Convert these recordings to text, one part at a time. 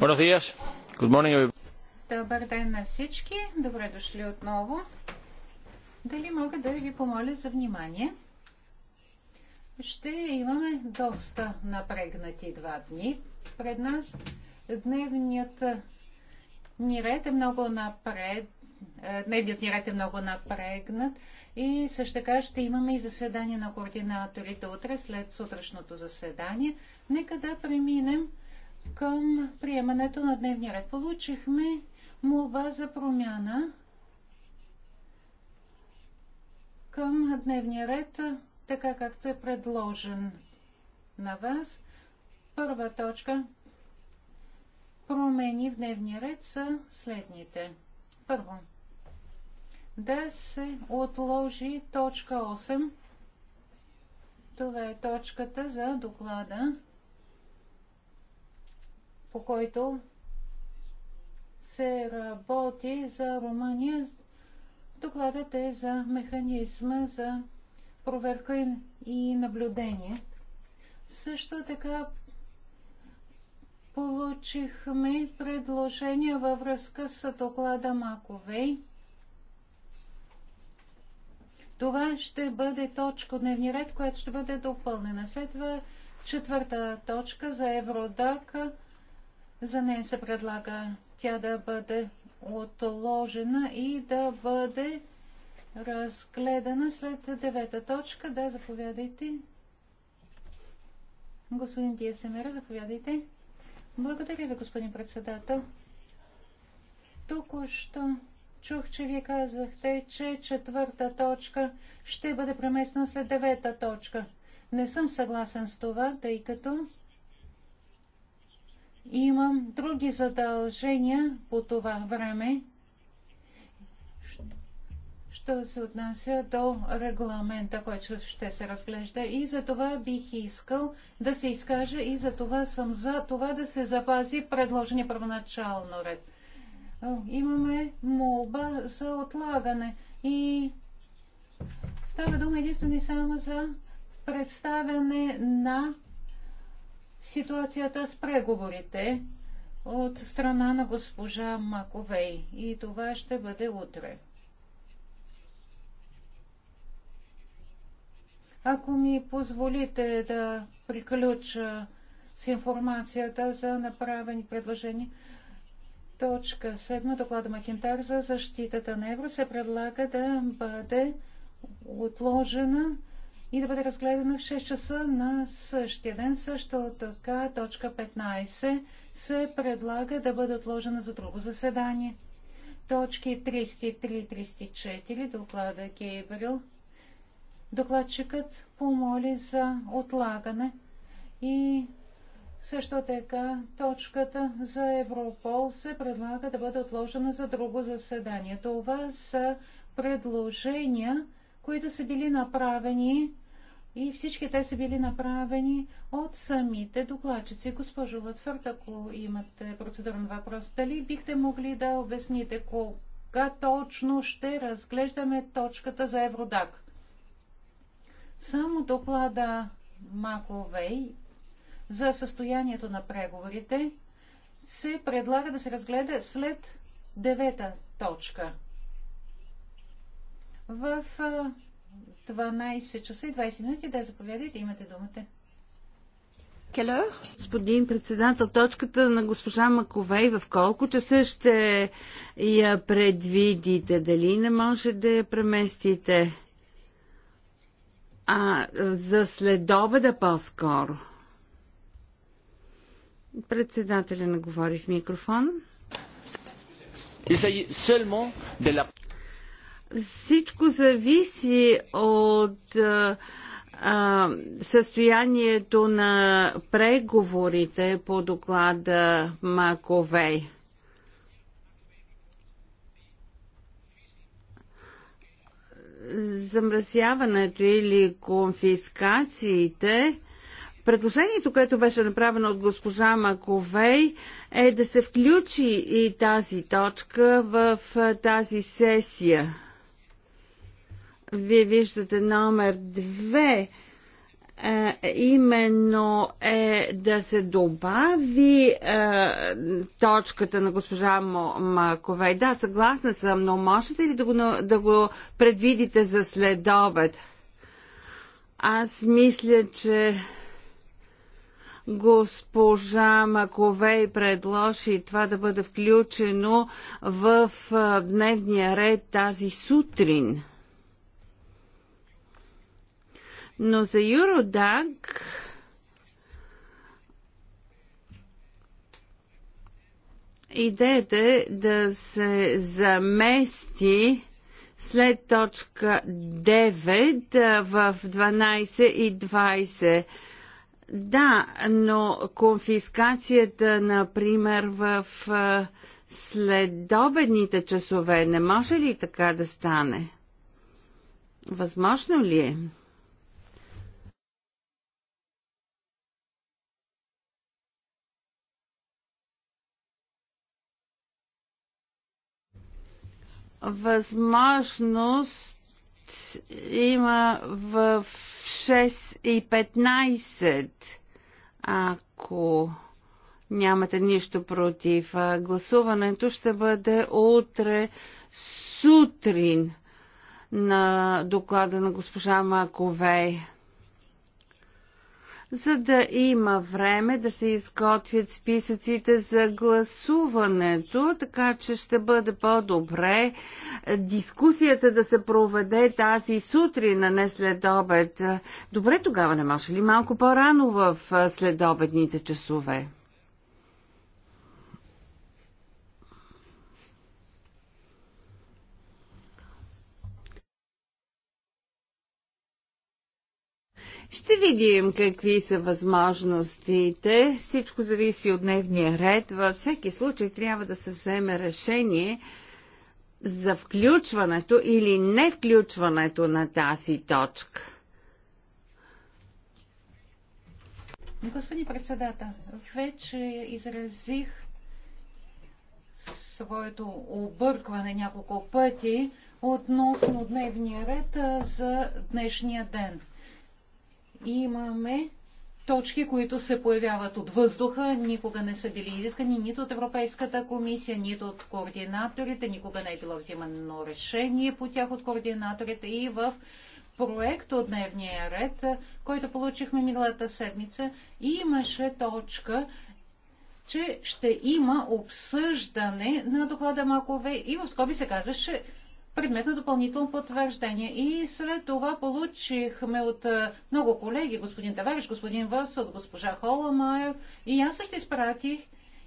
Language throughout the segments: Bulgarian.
Добър ден на всички. Добре дошли отново. Дали мога да ви помоля за внимание? Ще имаме доста напрегнати два дни пред нас. Дневният ни ред е много напред. Е, дневният ни ред е много напрегнат. И също така ще имаме и заседание на координаторите утре след сутрешното заседание. Нека да преминем към приемането на дневния ред. Получихме молба за промяна към дневния ред, така както е предложен на вас. Първа точка промени в дневния ред са следните. Първо, да се отложи точка 8. Това е точката за доклада по който се работи за Румъния. Докладът е за механизма за проверка и наблюдение. Също така получихме предложения във връзка с доклада Маковей. Това ще бъде точка от дневния ред, която ще бъде допълнена. Следва четвърта точка за Евродак за нея се предлага тя да бъде отложена и да бъде разгледана след девета точка. Да, заповядайте. Господин Диесемера, заповядайте. Благодаря ви, господин председател. Току-що чух, че вие казахте, че четвърта точка ще бъде преместена след девета точка. Не съм съгласен с това, тъй като имам други задължения по това време, що се отнася до регламента, който ще се разглежда. И за това бих искал да се изкажа и за това съм за това да се запази предложения първоначално ред. Имаме молба за отлагане и става дума единствено и само за представяне на ситуацията с преговорите от страна на госпожа Маковей. И това ще бъде утре. Ако ми позволите да приключа с информацията за направени предложения, точка 7 доклада Макентар за защитата на евро се предлага да бъде отложена и да бъде разгледана в 6 часа на същия ден. Също така точка 15 се предлага да бъде отложена за друго заседание. Точки 33-34, доклада Гейбрил. Докладчикът помоли за отлагане и също така точката за Европол се предлага да бъде отложена за друго заседание. Това са предложения които са били направени и всички те са били направени от самите докладчици. Госпожо Латфърт, ако имате процедурен въпрос, дали бихте могли да обясните кога точно ще разглеждаме точката за Евродак? Само доклада Маковей за състоянието на преговорите се предлага да се разгледа след девета точка в 12 часа и 20 минути. Да, заповядайте, имате думата. Келер? Господин председател, точката на госпожа Маковей в колко часа ще я предвидите? Дали не може да я преместите? А за следобеда по-скоро. Председателя наговори в микрофон. Исай, само да всичко зависи от а, а, състоянието на преговорите по доклада Маковей. замразяването или конфискациите, предложението, което беше направено от госпожа Маковей, е да се включи и тази точка в тази сесия вие виждате номер 2, е, именно е да се добави е, точката на госпожа Маковей. Да, съгласна съм, но можете ли да го, да го предвидите за следобед? Аз мисля, че госпожа Маковей предложи това да бъде включено в е, дневния ред тази сутрин. Но за Юродаг идеята е да се замести след точка 9 в 12 и 20. Да, но конфискацията, например, в следобедните часове, не може ли така да стане? Възможно ли е? възможност има в 6 и 15, ако нямате нищо против. Гласуването ще бъде утре сутрин на доклада на госпожа Маковей за да има време да се изготвят списъците за гласуването, така че ще бъде по-добре дискусията да се проведе тази сутрин, а не след обед. Добре, тогава не може ли малко по-рано в следобедните часове? Ще видим какви са възможностите. Всичко зависи от дневния ред. Във всеки случай трябва да се вземе решение за включването или не включването на тази точка. Господин председател, вече изразих своето объркване няколко пъти относно дневния ред за днешния ден имаме точки, които се появяват от въздуха, никога не са били изискани нито от Европейската комисия, нито от координаторите, никога не е било взимано решение по тях от координаторите и в проект от дневния ред, който получихме миналата седмица, имаше точка, че ще има обсъждане на доклада Макове и в скоби се казваше предмет на допълнително потвърждение. И след това получихме от е, много колеги, господин Тавариш, господин Въс, от госпожа Холомайер и аз също изпратих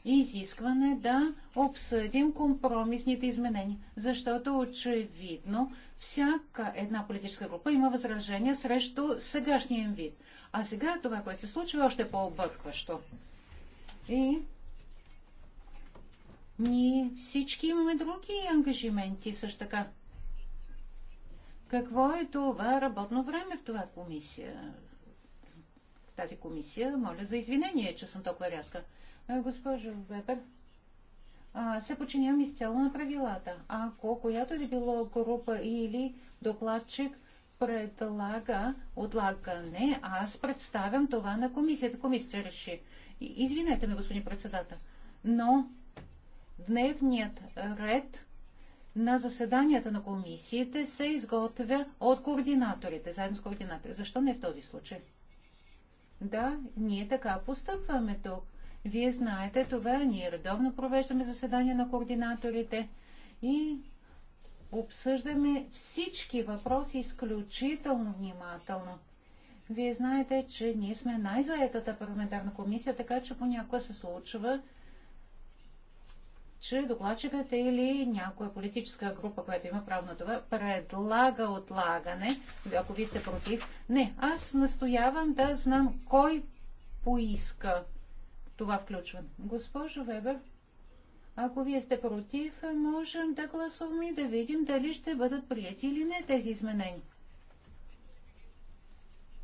изискване да обсъдим компромисните изменения, защото очевидно всяка една политическа група има възражения срещу сегашния им вид. А сега това, което се случва, е още по-объркващо. И ние всички имаме други ангажименти също така. Какво е това работно време в това комисия? В тази комисия, моля за извинение, че съм толкова рязка. Госпожо Вебер, се починявам изцяло на правилата. Ако която е било група или докладчик предлага отлагане, аз представям това на комисията. Комисията реши. Извинете ме, господин председател, но дневният ред на заседанията на комисиите се изготвя от координаторите, заедно с координаторите. Защо не в този случай? Да, ние така постъпваме тук. Вие знаете това, ние редовно провеждаме заседания на координаторите и обсъждаме всички въпроси изключително внимателно. Вие знаете, че ние сме най-заетата парламентарна комисия, така че понякога се случва че докладчикът или някоя политическа група, която има право на това, предлага отлагане, ако ви сте против. Не, аз настоявам да знам кой поиска това включване. Госпожо Вебер, ако вие сте против, можем да гласуваме и да видим дали ще бъдат прияти или не тези изменения.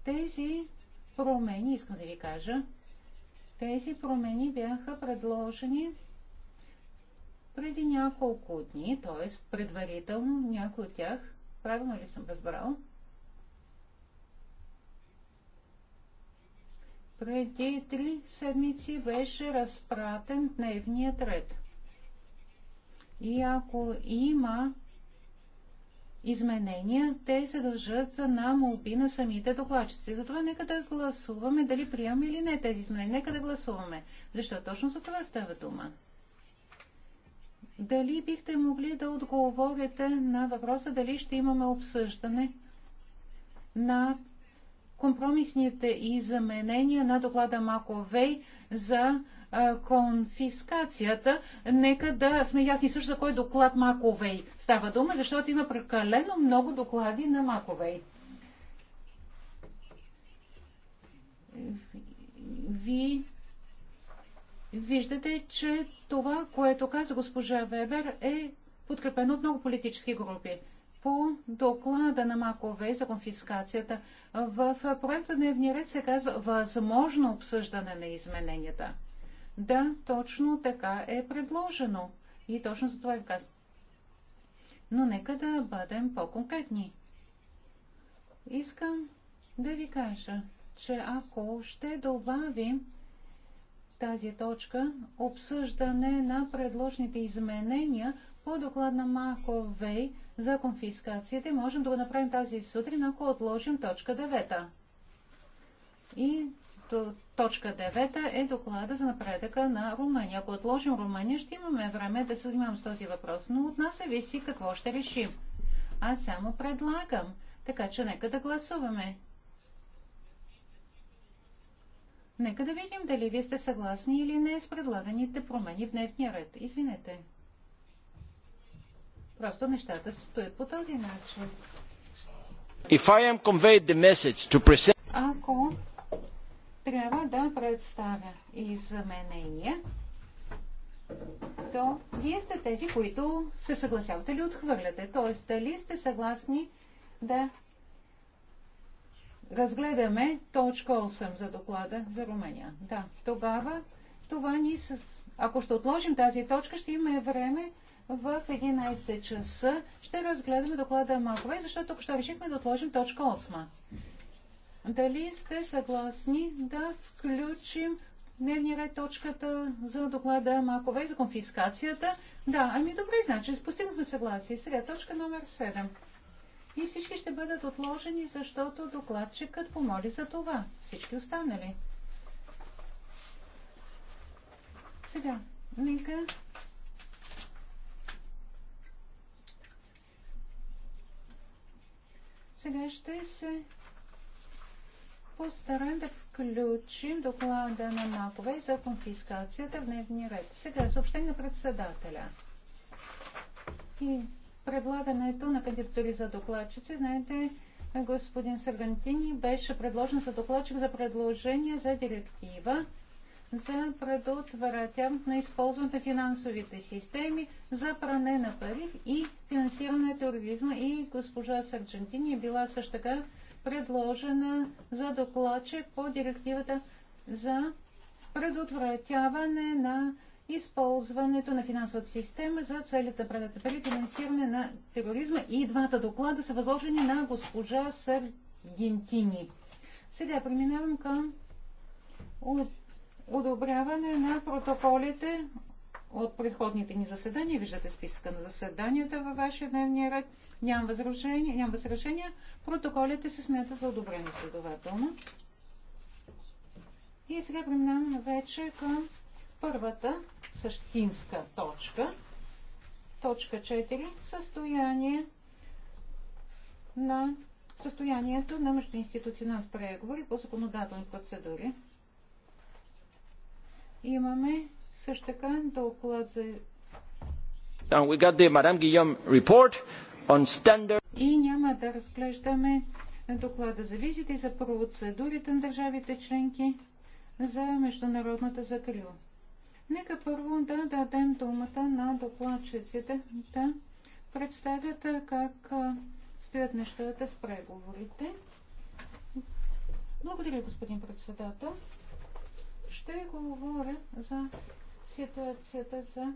Тези промени, искам да ви кажа, тези промени бяха предложени преди няколко дни, т.е. предварително някой от тях, правилно ли съм разбрал? Преди три седмици беше разпратен дневният ред. И ако има изменения, те се дължат на молби на самите докладчици. Затова нека да гласуваме дали приемаме или не тези изменения. Нека да гласуваме. Защо точно за това става дума? Дали бихте могли да отговорите на въпроса дали ще имаме обсъждане на компромисните изменения на доклада Маковей за конфискацията. Нека да сме ясни също за кой доклад Маковей става дума, защото има прекалено много доклади на Маковей. Ви виждате, че това, което каза госпожа Вебер, е подкрепено от много политически групи. По доклада на Макове за конфискацията в проекта Дневния ред се казва възможно обсъждане на измененията. Да, точно така е предложено. И точно за това е казвам. Но нека да бъдем по-конкретни. Искам да ви кажа, че ако ще добавим тази точка обсъждане на предложните изменения по доклад на Вей за конфискацията можем да го направим тази сутрин, ако отложим точка 9. И точка 9 е доклада за напредъка на Румъния. Ако отложим Румъния, ще имаме време да се занимавам с този въпрос, но от нас зависи какво ще решим. Аз само предлагам, така че нека да гласуваме. Нека да видим дали вие сте съгласни или не с предлаганите промени в дневния ред. Извинете. Просто нещата се стоят по този начин. If I am conveyed the message to present... Ако трябва да представя изменения, то вие сте тези, които се съгласявате или отхвърляте. Т.е. дали сте съгласни да разгледаме точка 8 за доклада за Румъния. Да, тогава това ни с... Ако ще отложим тази точка, ще имаме време в 11 часа. Ще разгледаме доклада Макове, защото тук ще решихме да отложим точка 8. Дали сте съгласни да включим дневния ред точката за доклада Макове за конфискацията? Да, ами добре, значи спустихме съгласие. Сега точка номер 7 и всички ще бъдат отложени, защото докладчикът помоли за това. Всички останали. Сега, нека сега ще се постараем да включим доклада на Макове за конфискацията в дневния ред. Сега съобщение на председателя. И предлагането на кандидатури за докладчици. Знаете, господин Саргантини беше предложен за докладчик за предложение за директива за предотвратяване на използването на финансовите системи за пране на пари и финансиране на тероризма. И госпожа Саргантини е била също така предложена за докладчик по директивата за предотвратяване на използването на финансовата система за целите при финансиране на тероризма и двата доклада са възложени на госпожа Саргентини. Сега преминавам към одобряване на протоколите от предходните ни заседания. Виждате списъка на заседанията във вашия дневния ред. Нямам възражения. Нямам възражения. Протоколите се смятат за одобрени следователно. И сега преминаваме вече към Първата същинска точка, точка 4, състояние на състоянието на междуинституционални преговори по законодателни процедури. Имаме също така доклад за Now we got the Madame Guillaume report on standard. И няма да разглеждаме доклада за визите и за процедурите на държавите членки за международната закрила. Нека първо да дадем думата на докладчиците да представят как стоят нещата с преговорите. Благодаря, господин председател. Ще говоря за ситуацията за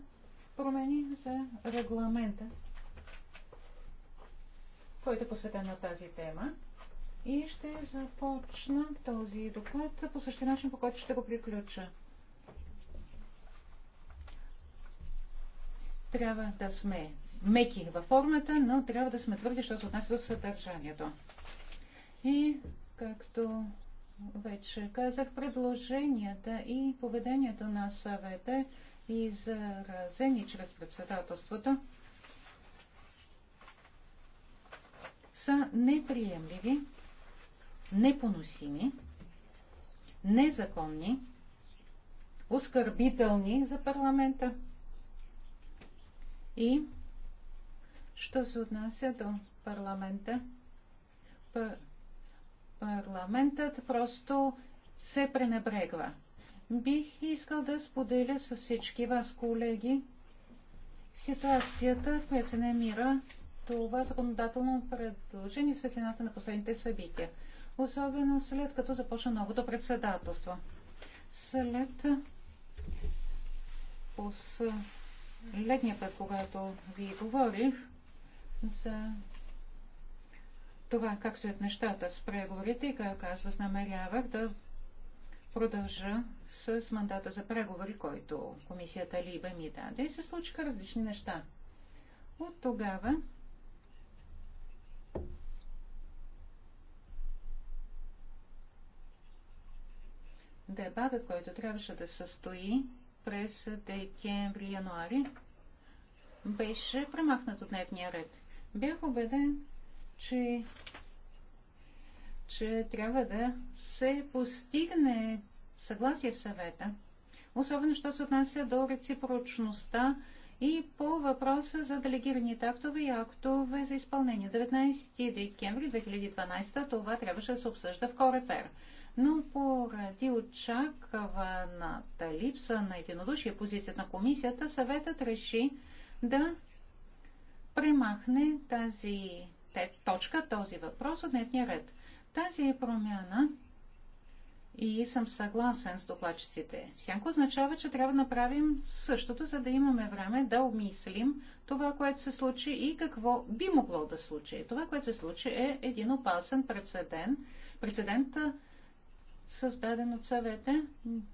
промени за регламента, който е посветен на тази тема. И ще започна този доклад по същия начин, по който ще го приключа. Трябва да сме меки във формата, но трябва да сме твърди, защото отнася до съдържанието. И, както вече казах, предложенията и поведението на съвета и заразени чрез председателството са неприемливи, непоносими, незаконни, оскърбителни за парламента. И що се отнася до парламента, парламентът просто се пренебрегва. Бих искал да споделя с всички вас, колеги, ситуацията, в която се намира това законодателно предложение светлината на последните събития. Особено след като започна новото председателство. След пос Летния път, когато ви говорих за това как стоят нещата с преговорите и как аз възнамерявах да продължа с мандата за преговори, който комисията Либе ми даде и се случиха различни неща. От тогава дебатът, който трябваше да състои през декември-януари беше премахнат от дневния ред. Бях убеден, че, че трябва да се постигне съгласие в съвета, особено що се отнася до реципрочността и по въпроса за делегираните актове и актове за изпълнение. 19 декември 2012 това трябваше да се обсъжда в Корепер но поради очакваната липса на единодушие позицията на комисията, съветът реши да премахне тази точка, този въпрос от дневния ред. Тази промяна и съм съгласен с докладчиците. Всяко означава, че трябва да направим същото, за да имаме време да обмислим това, което се случи и какво би могло да случи. Това, което се случи е един опасен прецедент, прецедент създаден от съвета,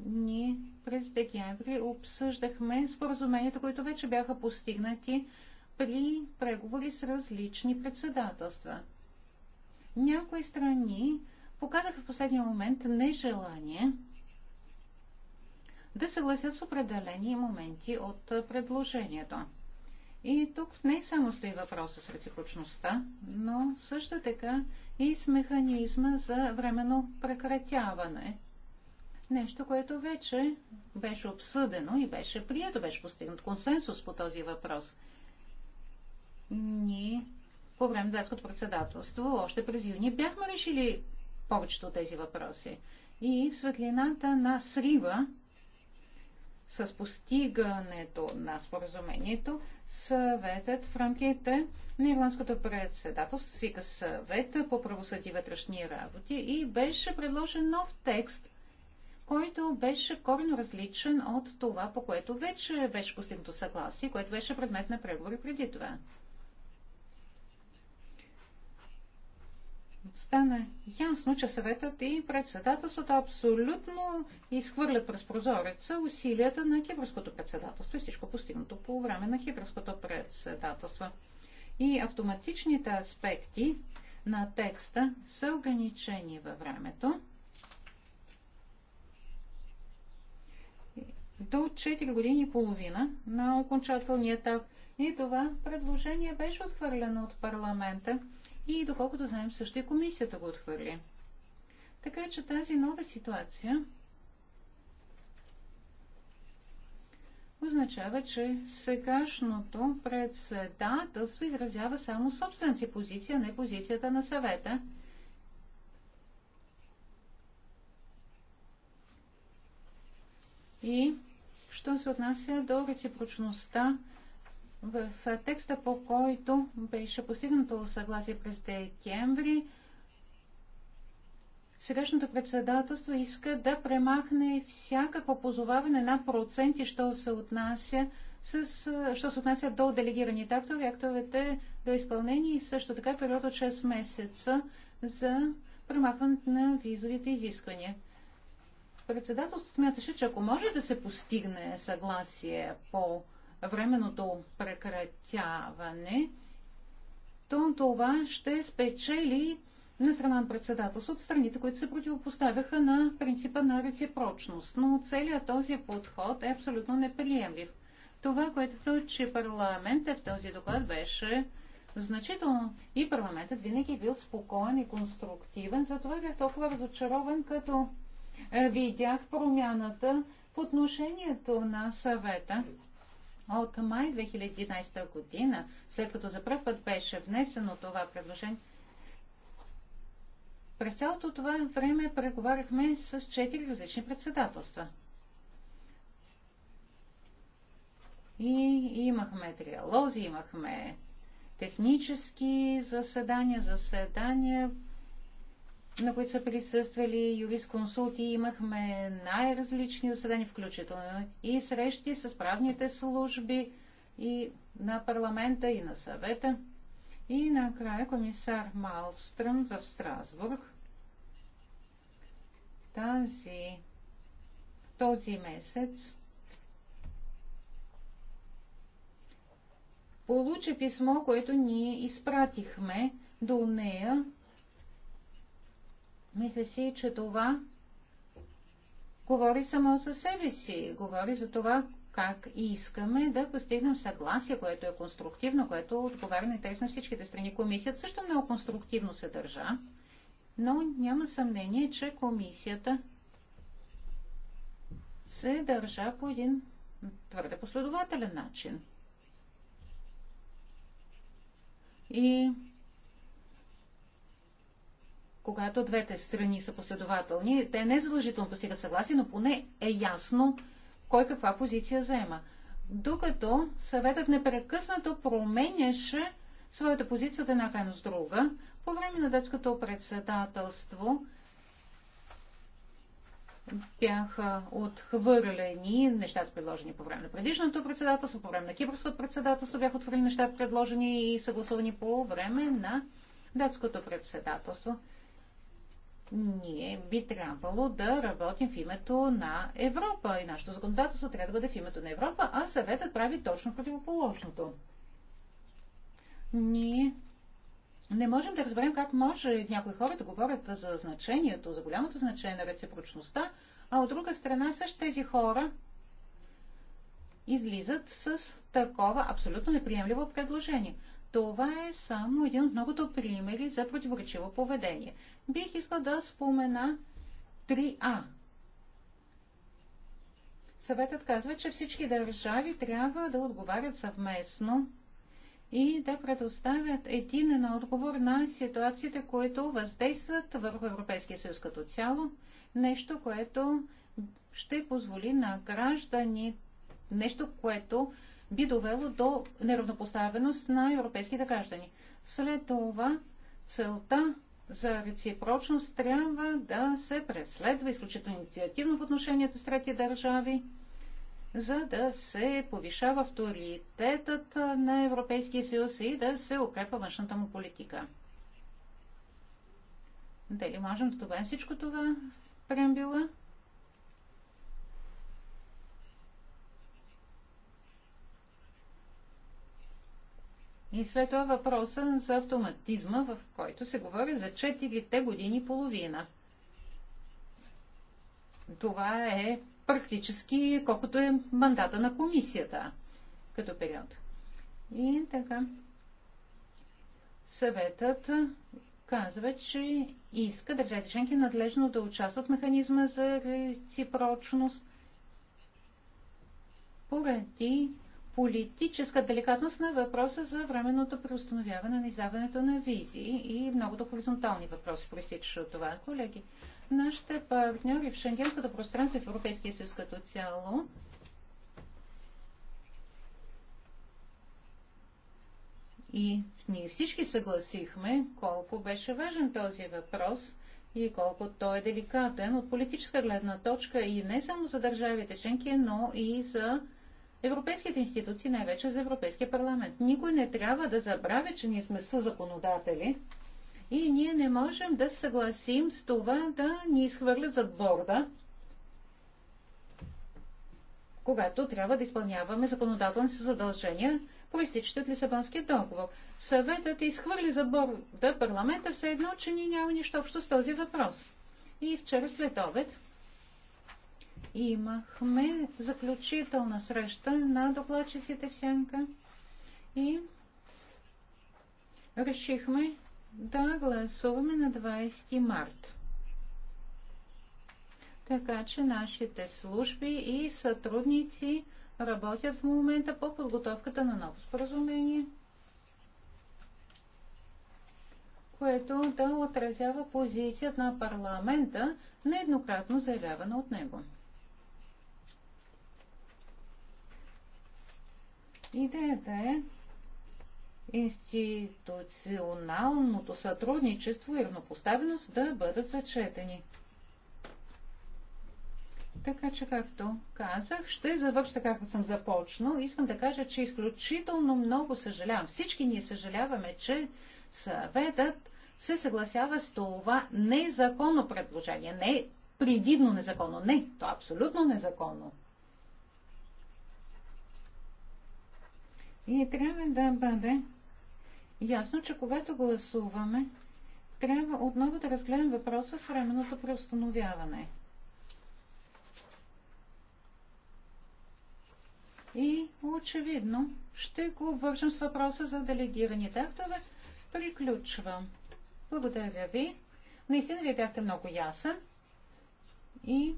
ние през декември обсъждахме споразуменията, които вече бяха постигнати при преговори с различни председателства. Някои страни показаха в последния момент нежелание да съгласят с определени моменти от предложението. И тук не само стои въпроса с реципрочността, но също така и с механизма за временно прекратяване. Нещо, което вече беше обсъдено и беше прието, беше постигнат консенсус по този въпрос. Ние по време на датското председателство, още през юни, бяхме решили повечето от тези въпроси. И в светлината на срива с постигането на споразумението, съветът в рамките на Ирландското председателство свика съвет по правосъди вътрешни работи и беше предложен нов текст, който беше коренно различен от това, по което вече беше постигнато съгласие, което беше предмет на преговори преди това. стана ясно, че съветът и председателството абсолютно изхвърлят през прозореца усилията на кипърското председателство и всичко постигнато по време на кипърското председателство. И автоматичните аспекти на текста са ограничени във времето до 4 години и половина на окончателния етап. И това предложение беше отхвърлено от парламента и доколкото знаем също и комисията го отхвърли. Така че тази нова ситуация означава, че сегашното председателство изразява само собствената си позиция, не позицията на съвета. И що се отнася до реципрочността в текста, по който беше постигнато съгласие през декември, сегашното председателство иска да премахне всякакво позоваване на проценти, що се отнася с, що се отнася до делегираните актове, актовете до изпълнение и също така период от 6 месеца за премахването на визовите изисквания. Председателството смяташе, че ако може да се постигне съгласие по временното прекратяване, то това ще спечели на страна на председателство от страните, които се противопоставяха на принципа на реципрочност. Но целият този подход е абсолютно неприемлив. Това, което включи парламента е в този доклад, беше значително. И парламентът винаги бил спокоен и конструктивен. Затова бях толкова разочарован, като е, видях промяната в отношението на съвета. От май 2011 година, след като за първ път беше внесено това предложение, през цялото това време преговаряхме с четири различни председателства. И имахме триалози, имахме технически заседания, заседания на които са присъствали юрисконсулти. Имахме най-различни заседания, включително и срещи с правните служби и на парламента, и на съвета. И накрая комисар Малстръм в Страсбург тази, този месец получи писмо, което ние изпратихме до нея мисля си, че това говори само за себе си, говори за това, как искаме да постигнем съгласие, което е конструктивно, което отговаря на интерес на всичките страни. Комисията също много конструктивно се държа, но няма съмнение, че комисията се държа по един твърде последователен начин. И когато двете страни са последователни, те не задължително постигат съгласие, но поне е ясно кой каква позиция заема. Докато съветът непрекъснато променяше своята позиция от една крайност друга, по време на детското председателство бяха отхвърлени нещата, предложени по време на предишното председателство, по време на кипърското председателство бяха отхвърлени нещата, предложени и съгласувани по време на детското председателство ние би трябвало да работим в името на Европа и нашето законодателство трябва да бъде в името на Европа, а съветът прави точно противоположното. Ние не можем да разберем как може някои хора да говорят за значението, за голямото значение на реципрочността, а от друга страна също тези хора излизат с такова абсолютно неприемливо предложение. Това е само един от многото примери за противоречиво поведение бих искал да спомена 3А. Съветът казва, че всички държави трябва да отговарят съвместно и да предоставят единен отговор на ситуациите, които въздействат върху Европейския съюз като цяло. Нещо, което ще позволи на граждани, нещо, което би довело до неравнопоставеност на европейските граждани. След това целта за реципрочност трябва да се преследва изключително инициативно в отношенията с трети държави, за да се повишава авторитетът на Европейския съюз и да се укрепва външната му политика. Дали можем да добавим всичко това в преамбюла? И след това въпроса за автоматизма, в който се говори за 4-те години половина. Това е практически колкото е мандата на комисията като период. И така. Съветът казва, че иска държавите членки надлежно да участват в механизма за реципрочност поради политическа деликатност на въпроса за временното преустановяване на издаването на визи и многото хоризонтални въпроси, проистичащи от това, колеги. Нашите партньори в Шенгенското пространство и в Европейския съюз като цяло И ние всички съгласихме колко беше важен този въпрос и колко той е деликатен от политическа гледна точка и не само за държавите членки, но и за европейските институции, най-вече за Европейския парламент. Никой не трябва да забравя, че ние сме съзаконодатели и ние не можем да съгласим с това да ни изхвърлят зад борда, когато трябва да изпълняваме законодателни задължения, проистичат от Лисабонския договор. Съветът изхвърли за борда парламента все едно, че ни няма нищо общо с този въпрос. И вчера след обед имахме заключителна среща на докладчиците в Сянка и решихме да гласуваме на 20 март. Така че нашите служби и сътрудници работят в момента по подготовката на ново споразумение, което да отразява позицията на парламента, нееднократно заявявана от него. Идеята е институционалното сътрудничество и равнопоставеност да бъдат зачетени. Така че, както казах, ще завърша така, както съм започнал. Искам да кажа, че изключително много съжалявам. Всички ние съжаляваме, че съветът се съгласява с това незаконно предложение. Не привидно незаконно. Не, то е абсолютно незаконно. И трябва да бъде ясно, че когато гласуваме, трябва отново да разгледам въпроса с временното преустановяване. И очевидно ще го вържем с въпроса за делегираните актове. Приключвам. Благодаря ви. Наистина вие бяхте много ясен. И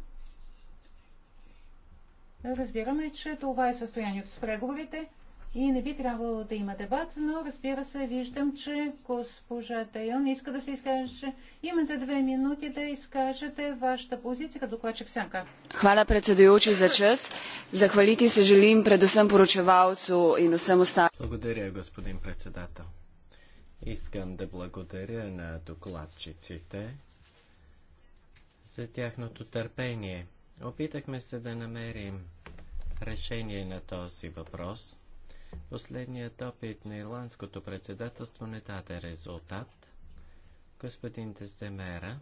разбираме, че това е състоянието с преговорите и не би трябвало да има дебат, но разбира се, виждам, че госпожа Тайон иска да се изкаже. Имате две минути да изкажете вашата позиция като докладчик Сянка. Hvala predsedujoči za čas. се желим предусъм поручевалцу и на vsem ostalim. Благодаря, господин председател. Искам да благодаря на докладчиците за тяхното търпение. Опитахме се да намерим решение на този въпрос – Последният опит на ирландското председателство не даде резултат. Господин Дездемера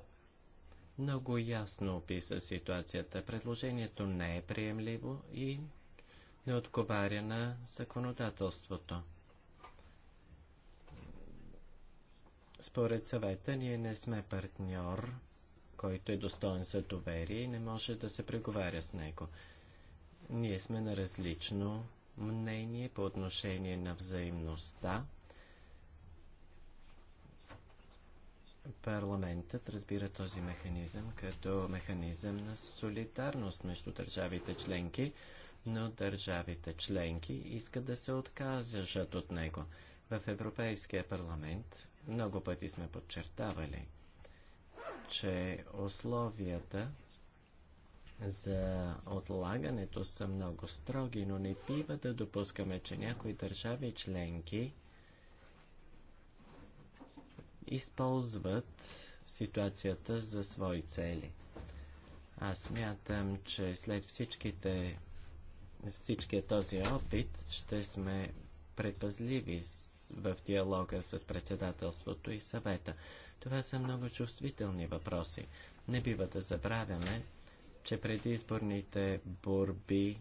много ясно описа ситуацията. Предложението не е приемливо и не отговаря на законодателството. Според съвета ние не сме партньор, който е достоен за доверие и не може да се преговаря с него. Ние сме на различно мнение по отношение на взаимността. Парламентът разбира този механизъм като механизъм на солидарност между държавите членки, но държавите членки искат да се откажат от него. В Европейския парламент много пъти сме подчертавали, че условията за отлагането са много строги, но не бива да допускаме, че някои държави членки използват ситуацията за свои цели. Аз мятам, че след всичките, всичкия този опит ще сме предпазливи в диалога с председателството и съвета. Това са много чувствителни въпроси. Не бива да забравяме, че предизборните борби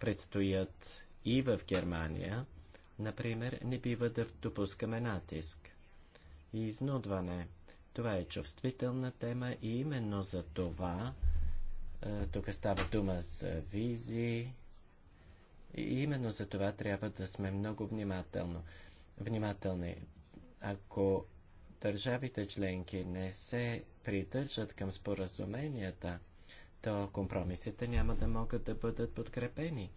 предстоят и в Германия. Например, не бива да допускаме натиск. И изнудване. Това е чувствителна тема и именно за това е, тук става дума за визи. И именно за това трябва да сме много внимателно. внимателни. Ако държавите членки не се придържат към споразуменията, то компромисите няма да могат да бъдат подкрепени.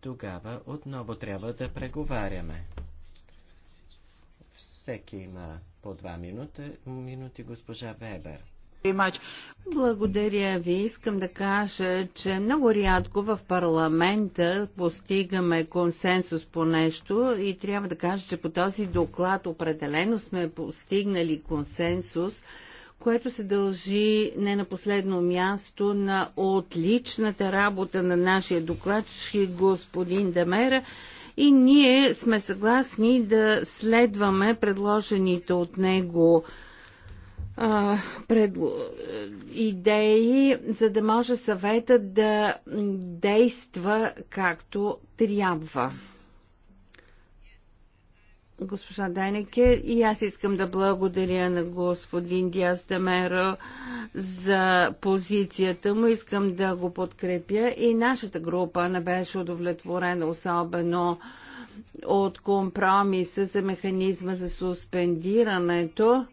Тогава отново трябва да преговаряме. Всеки има по два минути, минути госпожа Вебер. Благодаря ви. Искам да кажа, че много рядко в парламента постигаме консенсус по нещо и трябва да кажа, че по този доклад определено сме постигнали консенсус което се дължи не на последно място на отличната работа на нашия докладчик господин Дамера. И ние сме съгласни да следваме предложените от него а, предло... идеи, за да може съвета да действа както трябва госпожа Дайнеке. И аз искам да благодаря на господин Диас Дамеро за позицията му. Искам да го подкрепя. И нашата група не беше удовлетворена особено от компромиса за механизма за суспендирането.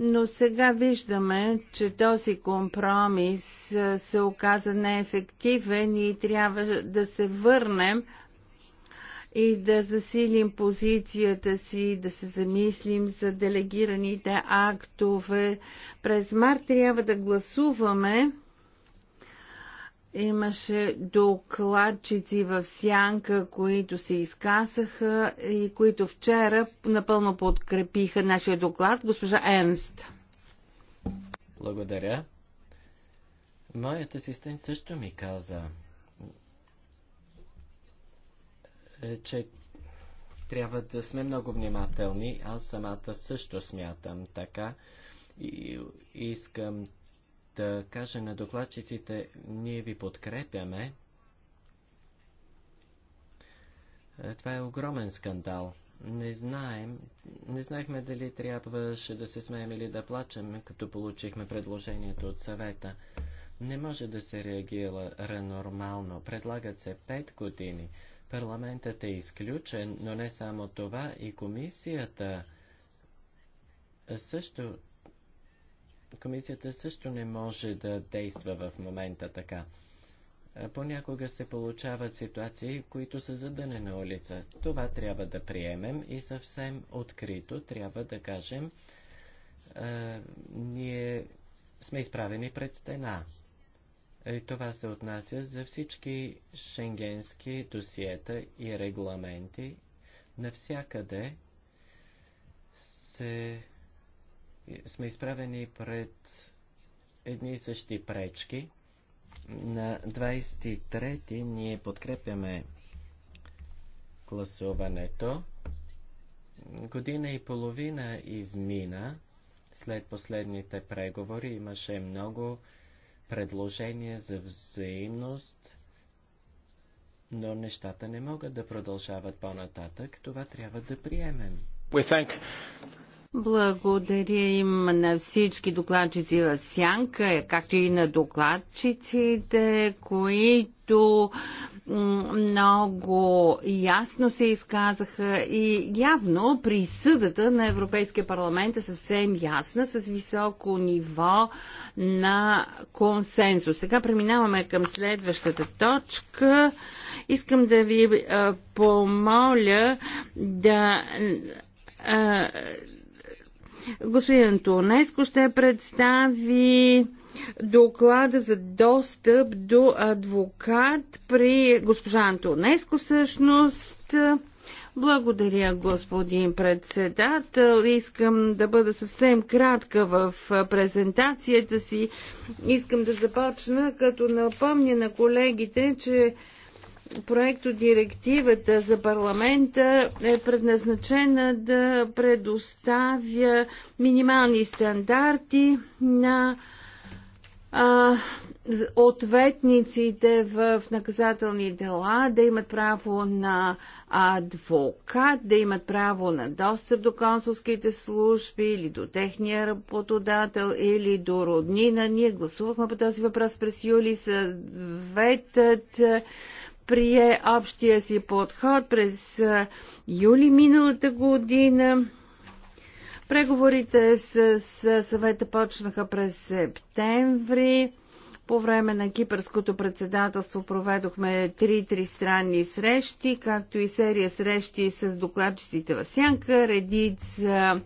Но сега виждаме, че този компромис се оказа неефективен и трябва да се върнем и да засилим позицията си, да се замислим за делегираните актове. През март трябва да гласуваме. Имаше докладчици в Сянка, които се изкасаха и които вчера напълно подкрепиха нашия доклад. Госпожа Енст. Благодаря. Моят асистент също ми каза, Е, че трябва да сме много внимателни. Аз самата също смятам така. И искам да кажа на докладчиците, ние ви подкрепяме. Е, това е огромен скандал. Не знаем, не знаехме дали трябваше да се смеем или да плачем, като получихме предложението от съвета. Не може да се реагира нормално. Предлагат се 5 години. Парламентът е изключен, но не само това, и комисията също комисията също не може да действа в момента така. Понякога се получават ситуации, които са задане на улица. Това трябва да приемем и съвсем открито трябва да кажем, а, ние сме изправени пред стена. И е, това се отнася за всички шенгенски досиета и регламенти. Навсякъде се... сме изправени пред едни и същи пречки. На 23-ти ние подкрепяме гласуването. Година и половина измина след последните преговори. Имаше много предложение за взаимност, но нещата не могат да продължават по-нататък. Това трябва да приемем. Благодаря им на всички докладчици в Сянка, както и на докладчиците, които много ясно се изказаха и явно присъдата на Европейския парламент е съвсем ясна с високо ниво на консенсус. Сега преминаваме към следващата точка. Искам да ви помоля да Господин Антонеско, ще представи доклада за достъп до адвокат при госпожа Антонеско всъщност. Благодаря, господин председател. Искам да бъда съвсем кратка в презентацията си. Искам да започна като напомня на колегите, че проектодирективата директивата за парламента е предназначена да предоставя минимални стандарти на а, ответниците в наказателни дела да имат право на адвокат, да имат право на достъп до консулските служби или до техния работодател или до роднина. Ние гласувахме по този въпрос през юли. Съветът прие общия си подход през юли миналата година. Преговорите с, съвета почнаха през септември. По време на кипърското председателство проведохме три тристранни срещи, както и серия срещи с докладчиците в Сянка, редица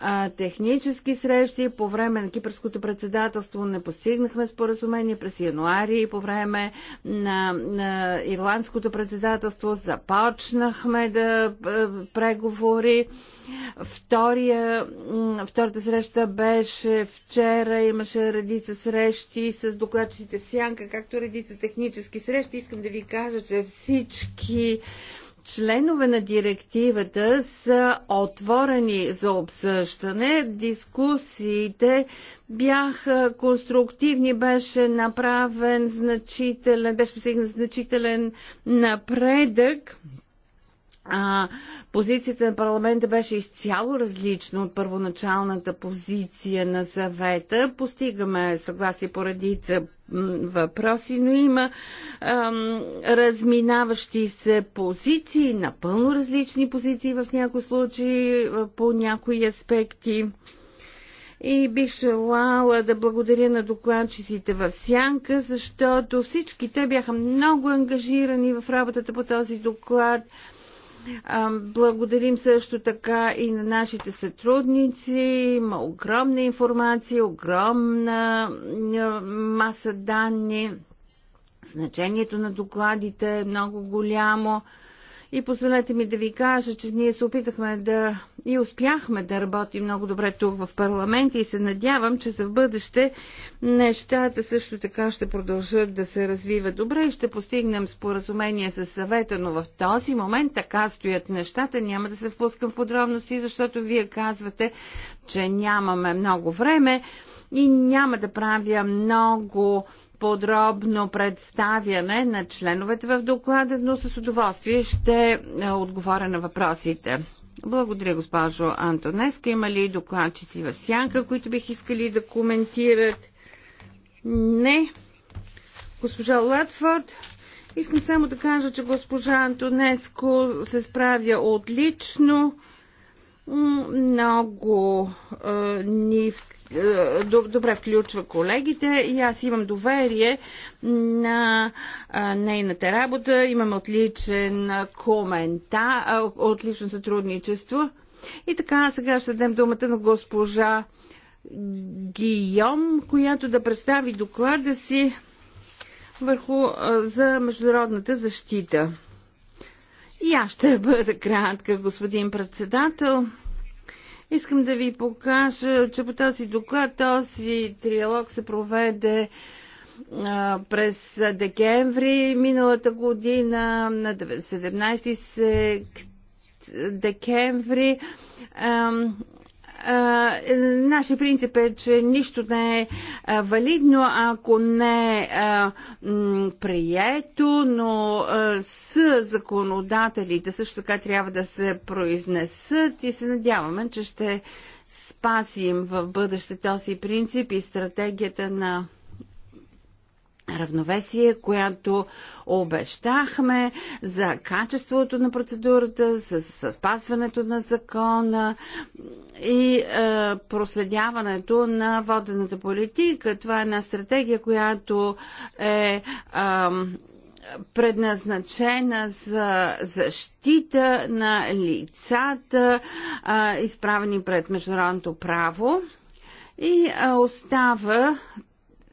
а, технически срещи. По време на кипърското председателство не постигнахме споразумение през януари по време на, на ирландското председателство започнахме да преговори. Втория, втората среща беше вчера, имаше редица срещи с докладчиците в Сянка, както редица технически срещи. Искам да ви кажа, че всички членове на директивата са отворени за обсъждане. Дискусиите бяха конструктивни, беше направен значителен, беше значителен напредък а, позицията на парламента беше изцяло различна от първоначалната позиция на съвета. Постигаме съгласие по редица въпроси, но има ам, разминаващи се позиции, напълно различни позиции в някои случаи, по някои аспекти. И бих желала да благодаря на докладчиците в Сянка, защото всички те бяха много ангажирани в работата по този доклад. Благодарим също така и на нашите сътрудници. Има огромна информация, огромна маса данни. Значението на докладите е много голямо. И позволете ми да ви кажа, че ние се опитахме да и успяхме да работим много добре тук в парламента и се надявам, че за в бъдеще нещата също така ще продължат да се развиват добре и ще постигнем споразумение с съвета, но в този момент така стоят нещата. Няма да се впускам в подробности, защото вие казвате, че нямаме много време и няма да правя много подробно представяне на членовете в доклада, но с удоволствие ще е, отговоря на въпросите. Благодаря, госпожо Антонеско. Има ли докладчици в сянка, които бих искали да коментират? Не. Госпожа Латфорд, искам само да кажа, че госпожа Антонеско се справя отлично. Много е, ни в е, добре включва колегите и аз имам доверие на нейната работа. Имам отличен коментар, отлично сътрудничество. И така, сега ще дадем думата на госпожа Гийом, която да представи доклада си върху за международната защита. И аз ще бъда кратка, господин председател. Искам да ви покажа, че по този доклад този триалог се проведе през декември миналата година, на 17 декември. Нашия принцип е, че нищо не е валидно, ако не е прието, но с законодателите също така трябва да се произнесат и се надяваме, че ще спасим в бъдеще този принцип и стратегията на равновесие, която обещахме за качеството на процедурата, с, спазването на закона и е, проследяването на водената политика. Това е една стратегия, която е, е предназначена за защита на лицата, е, изправени пред международното право. И е, остава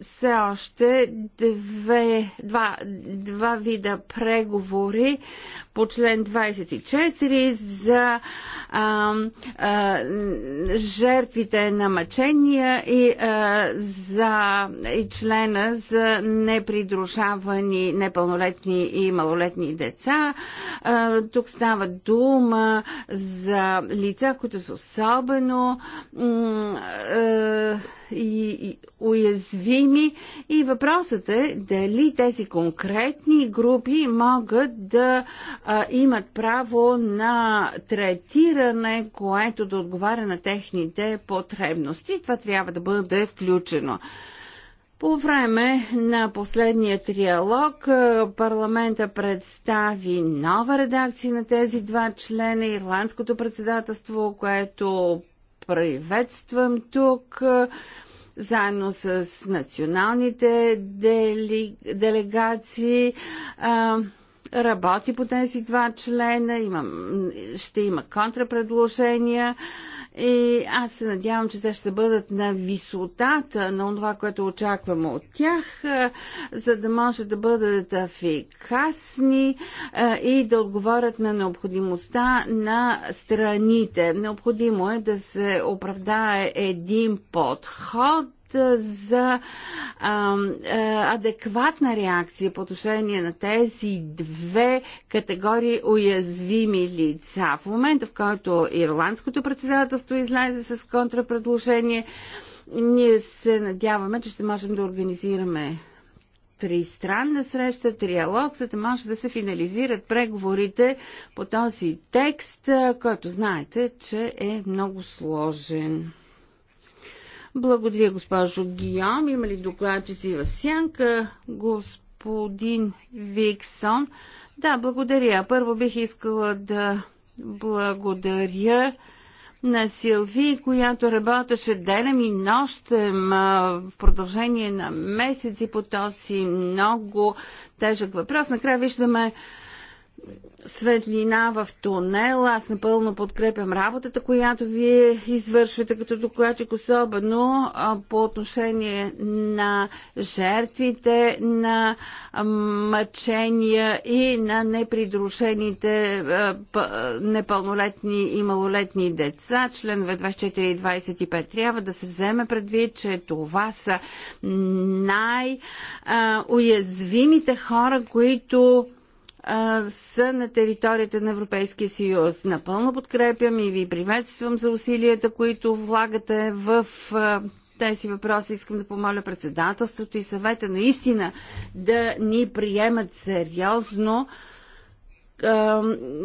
все още две, два, два вида преговори по член 24 за а, а, жертвите на мъчения и, а, за, и члена за непридружавани непълнолетни и малолетни деца. А, тук става дума за лица, които са особено а, и, и уязвими и въпросът е дали тези конкретни групи могат да а, имат право на третиране, което да отговаря на техните потребности. Това трябва да бъде включено. По време на последния триалог парламента представи нова редакция на тези два члена, Ирландското председателство, което приветствам тук заедно с националните дели, делегации. А, работи по тези два члена, има, ще има контрапредложения и аз се надявам, че те ще бъдат на висотата на това, което очакваме от тях, е, за да може да бъдат ефикасни е, и да отговорят на необходимостта на страните. Необходимо е да се оправдае един подход за а, адекватна реакция по отношение на тези две категории уязвими лица. В момента, в който ирландското председателство излезе с контрапредложение, ние се надяваме, че ще можем да организираме тристранна среща, триалог, за да може да се финализират преговорите по този текст, който знаете, че е много сложен. Благодаря, госпожо Гиом. Има ли докладчици в сянка? Господин Виксон. Да, благодаря. Първо бих искала да благодаря на Силви, която работеше денем и нощем в продължение на месеци по този много тежък въпрос. Накрая виждаме светлина в тунел. Аз напълно подкрепям работата, която вие извършвате като докладчик, особено по отношение на жертвите на мъчения и на непридрушените непълнолетни и малолетни деца. Членове 24 и 25 трябва да се вземе предвид, че това са най-уязвимите хора, които са на територията на Европейския съюз. Напълно подкрепям и ви приветствам за усилията, които влагате в тези въпроси. Искам да помоля председателството и съвета наистина да ни приемат сериозно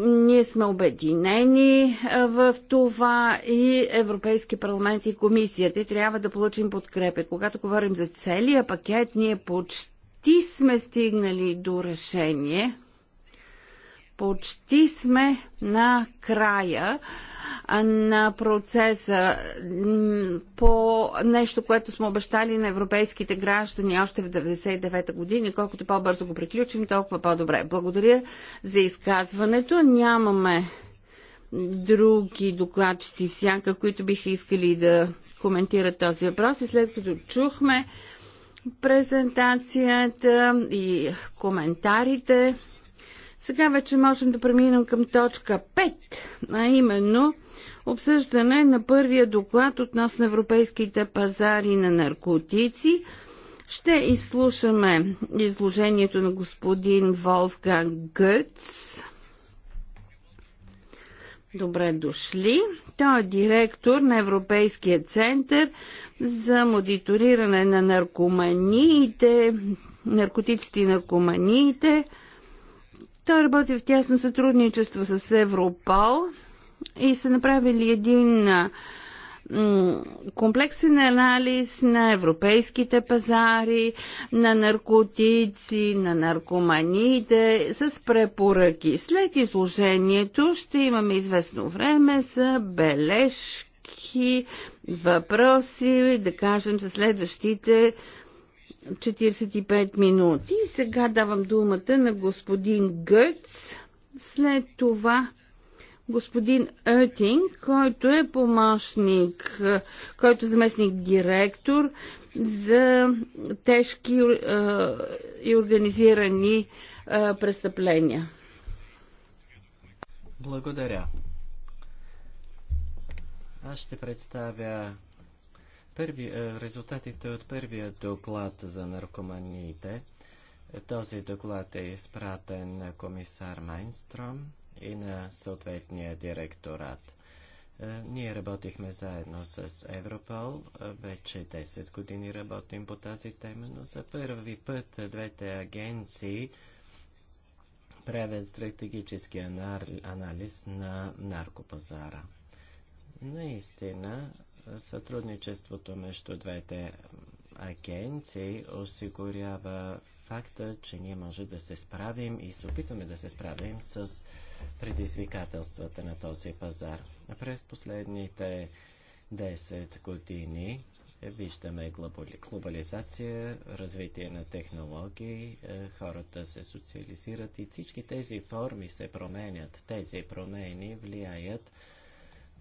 ние сме обединени в това и Европейски парламент и комисията и трябва да получим подкрепа. Когато говорим за целия пакет, ние почти сме стигнали до решение. Почти сме на края на процеса по нещо, което сме обещали на европейските граждани още в 99-та година. Колкото по-бързо го приключим, толкова по-добре. Благодаря за изказването. Нямаме други докладчици в сянка, които биха искали да коментират този въпрос. И след като чухме презентацията и коментарите, сега вече можем да преминем към точка 5, а именно обсъждане на първия доклад относно европейските пазари на наркотици. Ще изслушаме изложението на господин Волфган Гъц. Добре дошли. Той е директор на Европейския център за мониториране на наркоманиите, наркотиците и наркоманиите. Той работи в тясно сътрудничество с Европол и са направили един комплексен анализ на европейските пазари, на наркотици, на наркоманиите с препоръки. След изложението ще имаме известно време за бележки, въпроси, да кажем, за следващите 45 минути. Сега давам думата на господин Гъц, След това господин Оетинг, който е помощник, който е заместник директор за тежки е, и организирани е, престъпления. Благодаря. Аз ще представя първи, е, резултатите от първия доклад за наркоманиите. Този доклад е изпратен на комисар Майнстром и на съответния директорат. Е, ние работихме заедно с Европол. Вече 10 години работим по тази тема, но за първи път двете агенции правят стратегически анализ на наркопазара. Наистина, Сътрудничеството между двете агенции осигурява факта, че ние може да се справим и се опитваме да се справим с предизвикателствата на този пазар. През последните 10 години виждаме глобализация, развитие на технологии, е, хората се социализират и всички тези форми се променят. Тези промени влияят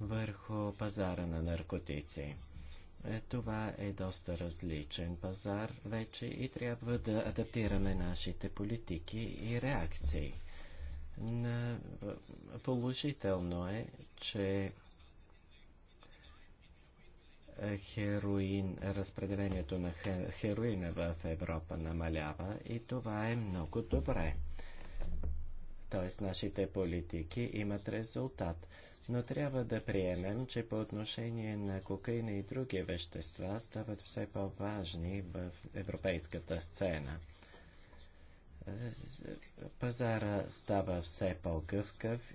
върху пазара на наркотици. Е, това е доста различен пазар вече и трябва да адаптираме нашите политики и реакции. На... Положително е, че е, хероин, разпределението на хероина в Европа намалява и това е много добре. Тоест, нашите политики имат резултат. Но трябва да приемем, че по отношение на кокаина и други вещества стават все по-важни в европейската сцена. Пазара става все по-гъвкав,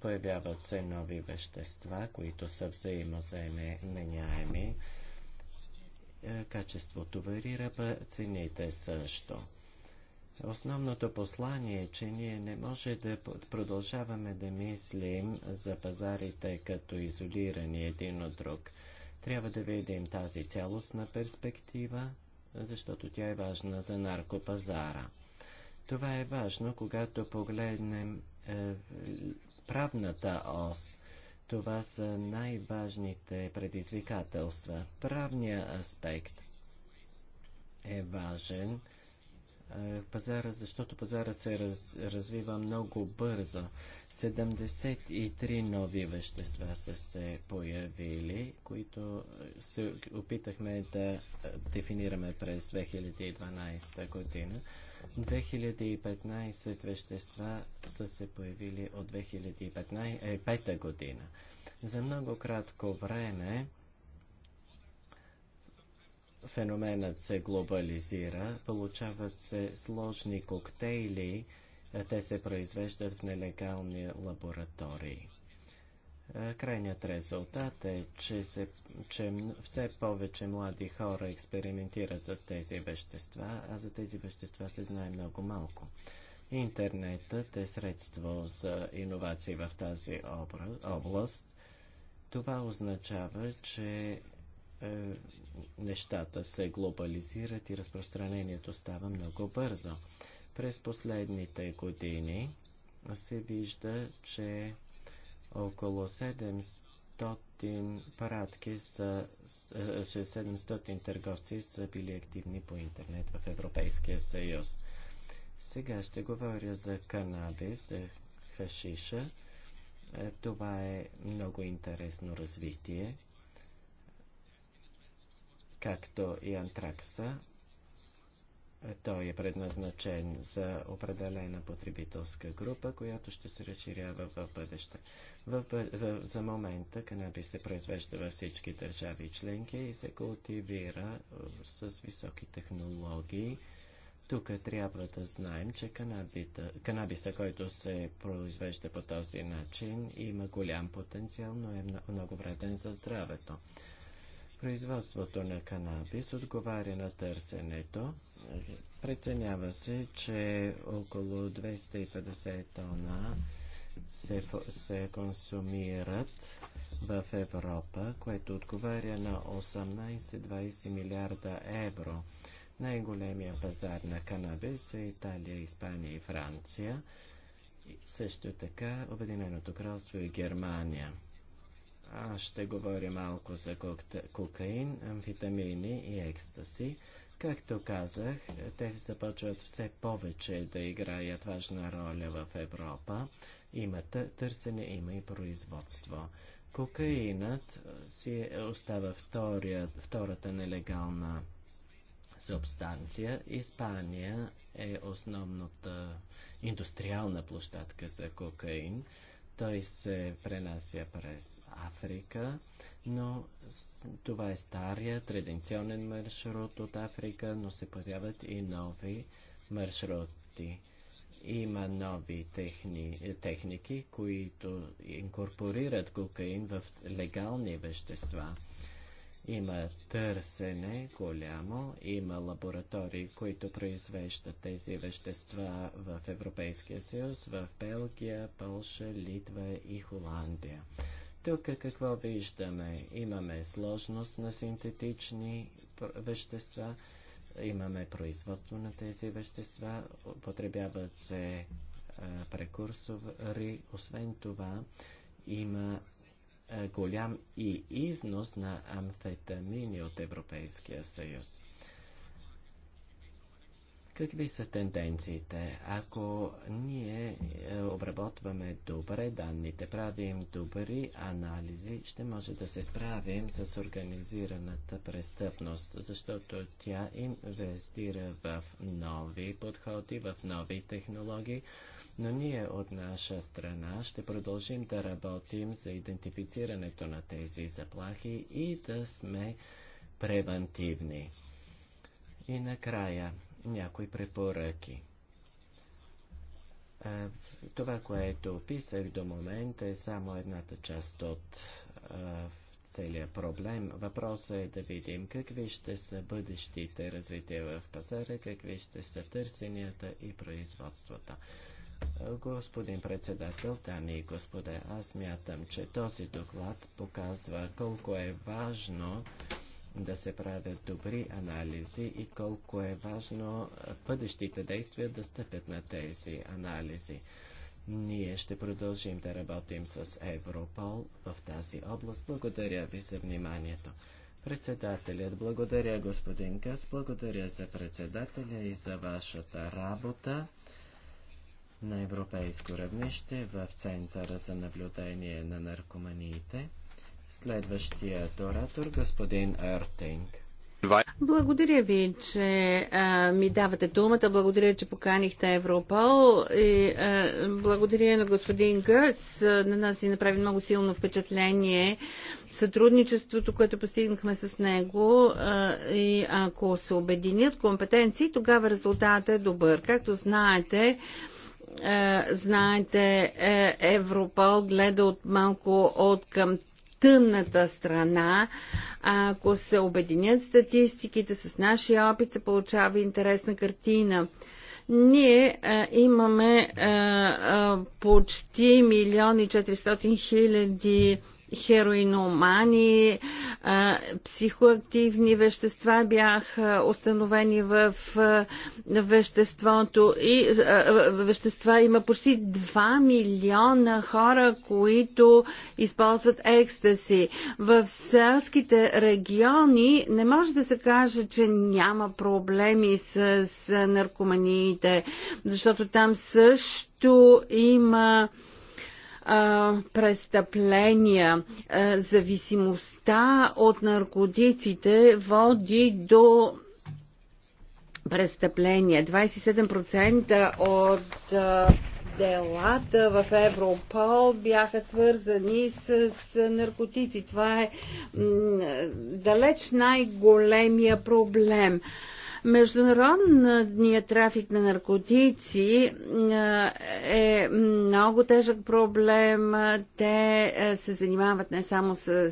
появяват се нови вещества, които са взаимозаменяеми. Качеството варира, цените също. Основното послание е, че ние не може да продължаваме да мислим за пазарите като изолирани един от друг. Трябва да видим тази цялостна перспектива, защото тя е важна за наркопазара. Това е важно, когато погледнем е, правната ос. Това са най-важните предизвикателства. Правният аспект е важен е, пазара, защото пазара се раз, развива много бързо. 73 нови вещества са се появили, които е, се опитахме да е, дефинираме през 2012 година. 2015 вещества са се появили от 2005 година. За много кратко време феноменът се глобализира, получават се сложни коктейли, те се произвеждат в нелегални лаборатории. Крайният резултат е, че, се, че все повече млади хора експериментират с тези вещества, а за тези вещества се знае много малко. Интернетът е средство за иновации в тази област. Това означава, че е, нещата се глобализират и разпространението става много бързо. През последните години се вижда, че около 700 пратки са, 700 е, търговци са били активни по интернет в Европейския съюз. Сега ще говоря за канабис, за хашиша. Е, това е много интересно развитие както и антракса. Той е предназначен за определена потребителска група, която ще се разширява в бъдеще. В, в, за момента канабис се произвежда във всички държави и членки и се култивира с високи технологии. Тук трябва да знаем, че канабита, канабиса, който се произвежда по този начин, има голям потенциал, но е много вреден за здравето. Производството на канабис отговаря на търсенето. Преценява се, че около 250 тона се, се консумират в Европа, което отговаря на 18-20 милиарда евро. Най-големия пазар на канабис са е Италия, Испания и Франция. Също така Обединеното кралство и Германия. Аз ще говоря малко за кокаин, амфетамини и екстаси. Както казах, те започват все повече да играят важна роля в Европа. Има търсене, има и производство. Кокаинът си остава втория, втората нелегална субстанция. Испания е основната индустриална площадка за кокаин. Той се пренася през Африка, но това е стария традиционен маршрут от Африка, но се появяват и нови маршрути. Има нови техни, техники, които инкорпорират кокаин в легални вещества. Има търсене голямо, има лаборатории, които произвеждат тези вещества в Европейския съюз, в Белгия, Полша, Литва и Холандия. Тук какво виждаме? Имаме сложност на синтетични вещества, имаме производство на тези вещества, потребяват се прекурсори. Освен това, има е, голям и износ на амфетамини от Европейския съюз. Какви са тенденциите? Ако ние е, обработваме добре данните, правим добри анализи, ще може да се справим с организираната престъпност, защото тя инвестира в нови подходи, в нови технологии, но ние от наша страна ще продължим да работим за идентифицирането на тези заплахи и да сме превантивни. И накрая някои препоръки. Това, което описах до момента е само едната част от целият проблем. Въпросът е да видим какви ще са бъдещите развития в пазара, какви ще са търсенията и производствата. Господин председател, дами и господа, аз мятам, че този доклад показва колко е важно да се правят добри анализи и колко е важно бъдещите действия да стъпят на тези анализи. Ние ще продължим да работим с Европол в тази област. Благодаря ви за вниманието. Председателят, благодаря господин Къс, благодаря за председателя и за вашата работа на европейско равнище в Центъра за наблюдение на наркоманиите. Следващият оратор, господин Артинг. Благодаря ви, че а, ми давате думата. Благодаря, че поканихте Европол. И, а, благодаря на господин Гъц, На нас ни направи много силно впечатление сътрудничеството, което постигнахме с него. А, и ако се обединят компетенции, тогава резултатът е добър. Както знаете, а, е, знаете, е, Европол гледа от малко от към тъмната страна. Ако се обединят статистиките с нашия опит, се получава интересна картина. Ние е, имаме почти милиони 400 хиляди 000 хероиномани, психоактивни вещества бяха установени в веществото и вещества има почти 2 милиона хора, които използват екстаси. В селските региони не може да се каже, че няма проблеми с наркоманиите, защото там също има а, престъпления. А, зависимостта от наркотиците води до престъпления. 27% от а, делата в Европол бяха свързани с, с наркотици. Това е далеч най-големия проблем. А, Международният трафик на наркотици е много тежък проблем. Те се занимават не само с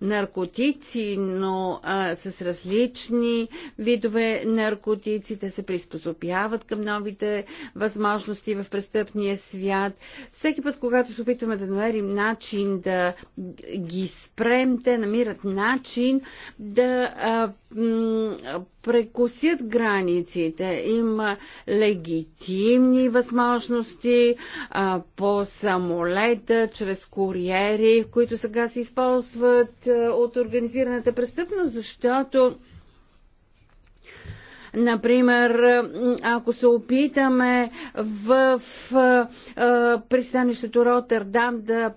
наркотици, но с различни видове наркотици. Те се приспособяват към новите възможности в престъпния свят. Всеки път, когато се опитваме да намерим начин да ги спрем, те намират начин да а, косят границите. Има легитимни възможности а, по самолета, чрез куриери, които сега се използват а, от организираната престъпност, защото Например, ако се опитаме в пристанището Роттердам да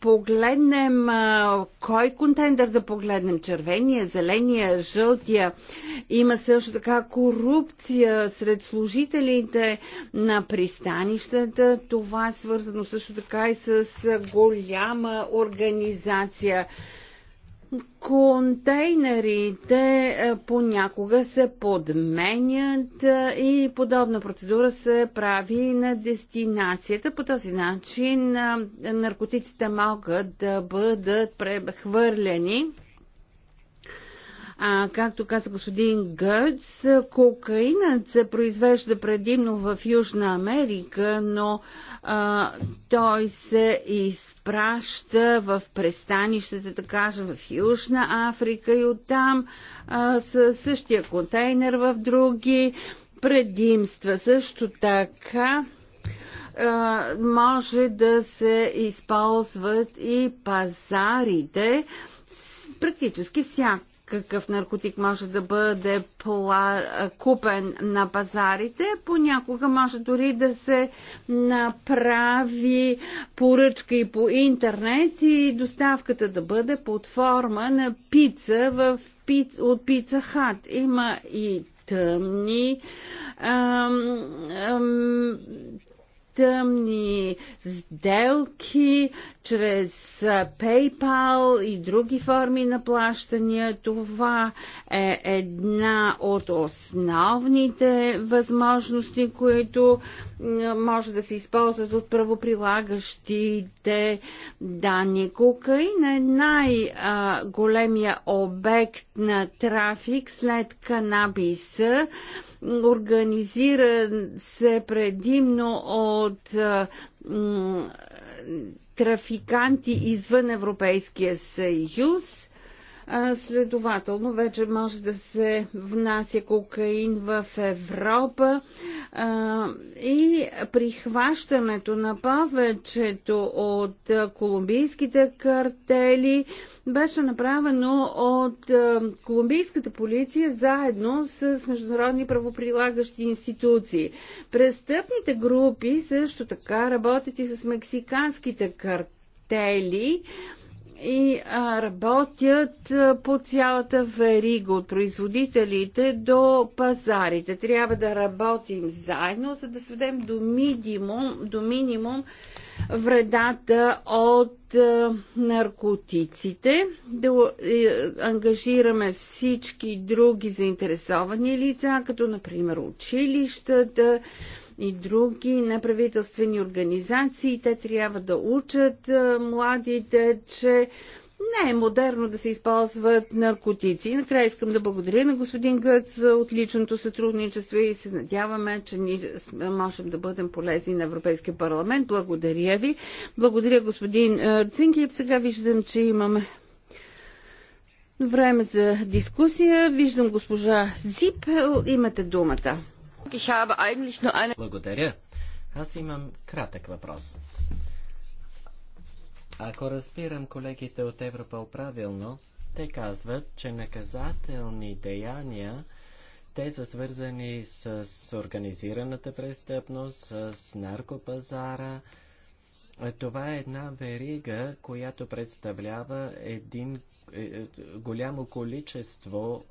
погледнем кой контендър да погледнем, червения, зеления, жълтия, има също така корупция сред служителите на пристанищата. Това е свързано също така и с голяма организация. Контейнерите е, понякога се подменят е, и подобна процедура се прави на дестинацията. По този начин е, наркотиците могат да бъдат прехвърляни а, както каза господин Гърц, кокаинът се произвежда предимно в Южна Америка, но а, той се изпраща в пристанищата, да кажа, в Южна Африка и оттам а, със същия контейнер в други предимства. Също така а, може да се използват и пазарите, практически всяко какъв наркотик може да бъде купен на пазарите. Понякога може дори да се направи поръчка и по интернет и доставката да бъде под форма на пица в, от Пица Хат. Има и тъмни ам, ам, тъмни сделки чрез PayPal и други форми на плащания. Това е една от основните възможности, които може да се използват от правоприлагащите данни. Кокаин е най-големия обект на трафик след канабиса. Организира се предимно от трафиканти извън Европейския съюз Следователно, вече може да се внася кокаин в Европа и прихващането на повечето от колумбийските картели беше направено от колумбийската полиция заедно с международни правоприлагащи институции. Престъпните групи също така работят и с мексиканските картели, и а, работят а, по цялата верига от производителите до пазарите. Трябва да работим заедно, за да сведем до минимум, до минимум вредата от а, наркотиците, да е, ангажираме всички други заинтересовани лица, като например училищата, и други неправителствени организации. Те трябва да учат младите, че не е модерно да се използват наркотици. И накрая искам да благодаря на господин Гъц за отличното сътрудничество и се надяваме, че ние можем да бъдем полезни на Европейския парламент. Благодаря ви. Благодаря господин Цинкиев. Сега виждам, че имаме време за дискусия. Виждам госпожа Зип, Имате думата. Благодаря. Аз имам кратък въпрос. Ако разбирам колегите от Европол правилно, те казват, че наказателни деяния те са свързани с организираната престъпност, с наркопазара. Е, това е една верига, която представлява един е, е, голямо количество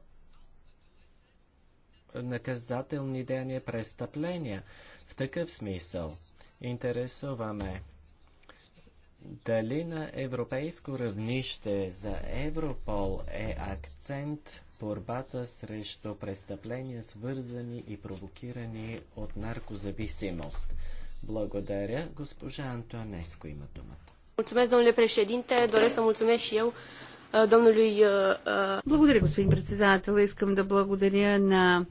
наказателни деяния, престъпления. В такъв смисъл интересуваме дали на европейско равнище за Европол е акцент борбата срещу престъпления, свързани и провокирани от наркозависимост. Благодаря. Госпожа Антуанеско има думата. domnule președinte. Doresc să mulțumesc și eu domnului... Э, э, э, благодаря, господин председател. Искам да благодаря на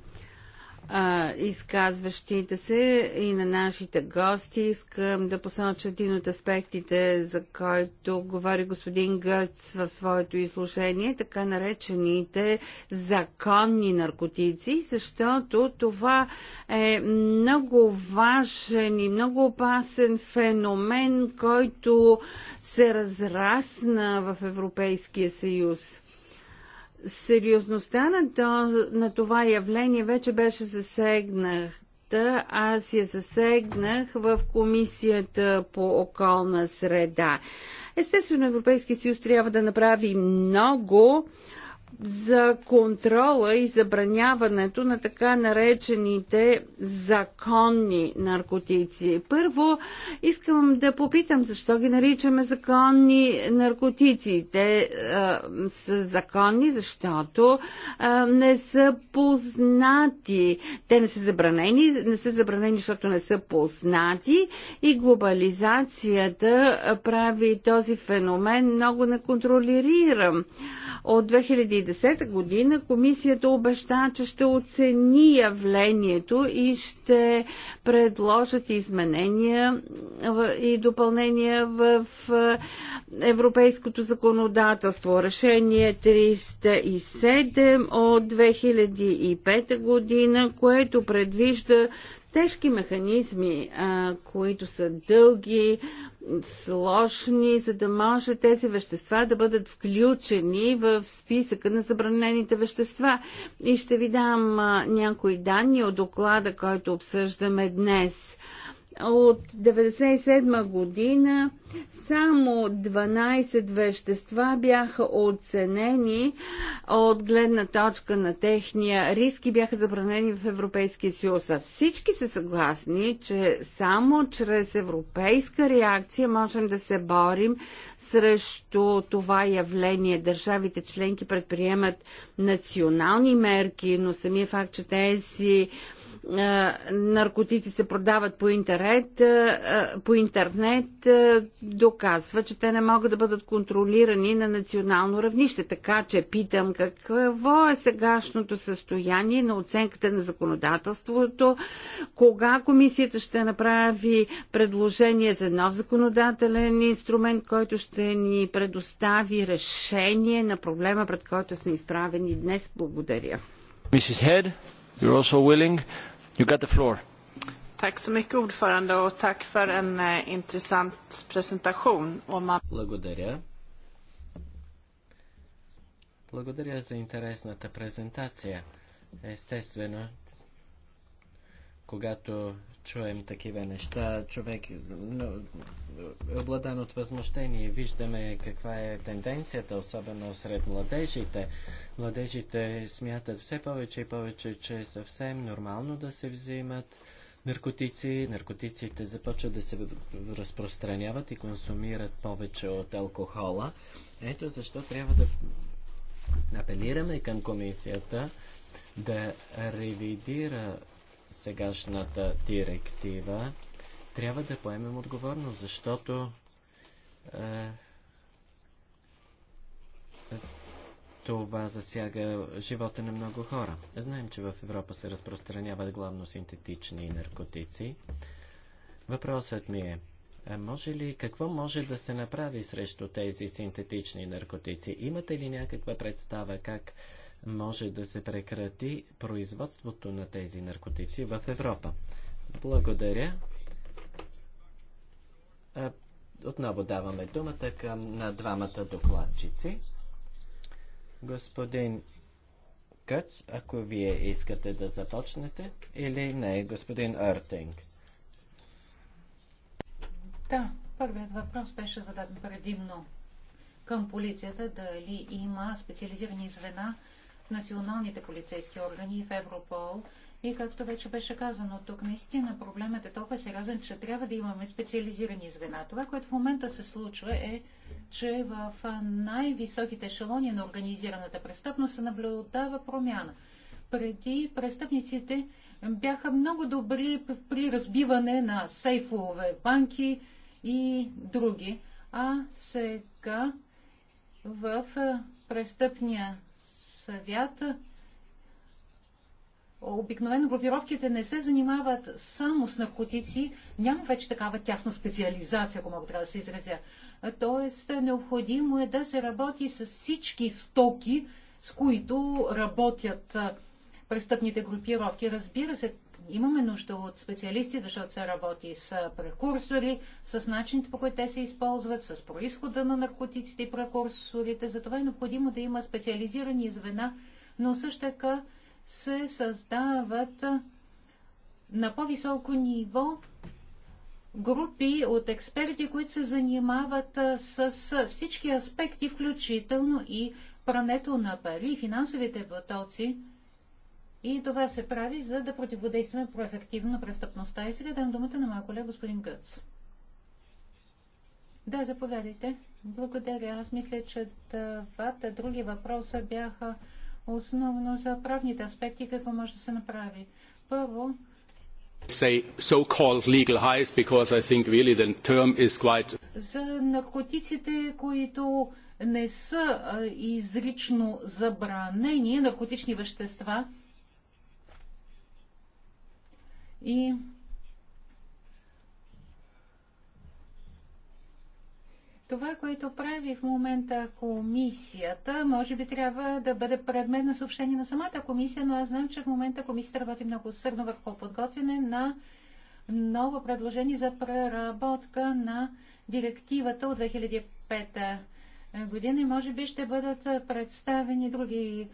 а, изказващите се и на нашите гости. Искам да посоча един от аспектите, за който говори господин Гърц в своето изложение, така наречените законни наркотици, защото това е много важен и много опасен феномен, който се разрасна в Европейския съюз. Сериозността на, то, на това явление вече беше засегната, аз я засегнах в Комисията по околна среда. Естествено, Европейския съюз трябва да направи много, за контрола и забраняването на така наречените законни наркотици. Първо, искам да попитам защо ги наричаме законни наркотици. Те а, са законни, защото а, не са познати. Те не са забранени, не са забранени, защото не са познати и глобализацията прави този феномен много неконтролирирам. От 2000 2010 година комисията обеща, че ще оцени явлението и ще предложат изменения и допълнения в европейското законодателство. Решение 307 от 2005 година, което предвижда тежки механизми, а, които са дълги, сложни, за да може тези вещества да бъдат включени в списъка на забранените вещества. И ще ви дам а, някои данни от доклада, който обсъждаме днес. От 1997 година само 12 вещества бяха оценени от гледна точка на техния риск и бяха забранени в Европейския съюз. Всички са съгласни, че само чрез европейска реакция можем да се борим срещу това явление. Държавите членки предприемат национални мерки, но самия факт, че тези наркотици се продават по интернет, по интернет доказва, че те не могат да бъдат контролирани на национално равнище. Така че питам какво е сегашното състояние на оценката на законодателството, кога комисията ще направи предложение за нов законодателен инструмент, който ще ни предостави решение на проблема, пред който сме изправени днес. Благодаря. Mrs. Head, you're also willing. You got the floor. Tack så mycket ordförande och tack för en intressant presentation. Благодаря. Благодаря за интересната презентация. Естествено, когато чуем такива неща. Човек е обладан от възмущение. Виждаме каква е тенденцията, особено сред младежите. Младежите смятат все повече и повече, че е съвсем нормално да се взимат наркотици. Наркотиците започват да се разпространяват и консумират повече от алкохола. Ето защо трябва да апелираме към комисията да ревидира сегашната директива, трябва да поемем отговорност, защото е, това засяга живота на много хора. Знаем, че в Европа се разпространяват главно синтетични наркотици. Въпросът ми е, е може ли, какво може да се направи срещу тези синтетични наркотици? Имате ли някаква представа как може да се прекрати производството на тези наркотици в Европа. Благодаря. Отново даваме думата към на двамата докладчици. Господин Къц, ако вие искате да започнете, или не, господин Артинг. Да, първият въпрос беше зададен предимно към полицията, дали има специализирани звена в националните полицейски органи и в Европол. И както вече беше казано, тук наистина проблемът е толкова сериозен, че трябва да имаме специализирани звена. Това, което в момента се случва е, че в най-високите ешелони на организираната престъпност се наблюдава промяна. Преди престъпниците бяха много добри при разбиване на сейфове, банки и други. А сега в престъпния съвят. Обикновено групировките не се занимават само с наркотици, няма вече такава тясна специализация, ако мога така да се изразя. Тоест, необходимо е да се работи с всички стоки, с които работят престъпните групировки. Разбира се, Имаме нужда от специалисти, защото се работи с прекурсори, с начините по които те се използват, с происхода на наркотиците и прекурсорите. Затова е необходимо да има специализирани звена, но също така се създават на по-високо ниво групи от експерти, които се занимават с всички аспекти, включително и прането на пари, финансовите потоци, и това се прави, за да противодействаме проефективно на престъпността. И сега дам думата на малко ля, господин Гъц. Да, заповядайте. Благодаря. Аз мисля, че двата други въпроса бяха основно за правните аспекти, какво може да се направи. Първо, say so-called legal highs because I think really the term is quite за наркотиците, които не са изрично забранени наркотични вещества, и това, което прави в момента комисията, може би трябва да бъде предмет на съобщение на самата комисия, но аз знам, че в момента комисията работи много усърдно върху подготвяне на ново предложение за преработка на директивата от 2005 година и може би ще бъдат представени други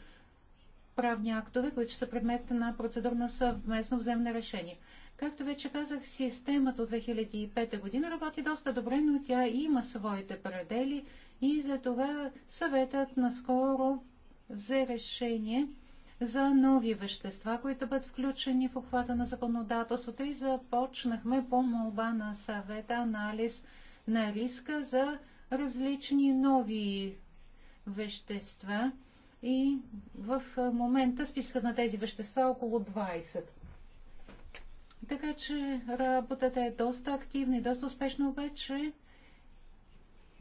правни актове, които са предмет на процедурна съвместно вземане решение. Както вече казах, системата от 2005 година работи доста добре, но тя има своите предели и за това съветът наскоро взе решение за нови вещества, които бъдат включени в обхвата на законодателството и започнахме по молба на съвета анализ на риска за различни нови вещества и в момента списъкът на тези вещества е около 20. Така че работата е доста активна и доста успешна, обаче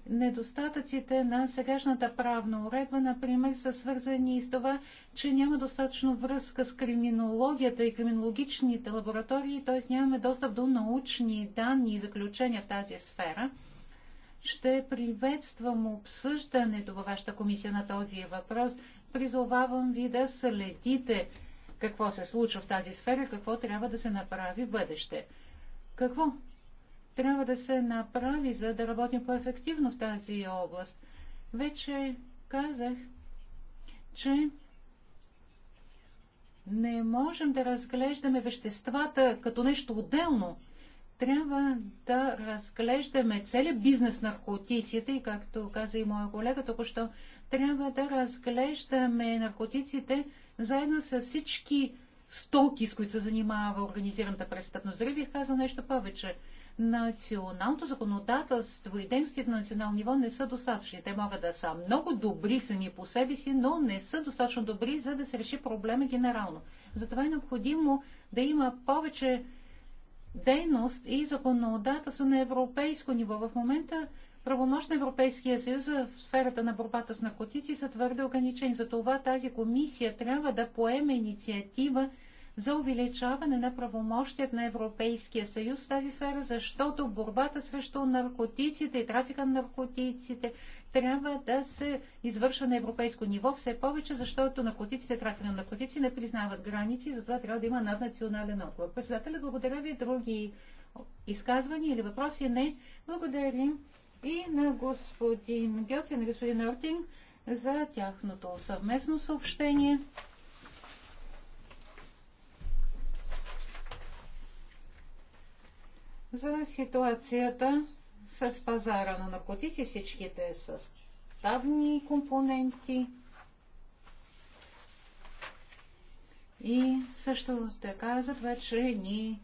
недостатъците на сегашната правна уредба, например, са свързани с това, че няма достатъчно връзка с криминологията и криминологичните лаборатории, т.е. нямаме достъп до научни данни и заключения в тази сфера. Ще приветствам обсъждането във вашата комисия на този въпрос, призовавам ви да следите какво се случва в тази сфера, какво трябва да се направи в бъдеще. Какво трябва да се направи, за да работим по-ефективно в тази област? Вече казах, че не можем да разглеждаме веществата като нещо отделно. Трябва да разглеждаме целият бизнес наркотиците и, както каза и моя колега, току-що трябва да разглеждаме наркотиците заедно с всички стоки, с които се занимава организираната престъпност. Дори бих казал нещо повече. Националното законодателство и дейностите на национално ниво не са достатъчни. Те могат да са много добри сами по себе си, но не са достатъчно добри, за да се реши проблема генерално. Затова е необходимо да има повече дейност и законодателство на европейско ниво. В момента Правомощ на Европейския съюз в сферата на борбата с наркотици са твърде ограничени. Затова тази комисия трябва да поеме инициатива за увеличаване на правомощият на Европейския съюз в тази сфера, защото борбата срещу наркотиците и трафика на наркотиците трябва да се извършва на европейско ниво все повече, защото наркотиците, трафика на наркотици не признават граници затова трябва да има наднационален отговор. Председателя, благодаря ви. Други изказвания или въпроси? Не. Благодарим и на господин Гелц и на господин Ортинг за тяхното съвместно съобщение. за ситуацията с пазара на наркотици, всичките съставни компоненти и също така за това, че ни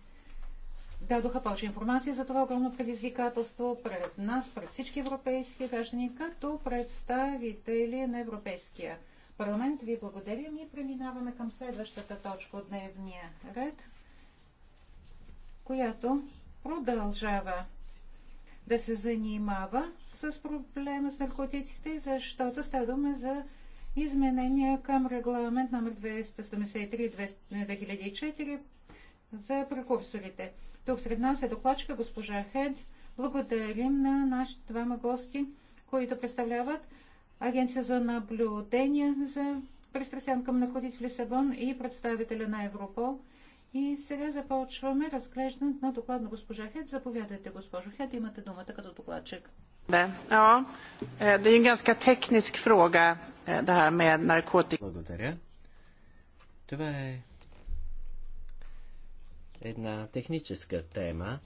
дадоха повече информация за това огромно предизвикателство пред нас, пред всички европейски граждани, като представители на Европейския парламент. Ви благодарим и преминаваме към следващата точка от дневния ред, която продължава да се занимава с проблема с наркотиците, защото става дума за изменения към регламент номер 273-2004 за прекурсорите. Тук сред нас е докладчика госпожа Хед. Благодарим на нашите двама гости, които представляват Агенция за наблюдение за пристрастен към находите в Лисабон и представителя на Европол. И сега започваме разглеждането на доклад на госпожа Хед. Заповядайте, госпожо Хед, имате думата като докладчик. Ja, det är en ganska teknisk fråga det här Благодаря. Това е една техническа тема,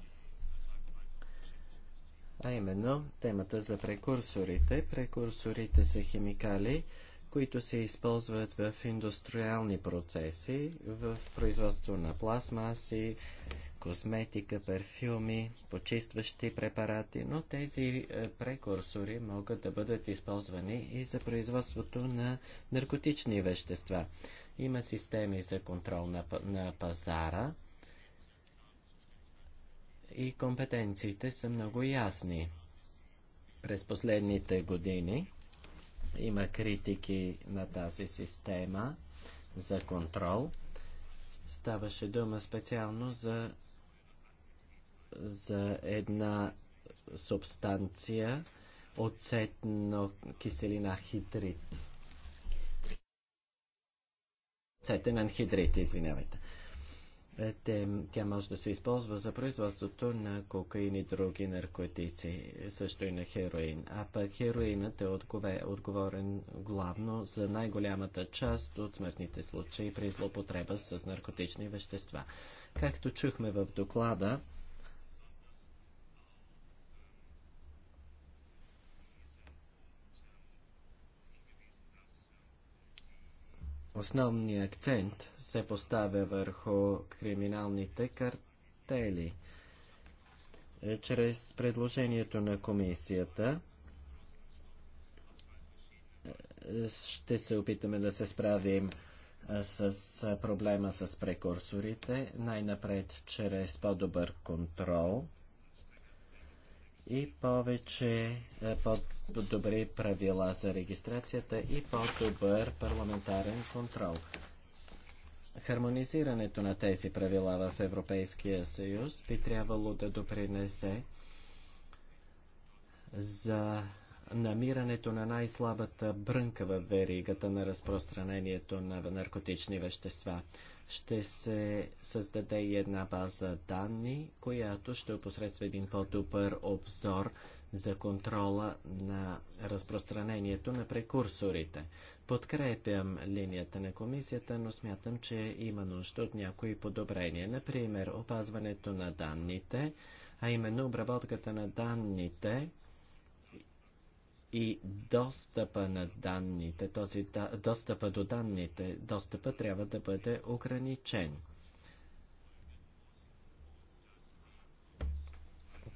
а именно темата за прекурсорите. Прекурсорите са химикали, които се използват в индустриални процеси, в производство на пластмаси, косметика, парфюми, почистващи препарати, но тези е, прекурсори могат да бъдат използвани и за производството на наркотични вещества. Има системи за контрол на, на пазара, и компетенциите са много ясни. През последните години има критики на тази система за контрол. Ставаше дума специално за, за една субстанция, оцетно киселина хидрит. Цетен анхидрит, извинявайте. Е, те, тя може да се използва за производството на кокаин и други наркотици, също и на хероин. А пък хероинът е отговорен главно за най-голямата част от смъртните случаи при злоупотреба с наркотични вещества. Както чухме в доклада, основният акцент се поставя върху криминалните картели. Е, чрез предложението на комисията е, ще се опитаме да се справим е, с проблема с прекурсорите, най-напред чрез по-добър контрол – и повече е, по-добри правила за регистрацията и по-добър парламентарен контрол. Хармонизирането на тези правила в Европейския съюз би трябвало да допринесе за намирането на най-слабата брънка в веригата на разпространението на наркотични вещества ще се създаде и една база данни, която ще опосредства един по-добър обзор за контрола на разпространението на прекурсорите. Подкрепям линията на комисията, но смятам, че има нужда от някои подобрения. Например, опазването на данните, а именно обработката на данните и достъпа на данните, този да, достъпа до данните, достъпа трябва да бъде ограничен.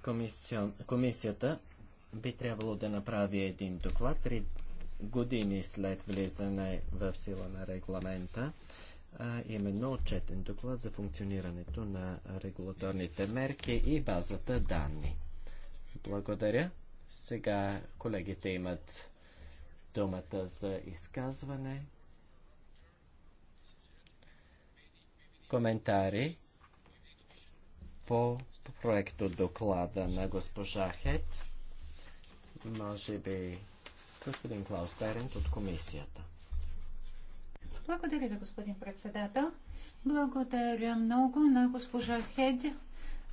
Комисион, комисията би трябвало да направи един доклад три години след влизане в сила на регламента, а именно отчетен доклад за функционирането на регулаторните мерки и базата данни. Благодаря. Сега колегите имат думата за изказване. Коментари по проекто доклада на госпожа Хет. Може би господин Клаус Берент от комисията. Благодаря ви, господин председател. Благодаря много на госпожа Хед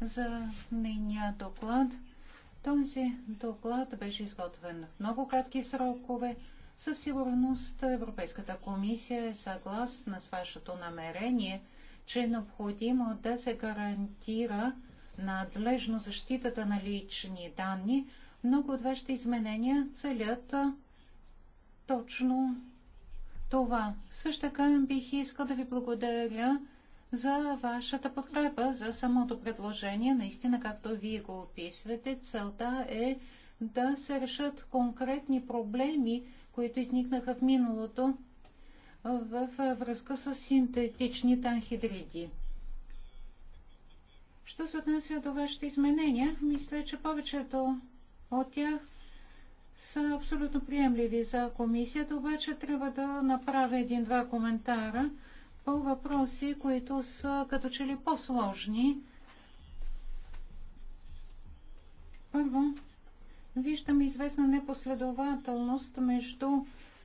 за нейния доклад. Този доклад беше изготвен в много кратки срокове. Със сигурност Европейската комисия е съгласна с вашето намерение, че е необходимо да се гарантира надлежно защитата на лични данни. Много от вашите изменения целят точно това. Също така бих искал да ви благодаря за вашата подкрепа за самото предложение. Наистина, както вие го описвате, целта е да се решат конкретни проблеми, които изникнаха в миналото в връзка с синтетични танхидриди. Що се отнася до вашите изменения, мисля, че повечето от тях са абсолютно приемливи за комисията, обаче трябва да направя един-два коментара – по въпроси, които са като че ли по-сложни. Първо, виждаме известна непоследователност между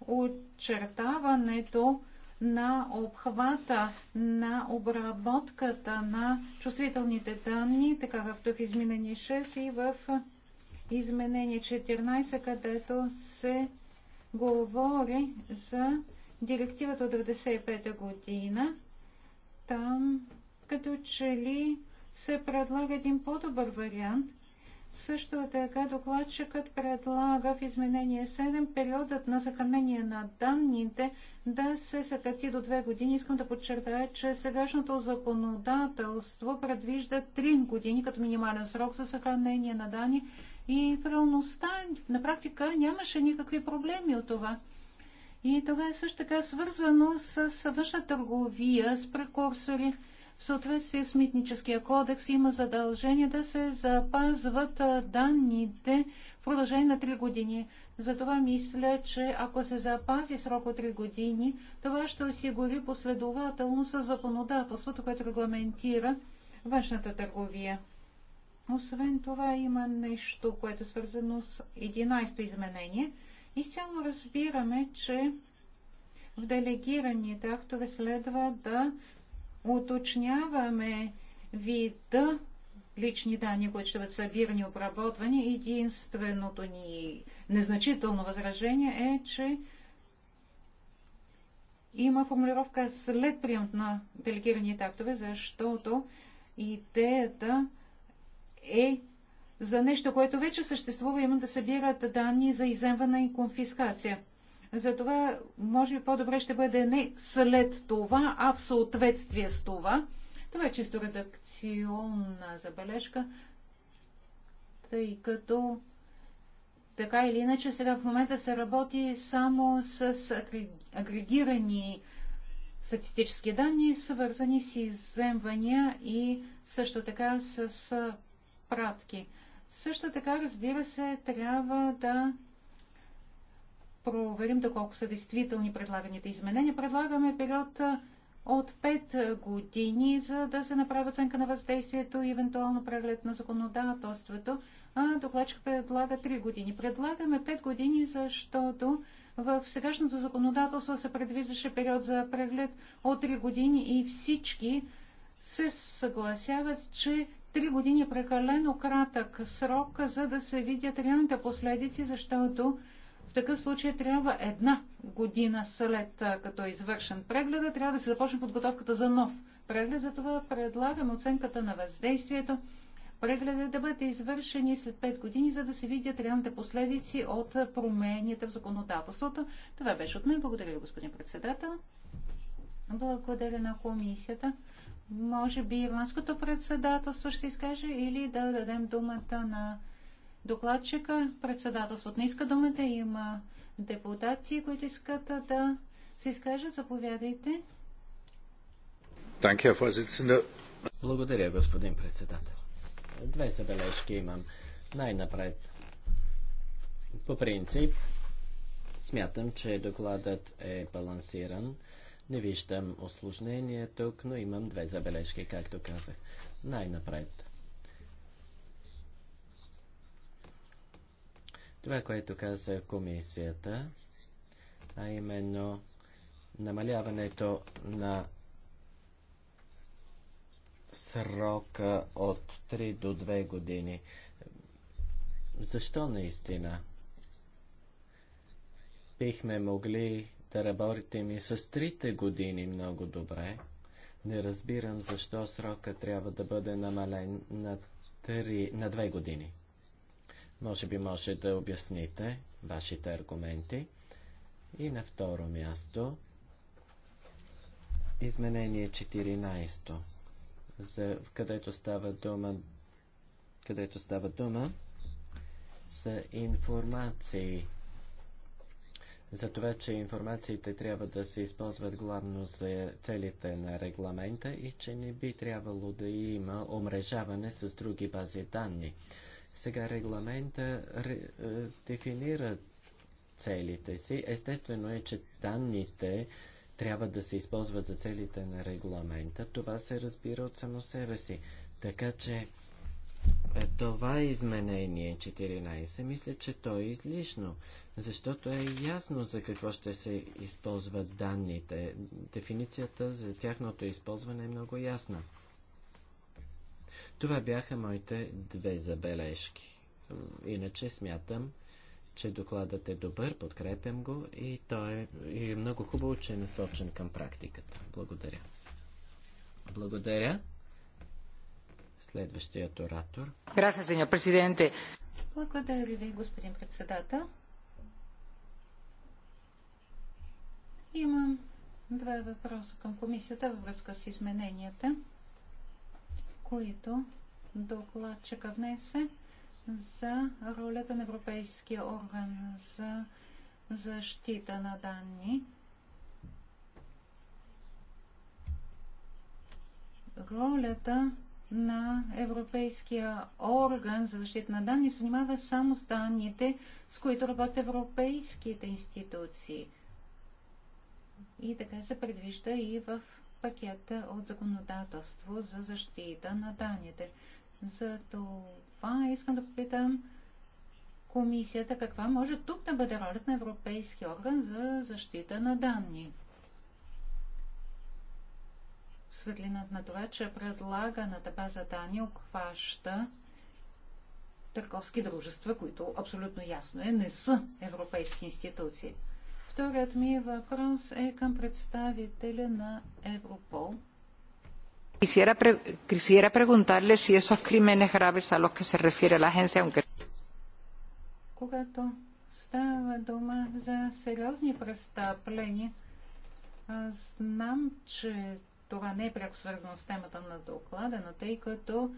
очертаването на обхвата на обработката на чувствителните данни, така както е в изменение 6 и в изменение 14, където се говори за директивата от 1995 година, там като че ли се предлага един по-добър вариант. Също така докладчикът предлага в изменение 7 периодът на съхранение на данните да се съкрати до 2 години. Искам да подчертая, че сегашното законодателство предвижда 3 години като минимален срок за съхранение на данни и в реалността на практика нямаше никакви проблеми от това. И това е също така свързано с външна търговия, с прекурсори. В съответствие с Митническия кодекс има задължение да се запазват данните в продължение на 3 години. Затова мисля, че ако се запази срок от 3 години, това ще осигури последователно с законодателството, което регламентира външната търговия. Освен това има нещо, което е свързано с 11-то изменение – Изцяло разбираме, че в делегираните актове следва да уточняваме вида лични данни, които ще бъдат събирани и обработвани. Единственото ни незначително възражение е, че има формулировка след приемът на делегираните актове, защото идеята е за нещо, което вече съществува, има да събират данни за иземване и конфискация. Затова, може би, по-добре ще бъде не след това, а в съответствие с това. Това е чисто редакционна забележка, тъй като така или иначе сега в момента се работи само с агрегирани статистически данни, свързани с иземвания и също така с пратки. Също така, разбира се, трябва да проверим доколко са действителни предлаганите изменения. Предлагаме период от 5 години, за да се направи оценка на въздействието и евентуално преглед на законодателството, а докладчик предлага 3 години. Предлагаме 5 години, защото в сегашното законодателство се предвиждаше период за преглед от 3 години и всички се съгласяват, че Три години е прекалено кратък срок, за да се видят реалните последици, защото в такъв случай трябва една година след като е извършен прегледа, трябва да се започне подготовката за нов преглед. Затова предлагаме оценката на въздействието, прегледа да бъдат извършени след 5 години, за да се видят реалните последици от промените в законодателството. Това беше от мен. Благодаря ви, господин председател. Благодаря на комисията. Може би ирландското председателство ще се изкаже или да дадем думата на докладчика. Председателството не иска думата. Има депутати, които искат да се изкажат. Заповядайте. Благодаря, господин председател. Две забележки имам. Най-напред. По принцип, смятам, че докладът е балансиран. Не виждам осложнение тук, но имам две забележки, както казах. Най-напред. Това, което каза комисията, а именно намаляването на срока от 3 до 2 години. Защо наистина? Бихме могли да работите ми с трите години много добре. Не разбирам защо срока трябва да бъде намален на, три, на две години. Може би може да обясните вашите аргументи. И на второ място изменение 14, за, където става дума където става дума са информации за това, че информациите трябва да се използват главно за целите на регламента и че не би трябвало да има омрежаване с други бази данни. Сега регламента ре, е, дефинира целите си. Естествено е, че данните трябва да се използват за целите на регламента. Това се разбира от само себе си. Така че е, това изменение 14, мисля, че то е излишно, защото е ясно за какво ще се използват данните. Дефиницията за тяхното използване е много ясна. Това бяха моите две забележки. Иначе смятам, че докладът е добър, подкрепям го и той е, и е много хубаво, че е насочен към практиката. Благодаря. Благодаря. Следващият оратор. Граса, сеньор президенте. Благодаря ви, господин председател. Имам два въпроса към комисията във връзка с измененията, които докладчика внесе за ролята на Европейския орган за защита на данни. Ролята на Европейския орган за защита на данни занимава само с данните, с които работят европейските институции. И така се предвижда и в пакета от законодателство за защита на данните. За това искам да попитам комисията каква може тук да бъде ролят на Европейския орган за защита на данни светлината на това, че предлаганата база данни обхваща търговски дружества, които абсолютно ясно е, не са европейски институции. Вторият ми въпрос е към представителя на Европол. Quisiera, pre quisiera preguntarle si esos crímenes graves a los que se refiere la agencia, aunque... Когато става дума за сериозни престъпления, знам, че това не е пряко свързано с темата на доклада, но тъй като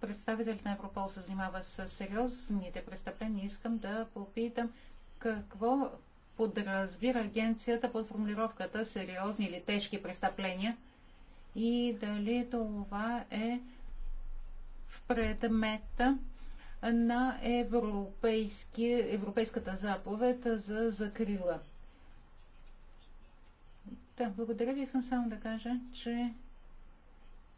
представителят на Европол се занимава с сериозните престъпления, искам да попитам какво подразбира агенцията под формулировката сериозни или тежки престъпления и дали това е в предмета на европейски, Европейската заповед за закрила. Да, благодаря ви. Искам само да кажа, че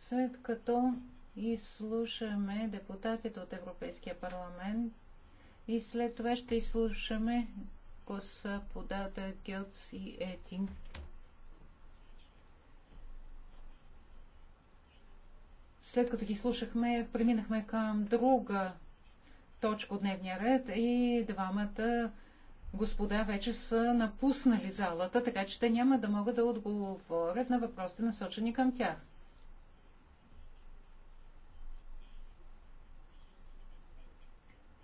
след като изслушаме депутатите от Европейския парламент и след това ще изслушаме подата Гелц и Етин. След като ги слушахме, преминахме към друга точка от дневния ред и двамата господа вече са напуснали залата, така че те няма да могат да отговорят на въпросите насочени към тях.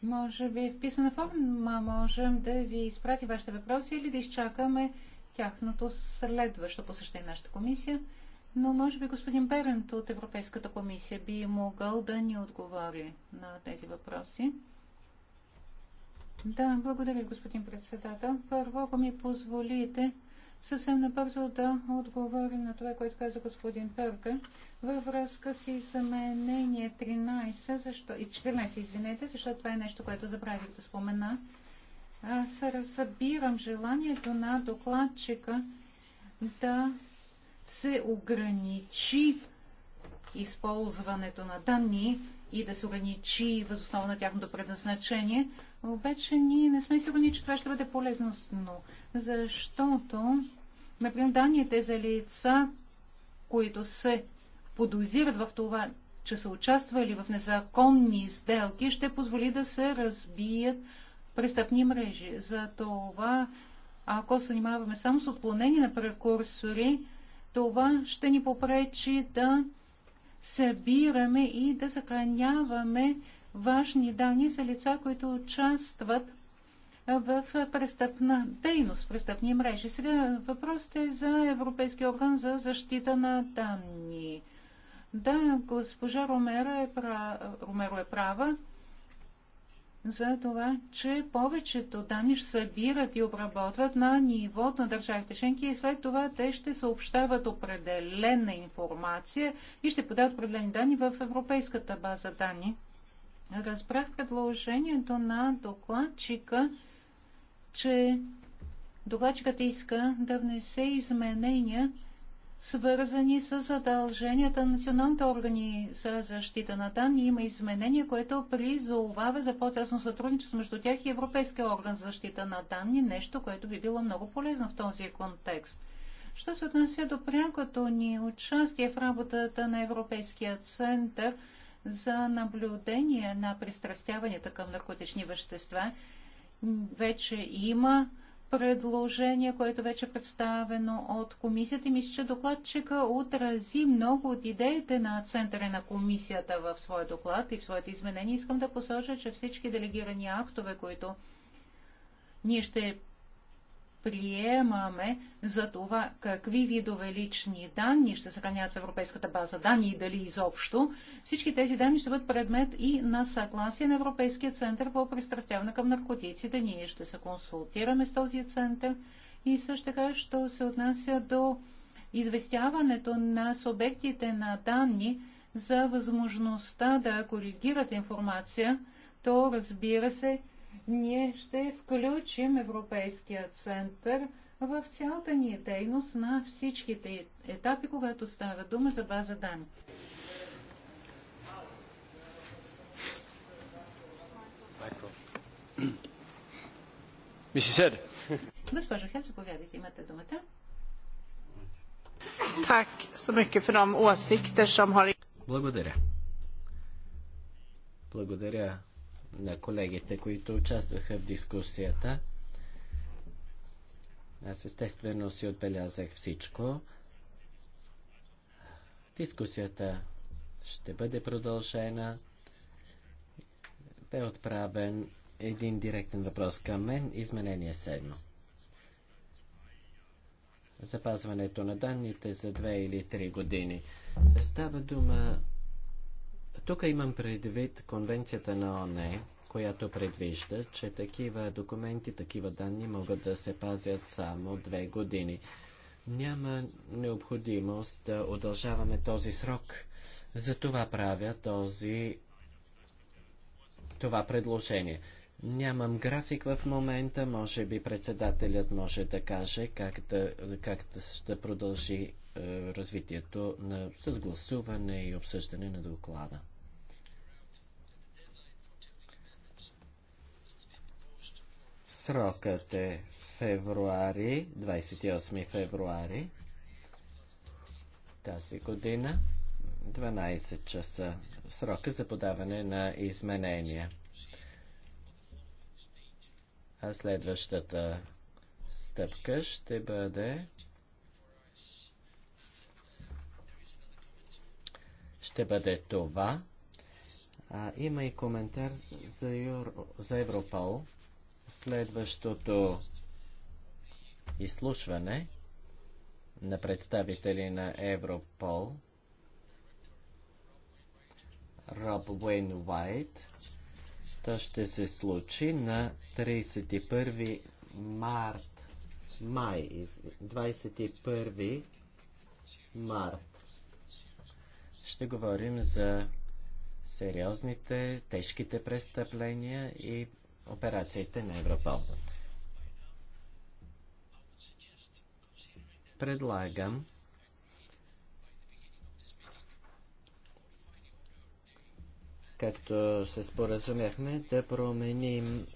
Може би в писмена форма можем да ви изпрати вашите въпроси или да изчакаме тяхното следващо посещение на нашата комисия. Но може би господин Берент от Европейската комисия би могъл да ни отговори на тези въпроси. Да, благодаря, господин председател. Първо, ако ми позволите, съвсем набързо да отговоря на това, което каза господин Бърга, във връзка с изменение 13, защо, и 14, извинете, защото това е нещо, което забравих да спомена. Аз разбирам желанието на докладчика да се ограничи използването на данни и да се ограничи възоснова на тяхното предназначение – обаче ние не сме сигурни, че това ще бъде полезно, защото, например, данните за лица, които се подозират в това, че са участвали в незаконни сделки, ще позволи да се разбият престъпни мрежи. За това, ако се занимаваме само с отклонение на прекурсори, това ще ни попречи да събираме и да съхраняваме важни данни за лица, които участват в престъпна дейност, престъпни мрежи. Сега въпросът е за Европейския орган за защита на данни. Да, госпожа Ромеро е, права, Ромеро е права за това, че повечето данни ще събират и обработват на нивото на държавите членки и след това те ще съобщават определена информация и ще подават определени данни в Европейската база данни разбрах предложението на докладчика, че докладчикът иска да внесе изменения, свързани с задълженията на националните органи за защита на данни. Има изменения, което призовава за по-тесно сътрудничество между тях и Европейския орган за защита на данни, нещо, което би било много полезно в този контекст. Що се отнася до прякото ни участие в работата на Европейския център за наблюдение на пристрастяванията към наркотични вещества. Вече има предложение, което вече е представено от комисията и мисля, че докладчика отрази много от идеите на центъра на комисията в своя доклад и в своите изменения. Искам да посоча, че всички делегирани актове, които ние ще приемаме за това какви видове лични данни ще съхраняват в Европейската база данни и дали изобщо, всички тези данни ще бъдат предмет и на съгласие на Европейския център по пристрастяване към наркотиците. Ние ще се консултираме с този център и също така, що се отнася до известяването на субектите на данни за възможността да коригират информация, то разбира се, ние ще включим Европейския център в цялата ни дейност на всичките етапи, когато става дума за база данни. Миси Сед. Госпожо Хед, заповядайте, имате думата. Tack så mycket för de åsikter som Благодаря. Благодаря на колегите, които участваха в дискусията. Аз естествено си отбелязах всичко. Дискусията ще бъде продължена. Бе отправен един директен въпрос към мен. Изменение седмо. Запазването на данните за две или три години. Става дума тук имам предвид конвенцията на ОНЕ, която предвижда, че такива документи, такива данни могат да се пазят само две години. Няма необходимост да удължаваме този срок. Затова правя този, това предложение. Нямам график в момента, може би председателят може да каже как да, как да ще продължи е, развитието на, с гласуване и обсъждане на доклада. Срокът е февруари, 28 февруари тази година, 12 часа. Срока за подаване на изменения. А следващата стъпка ще бъде ще бъде това. А, има и коментар за, Юр... за Европол. Следващото изслушване на представители на Европол Роб Уейн Уайт. То ще се случи на 31 март. Май. 21 март. Ще говорим за сериозните, тежките престъпления и операциите на Европол. Предлагам както се споразумяхме, да променим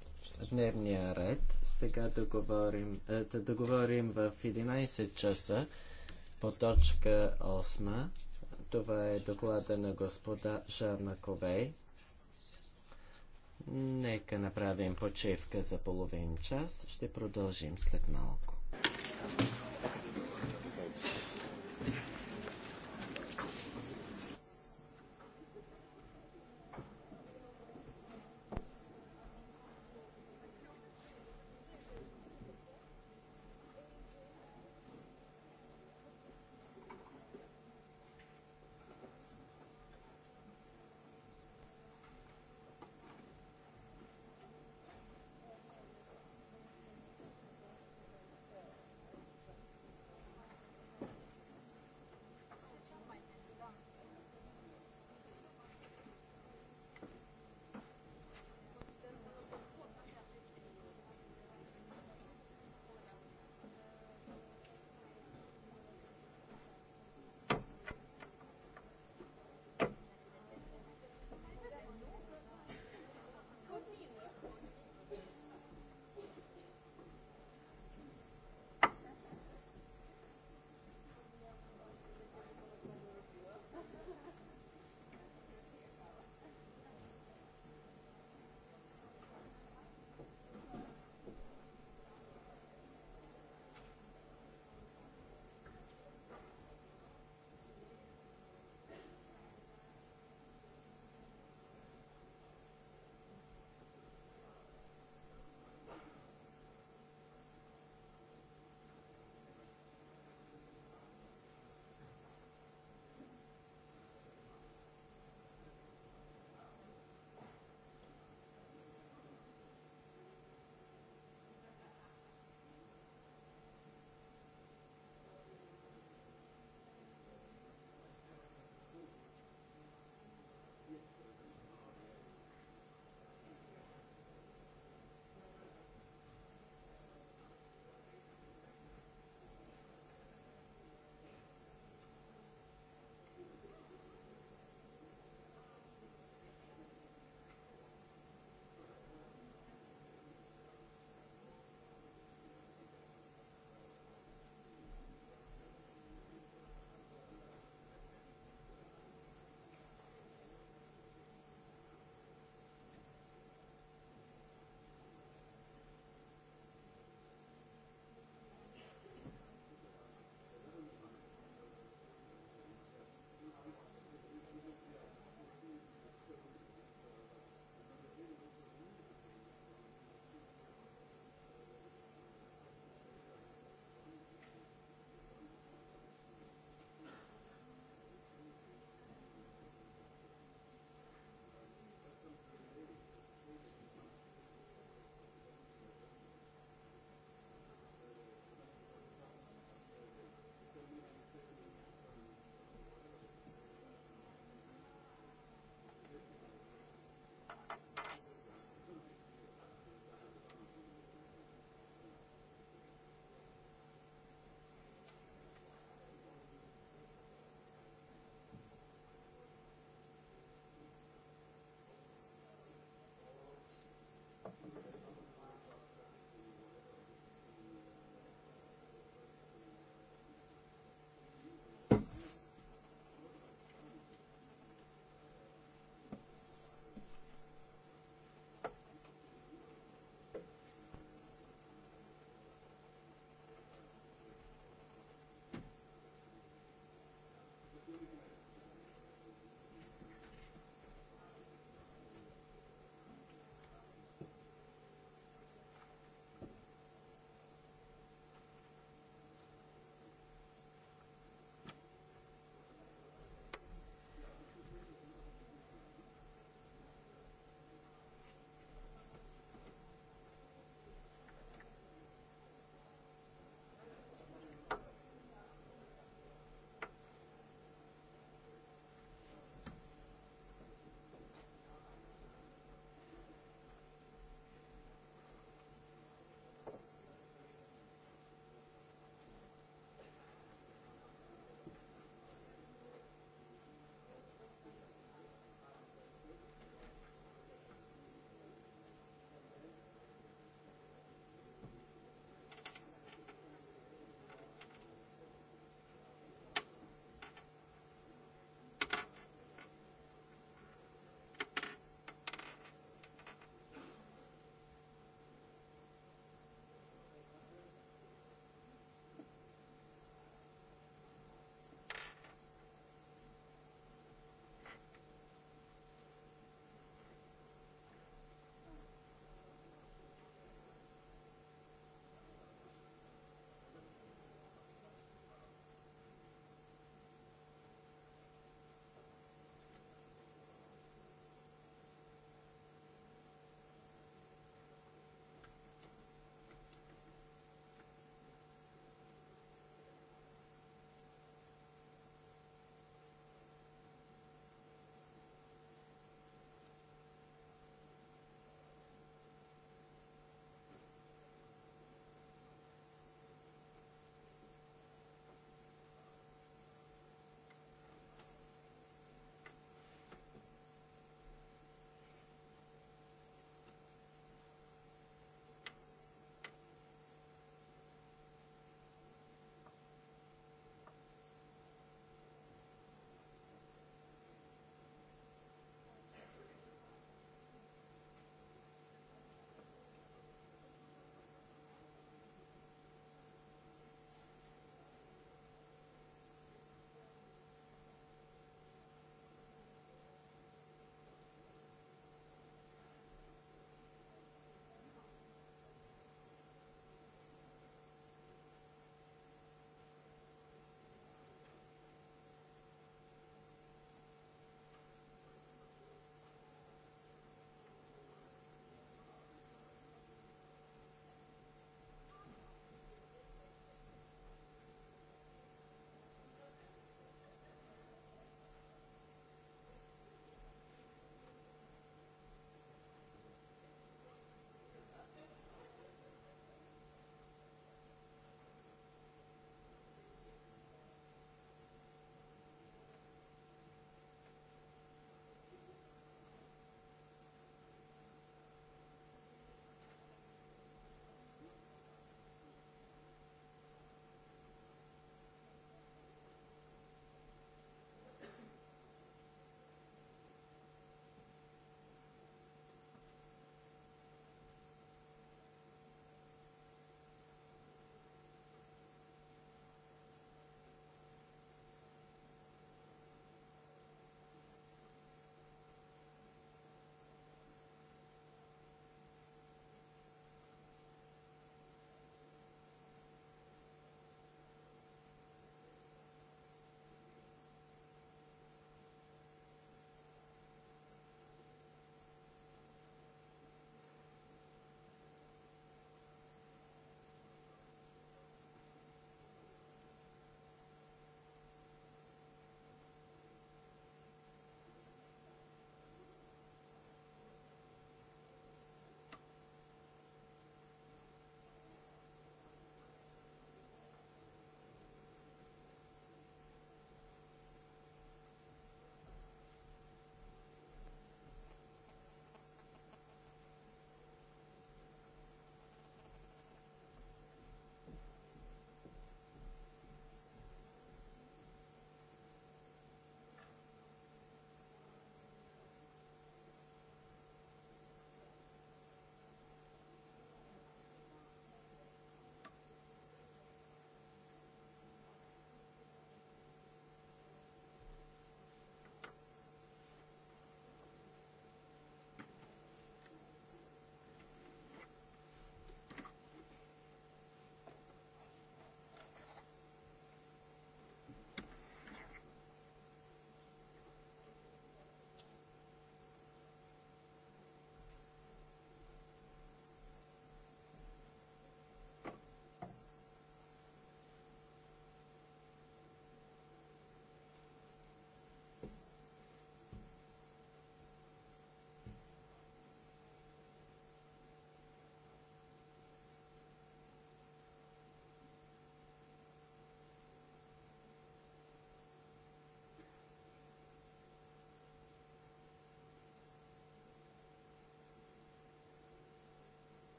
дневния ред. Сега да говорим, е, да, говорим в 11 часа по точка 8. Това е доклада на господа Жарна Ковей. Нека направим почивка за половин час. Ще продължим след малко.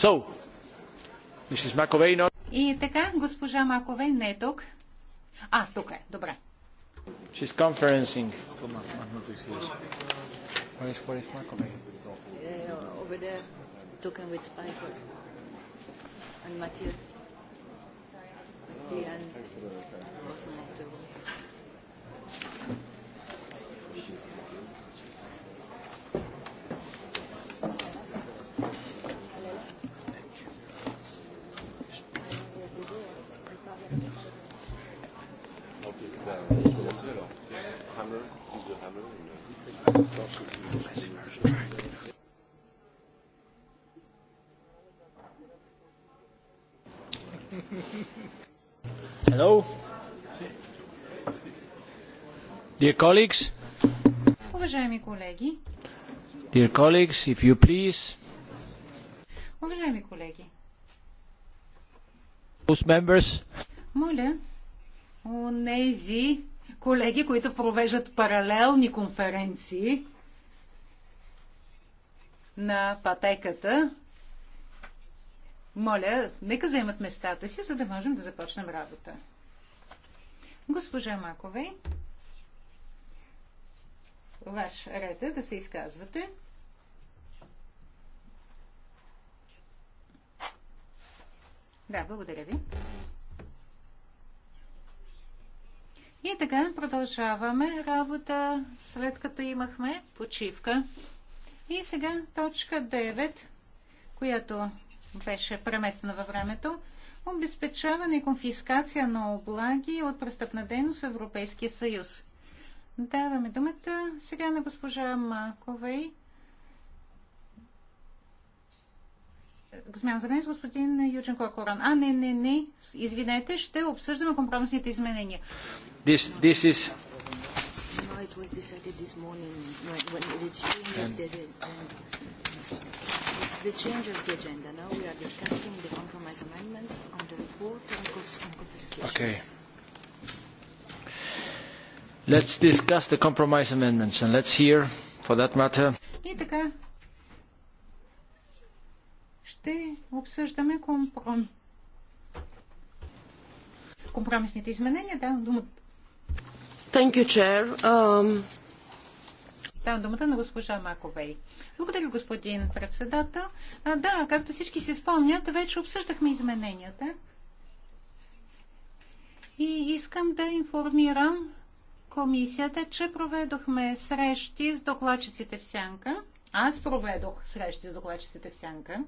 So, Mrs. McAvey, not... И така, госпожа Маковей не е тук. А, тук е. Добре. She's conferencing. Where is, where is McAvey? Uh, over there, talking with Spicer and Mathieu. He and... Уважаеми колеги. Dear colleagues, if you please. Уважаеми колеги. Those members. Моля, онези колеги, които провеждат паралелни конференции на пътеката, моля, нека заемат местата си, за да можем да започнем работа. Госпожа Макове ваш ред е да се изказвате. Да, благодаря ви. И така продължаваме работа, след като имахме почивка. И сега точка 9, която беше преместена във времето, обезпечаване и конфискация на облаги от престъпна дейност в Европейския съюз. Даваме думата сега на госпожа Маковей. Смяна за господин Юджин Коран. А, не, не, не. Извинете, ще обсъждаме компромисните изменения. This, this is... No, it was decided this morning when it and the change of the agenda. Now we are discussing the compromise amendments on the report on confiscation. Okay. Let's discuss the compromise amendments and let's hear for that matter. И така, ще обсъждаме компром... компромисните изменения. Да, думата. Thank you, Chair. Um, Давам думата на госпожа Маковей. Благодаря, господин председател. А, да, както всички си спомнят, вече обсъждахме измененията. И искам да информирам комисията, че проведохме срещи с докладчиците в Сянка. Аз проведох срещи с докладчиците в Сянка.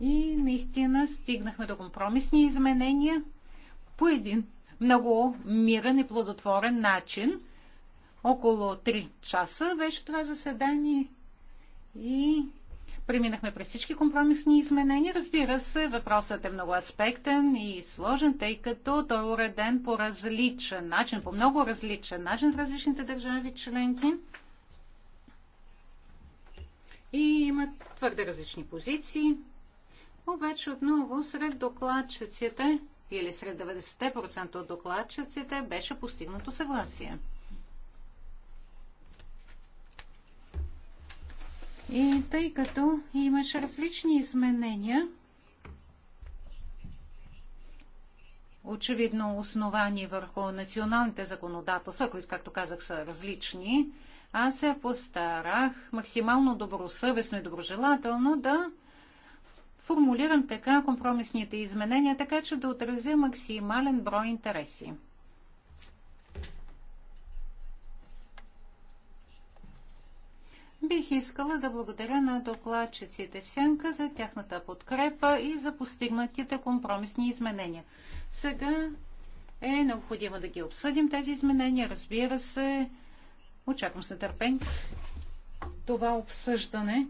И наистина стигнахме до компромисни изменения по един много мирен и плодотворен начин – около 3 часа беше това заседание и преминахме през всички компромисни изменения. Разбира се, въпросът е много аспектен и сложен, тъй като той е уреден по различен начин, по много различен начин в различните държави членки. И имат твърде различни позиции. Обаче отново сред докладчиците или сред 90% от докладчиците беше постигнато съгласие. И тъй като имаш различни изменения, очевидно основани върху националните законодателства, които, както казах, са различни, аз се постарах максимално добросъвестно и доброжелателно да формулирам така компромисните изменения, така че да отразя максимален брой интереси. Бих искала да благодаря на докладчиците в Сянка за тяхната подкрепа и за постигнатите компромисни изменения. Сега е необходимо да ги обсъдим тези изменения. Разбира се, очаквам с нетърпение това обсъждане.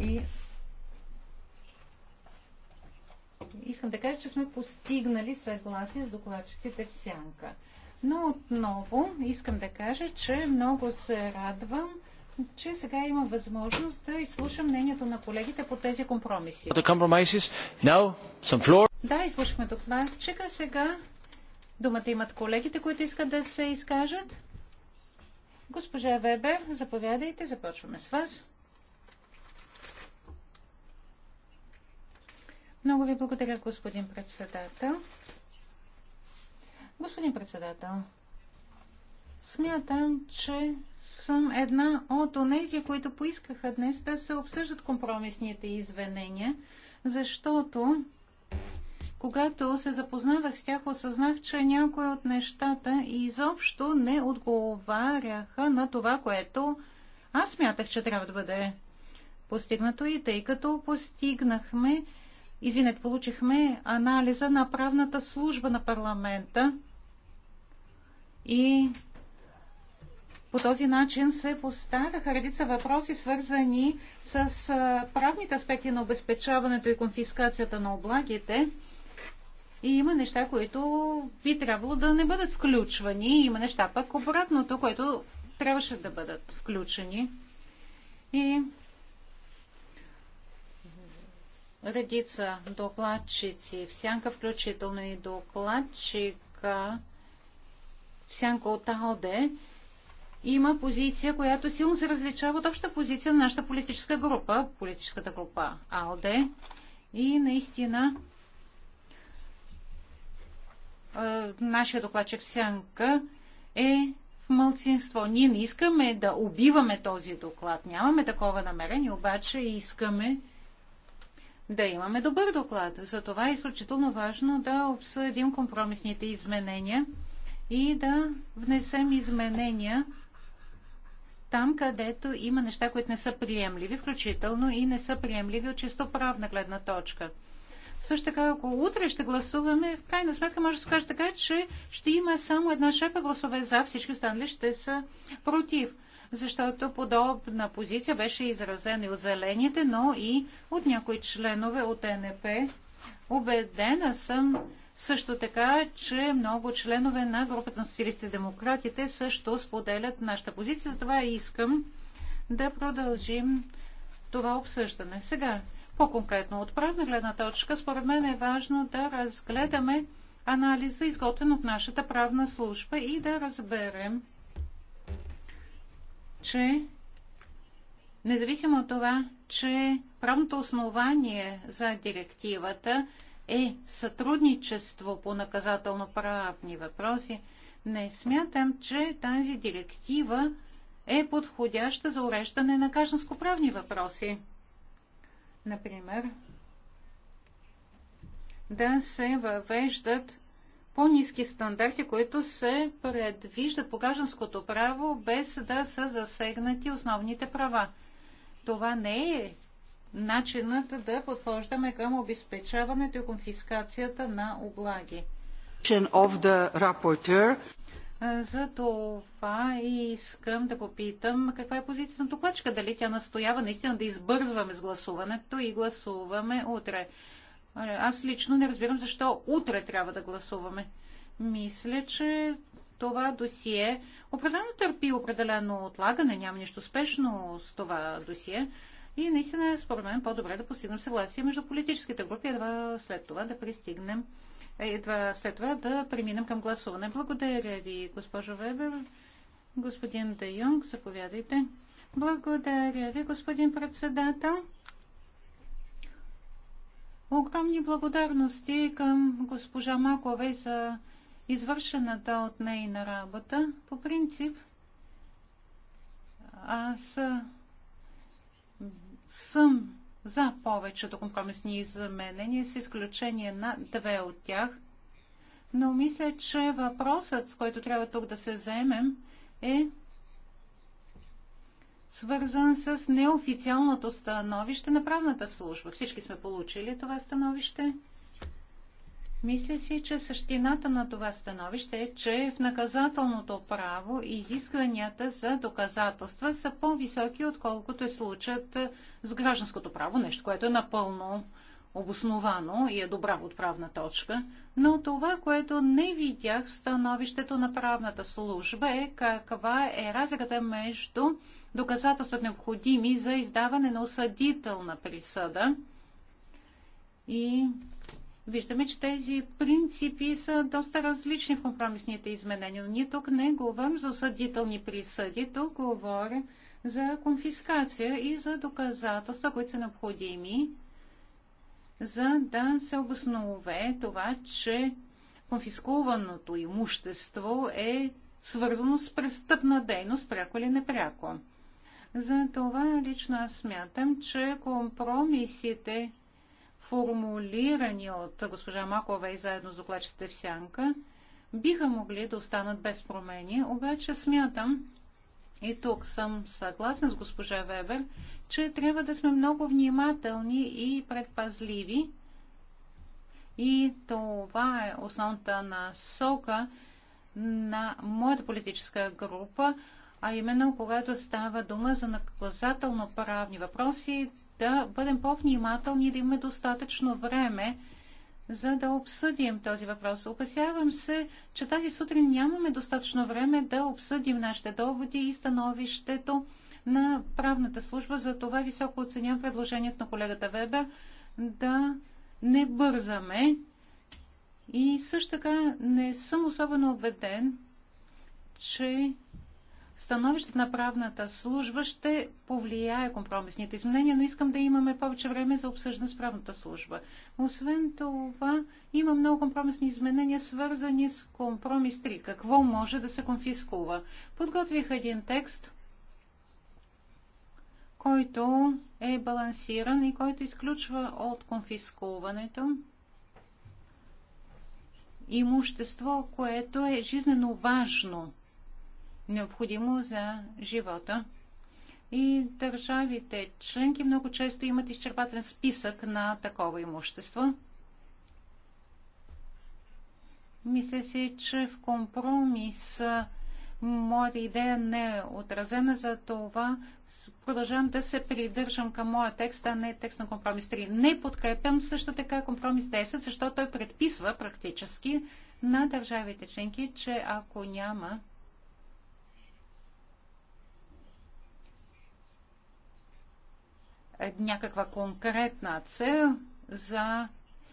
И искам да кажа, че сме постигнали съгласие с докладчиците в Сянка. Но отново искам да кажа, че много се радвам, че сега има възможност да изслушам мнението на колегите по тези компромиси. да, изслушахме докладчика. Сега думата имат колегите, които искат да се изкажат. Госпожа Вебер, заповядайте, започваме с вас. Много ви благодаря, господин председател. Господин председател, смятам, че съм една от онези, които поискаха днес да се обсъждат компромисните извинения, защото когато се запознавах с тях, осъзнах, че някои от нещата изобщо не отговаряха на това, което аз смятах, че трябва да бъде постигнато и тъй като постигнахме, извинете, получихме анализа на правната служба на парламента, и по този начин се поставяха редица въпроси, свързани с правните аспекти на обезпечаването и конфискацията на облагите. И има неща, които би трябвало да не бъдат включвани. Има неща пък обратното, което трябваше да бъдат включени. И редица докладчици, всяка включително и докладчика, Сянка от АОД има позиция, която силно се различава от обща позиция на нашата политическа група, политическата група АОД. И наистина нашия докладчик в Сянка е в мълцинство. Ние не искаме да убиваме този доклад. Нямаме такова намерение, обаче искаме да имаме добър доклад. Затова е изключително важно да обсъдим компромисните изменения – и да внесем изменения там, където има неща, които не са приемливи, включително и не са приемливи от чисто правна гледна точка. Също така, ако утре ще гласуваме, в крайна сметка може да се каже така, че ще има само една шепа гласове за, всички останали ще са против. Защото подобна позиция беше изразена и от зелените, но и от някои членове от НП. Обедена съм, също така, че много членове на групата на социалистите и демократите също споделят нашата позиция. Затова искам да продължим това обсъждане. Сега, по-конкретно от правна гледна точка, според мен е важно да разгледаме анализа, изготвен от нашата правна служба и да разберем, че независимо от това, че правното основание за директивата – е сътрудничество по наказателно-правни въпроси, не смятам, че тази директива е подходяща за уреждане на гражданско-правни въпроси. Например, да се въвеждат по-низки стандарти, които се предвиждат по гражданското право, без да са засегнати основните права. Това не е начинът да подхождаме към обезпечаването и конфискацията на облаги. За това и искам да попитам каква е позицията на докладчика. Дали тя настоява наистина да избързваме с гласуването и гласуваме утре. Аз лично не разбирам защо утре трябва да гласуваме. Мисля, че това досие определено търпи определено отлагане. Няма нищо спешно с това досие. И наистина, според мен, по-добре да постигнем съгласие между политическите групи, едва след това да пристигнем, едва след това да преминем към гласуване. Благодаря ви, госпожо Вебер. Господин Де Йонг, заповядайте. Благодаря ви, господин председател. Огромни благодарности към госпожа Макове за извършената от нейна работа. По принцип, аз съм за повечето компромисни изменения, с изключение на две от тях. Но мисля, че въпросът, с който трябва тук да се заемем, е свързан с неофициалното становище на правната служба. Всички сме получили това становище. Мисля си, че същината на това становище е, че в наказателното право изискванията за доказателства са по-високи, отколкото е случат с гражданското право, нещо, което е напълно обосновано и е добра отправна точка, но това, което не видях в становището на правната служба е каква е разликата между доказателствата необходими за издаване на осъдителна присъда и виждаме, че тези принципи са доста различни в компромисните изменения. Но ние тук не говорим за осъдителни присъди, тук говорим за конфискация и за доказателства, които са необходими, за да се обоснове това, че конфискуваното имущество е свързано с престъпна дейност, пряко или непряко. За това лично аз смятам, че компромисите формулирани от госпожа Макова и заедно с докладчите в сянка, биха могли да останат без промени, обаче смятам, и тук съм съгласна с госпожа Вебер, че трябва да сме много внимателни и предпазливи. И това е основната насока на моята политическа група, а именно когато става дума за наказателно-правни въпроси, да бъдем по-внимателни и да имаме достатъчно време, за да обсъдим този въпрос. Опасявам се, че тази сутрин нямаме достатъчно време да обсъдим нашите доводи и становището на правната служба. За това високо оценям предложението на колегата Вебер да не бързаме. И също така не съм особено убеден, че становището на правната служба ще повлияе компромисните изменения, но искам да имаме повече време за обсъждане с правната служба. Освен това, има много компромисни изменения, свързани с компромис 3. Какво може да се конфискува? Подготвих един текст, който е балансиран и който изключва от конфискуването имущество, което е жизненно важно необходимо за живота. И държавите членки много често имат изчерпателен списък на такова имущество. Мисля си, че в компромис моята идея не е отразена, за това продължавам да се придържам към моя текст, а не текст на компромис 3. Не подкрепям също така компромис 10, защото той предписва практически на държавите членки, че ако няма някаква конкретна цел за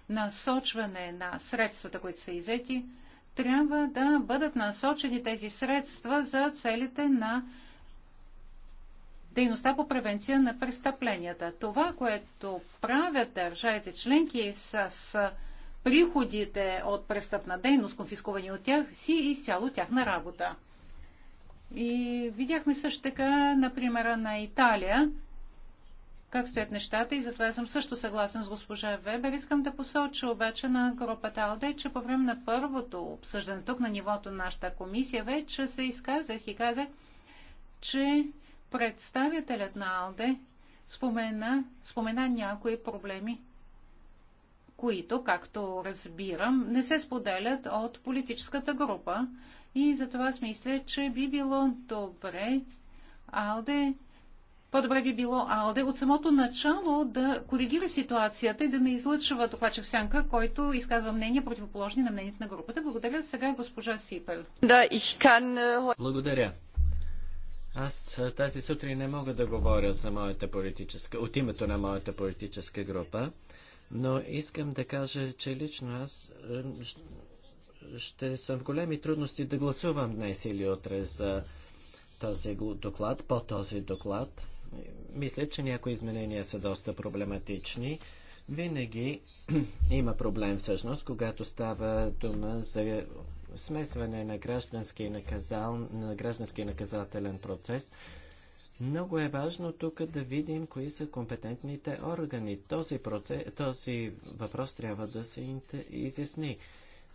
насочване на средствата, които са изети, трябва да бъдат насочени тези средства за целите на дейността по превенция на престъпленията. Това, което правят държавите членки с приходите от престъпна дейност, конфискувани от тях, си изцяло тяхна работа. И видяхме също така, например, на Италия, как стоят нещата и затова съм също съгласен с госпожа Вебер. Искам да посоча обаче на групата Алде, че по време на първото обсъждане тук на нивото на нашата комисия вече се изказах и казах, че представителят на Алде спомена, спомена някои проблеми, които, както разбирам, не се споделят от политическата група. И затова аз мисля, че би било добре Алде по-добре би било АЛДЕ от самото начало да коригира ситуацията и да не излъчва докладчик Сянка, който изказва мнения, противоположни на мнението на групата. Благодаря сега е госпожа Сипел. Да, can... Е, Благодаря. Аз е, тази сутрин не мога да говоря за моята политическа, от името на моята политическа група, но искам да кажа, че лично аз ще съм в големи трудности да гласувам днес или утре за този доклад, по този доклад мисля, че някои изменения са доста проблематични. Винаги има проблем всъщност, когато става дума за смесване на граждански и, наказал, на граждански наказателен процес. Много е важно тук да видим кои са компетентните органи. Този, процес, този въпрос трябва да се изясни.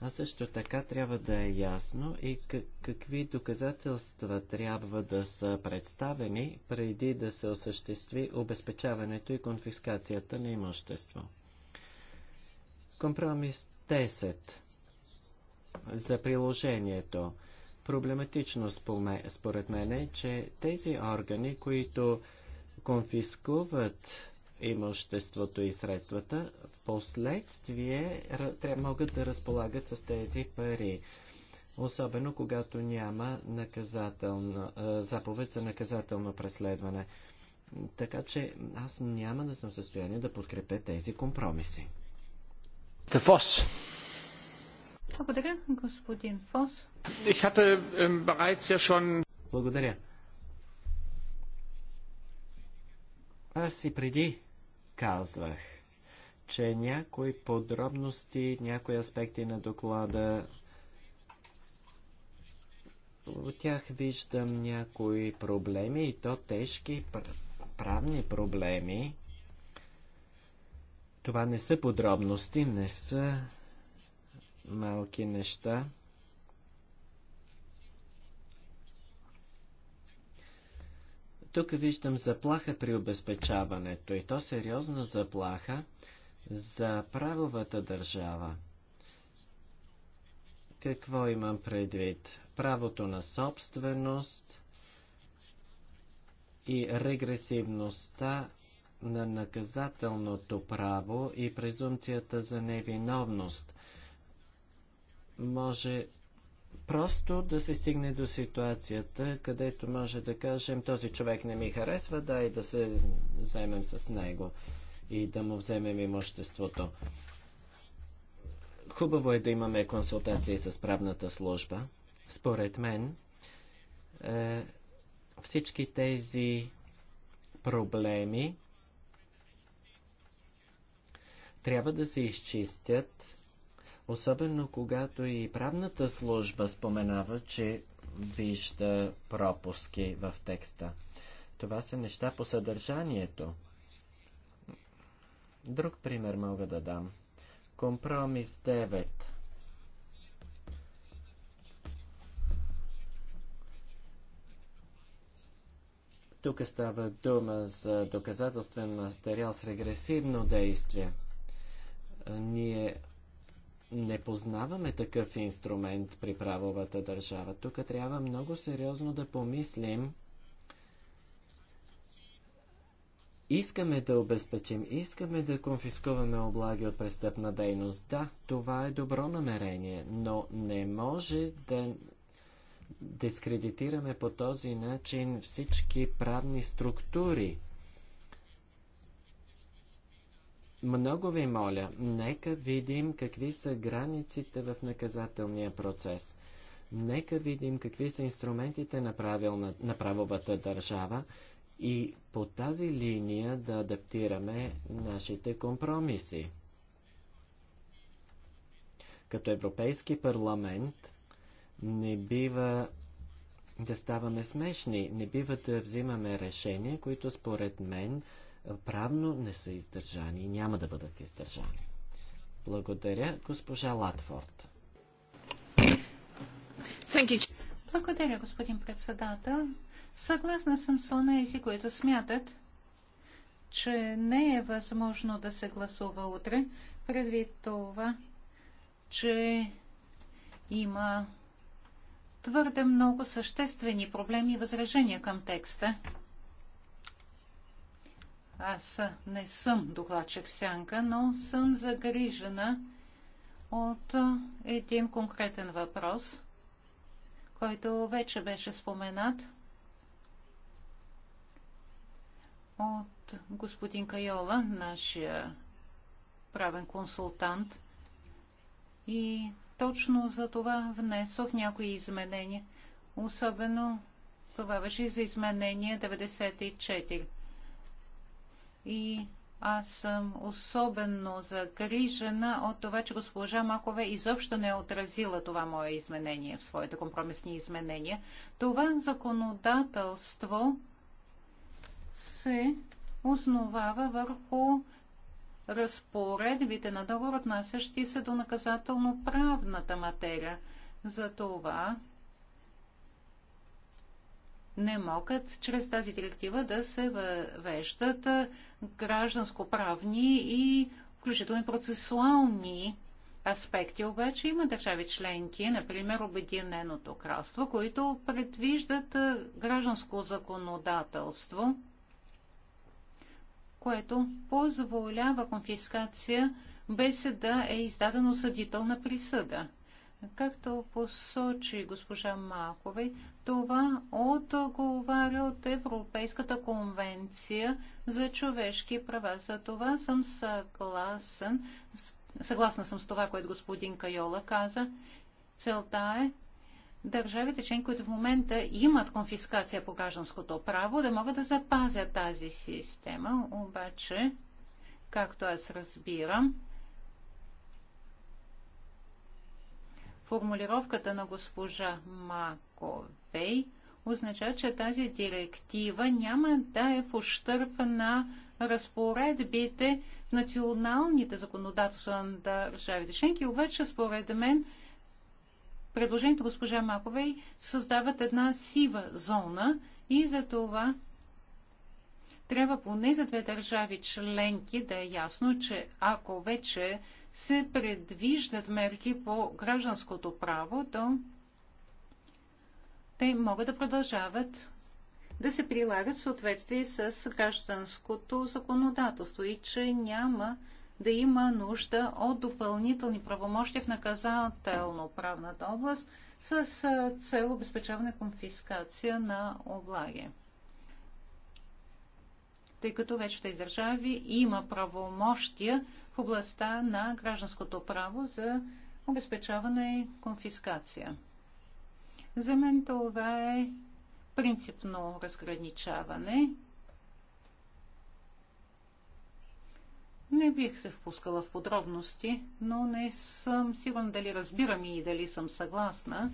А също така трябва да е ясно и как, какви доказателства трябва да са представени преди да се осъществи обезпечаването и конфискацията на имущество. Компромис 10 за приложението. Проблематично според мен е, че тези органи, които конфискуват имуществото и средствата, в последствие могат да разполагат с тези пари. Особено когато няма наказателна, заповед за наказателно преследване. Така че аз няма да съм в състояние да подкрепя тези компромиси. Фос. Благодаря, господин Фос. Hatte, ähm, schon... Благодаря. Аз и преди казвах, че някои подробности, някои аспекти на доклада, от тях виждам някои проблеми и то тежки правни проблеми. Това не са подробности, не са малки неща. Тук виждам заплаха при обезпечаването и то сериозна заплаха за правовата държава. Какво имам предвид? Правото на собственост и регресивността на наказателното право и презумцията за невиновност. Може просто да се стигне до ситуацията, където може да кажем този човек не ми харесва, да и да се вземем с него и да му вземем имуществото. Хубаво е да имаме консултации с правната служба. Според мен, е, всички тези проблеми трябва да се изчистят особено когато и правната служба споменава, че вижда пропуски в текста. Това са неща по съдържанието. Друг пример мога да дам. Компромис 9. Тук става дума за доказателствен материал с регресивно действие. Ние не познаваме такъв инструмент при правовата държава. Тук трябва много сериозно да помислим. Искаме да обезпечим, искаме да конфискуваме облаги от престъпна дейност. Да, това е добро намерение, но не може да дискредитираме по този начин всички правни структури Много ви моля, нека видим какви са границите в наказателния процес. Нека видим какви са инструментите на, правилна, на правовата държава и по тази линия да адаптираме нашите компромиси. Като Европейски парламент не бива да ставаме смешни, не бива да взимаме решения, които според мен правно не са издържани и няма да бъдат издържани. Благодаря, госпожа Латфорд. Благодаря, господин председател. Съгласна съм с онези, които смятат, че не е възможно да се гласува утре, предвид това, че има твърде много съществени проблеми и възражения към текста. Аз не съм докладчик сянка, но съм загрижена от един конкретен въпрос, който вече беше споменат от господин Кайола, нашия правен консултант. И точно за това внесох някои изменения. Особено това беше за изменение 94. И аз съм особено загрижена от това, че госпожа Макове изобщо не е отразила това мое изменение в своите компромисни изменения. Това законодателство се основава върху разпоредбите на договор, отнасящи се до наказателно-правната материя. За това не могат чрез тази директива да се въвеждат гражданско-правни и включително процесуални аспекти. Обаче има държави членки, например Обединеното кралство, които предвиждат гражданско законодателство, което позволява конфискация без да е издадена осъдителна присъда. Както посочи госпожа Макове, това отговаря от Европейската конвенция за човешки права. За това съм съгласен. Съгласна съм с това, което господин Кайола каза. Целта е държавите член, които в момента имат конфискация по гражданското право, да могат да запазят тази система. Обаче, както аз разбирам, формулировката на госпожа Маковей означава, че тази директива няма да е в ущърп на разпоредбите в националните законодателства на държавите Шенки Обаче, според мен, предложението госпожа Маковей създават една сива зона и за това трябва поне за две държави членки да е ясно, че ако вече се предвиждат мерки по гражданското право, то те могат да продължават да се прилагат в съответствие с гражданското законодателство и че няма да има нужда от допълнителни правомощи в наказателно-правната област с цел обезпечаване конфискация на облаги тъй като вече в тези държави има правомощия в областта на гражданското право за обезпечаване и конфискация. За мен това е принципно разграничаване. Не бих се впускала в подробности, но не съм сигурна дали разбирам и дали съм съгласна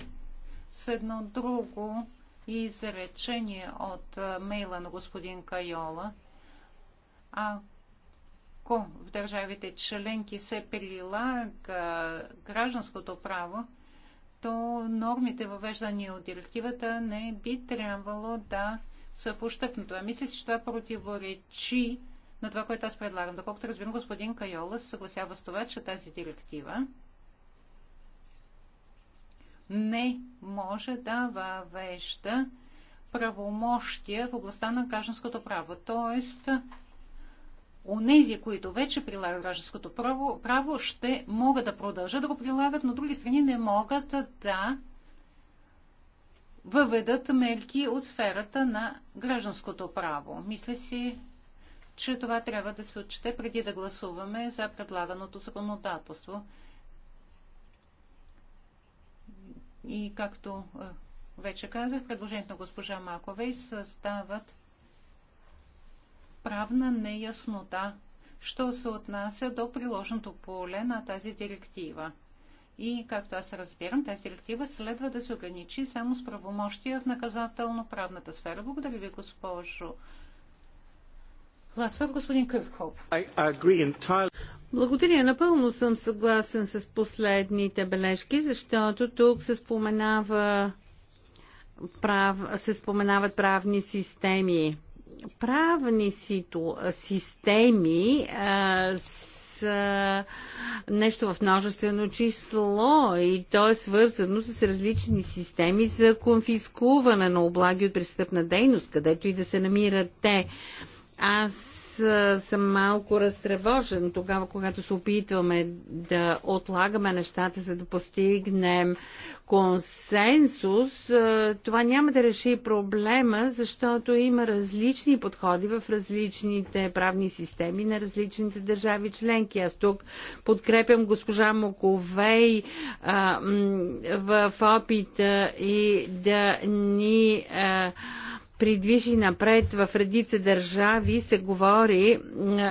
с едно друго изречение от мейла на господин Кайола – ако в държавите членки се прилага гражданското право, то нормите, въвеждани от директивата, не би трябвало да са в ущъпното. А това. Мисля си, че това противоречи на това, което аз предлагам. Доколкото разбирам, господин Кайола се съгласява с това, че тази директива не може да въвежда правомощия в областта на гражданското право. Тоест, Онези, които вече прилагат гражданското право, право, ще могат да продължат да го прилагат, но други страни не могат да въведат мерки от сферата на гражданското право. Мисля си, че това трябва да се отчете преди да гласуваме за предлаганото законодателство. И както вече казах, предложението на госпожа Маковей създават правна неяснота, що се отнася до приложеното поле на тази директива. И, както аз разбирам, тази директива следва да се ограничи само с правомощия в наказателно-правната сфера. Благодаря ви, госпожо Латвар, господин Кърхоп. Благодаря. Напълно съм съгласен с последните бележки, защото тук се споменава прав, се споменават правни системи правни ситу, системи а, с нещо в множествено число и то е свързано с различни системи за конфискуване на облаги от престъпна дейност, където и да се намират те. Аз съм малко разтревожен тогава, когато се опитваме да отлагаме нещата, за да постигнем консенсус. Това няма да реши проблема, защото има различни подходи в различните правни системи на различните държави членки. Аз тук подкрепям госпожа Моковей в опита и да ни а, придвижи напред в редица държави, се говори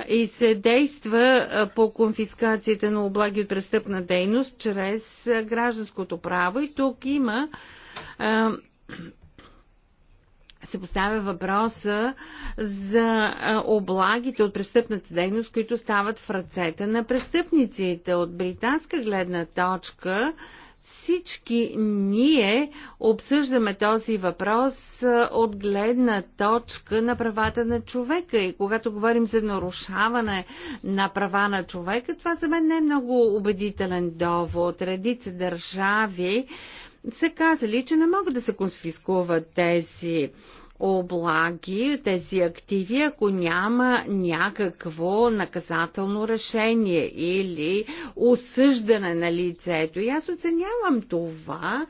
и се действа по конфискацията на облаги от престъпна дейност чрез гражданското право. И тук има се поставя въпроса за облагите от престъпната дейност, които стават в ръцете на престъпниците. От британска гледна точка всички ние обсъждаме този въпрос от гледна точка на правата на човека и когато говорим за нарушаване на права на човека, това за мен не е много убедителен довод. Редица държави са казали, че не могат да се конфискуват тези облаги тези активи, ако няма някакво наказателно решение или осъждане на лицето. И аз оценявам това,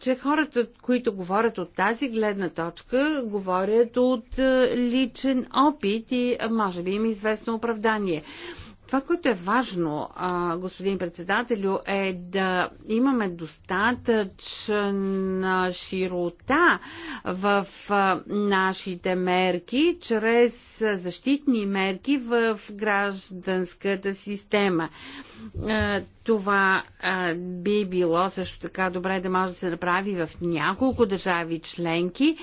че хората, които говорят от тази гледна точка, говорят от личен опит и може би им известно оправдание. Това, което е важно, господин председателю, е да имаме достатъчна широта в нашите мерки, чрез защитни мерки в гражданската система. Това би било също така добре да може да се направи в няколко държави членки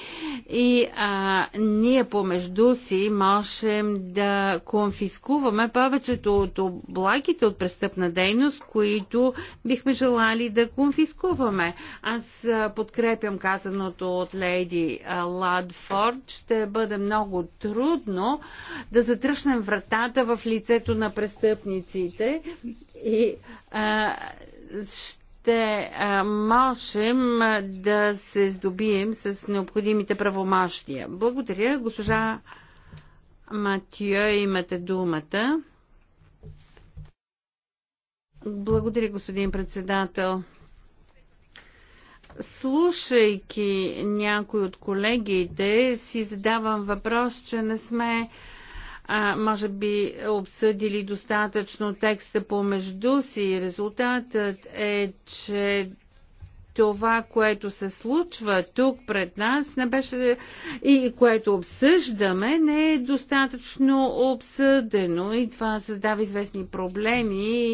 и а, ние помежду си можем да конфискуваме повечето от облагите от престъпна дейност, които бихме желали да конфискуваме. Аз подкрепям казаното от леди Ладфорд. Ще бъде много трудно да затръшнем вратата в лицето на престъпниците и а, ще а, можем да се здобием с необходимите правомощия. Благодаря, госпожа Матио, имате думата. Благодаря, господин председател. Слушайки някой от колегите, си задавам въпрос, че не сме а, може би обсъдили достатъчно текста помежду си. Резултатът е, че това, което се случва тук пред нас, не беше и което обсъждаме, не е достатъчно обсъдено и това създава известни проблеми.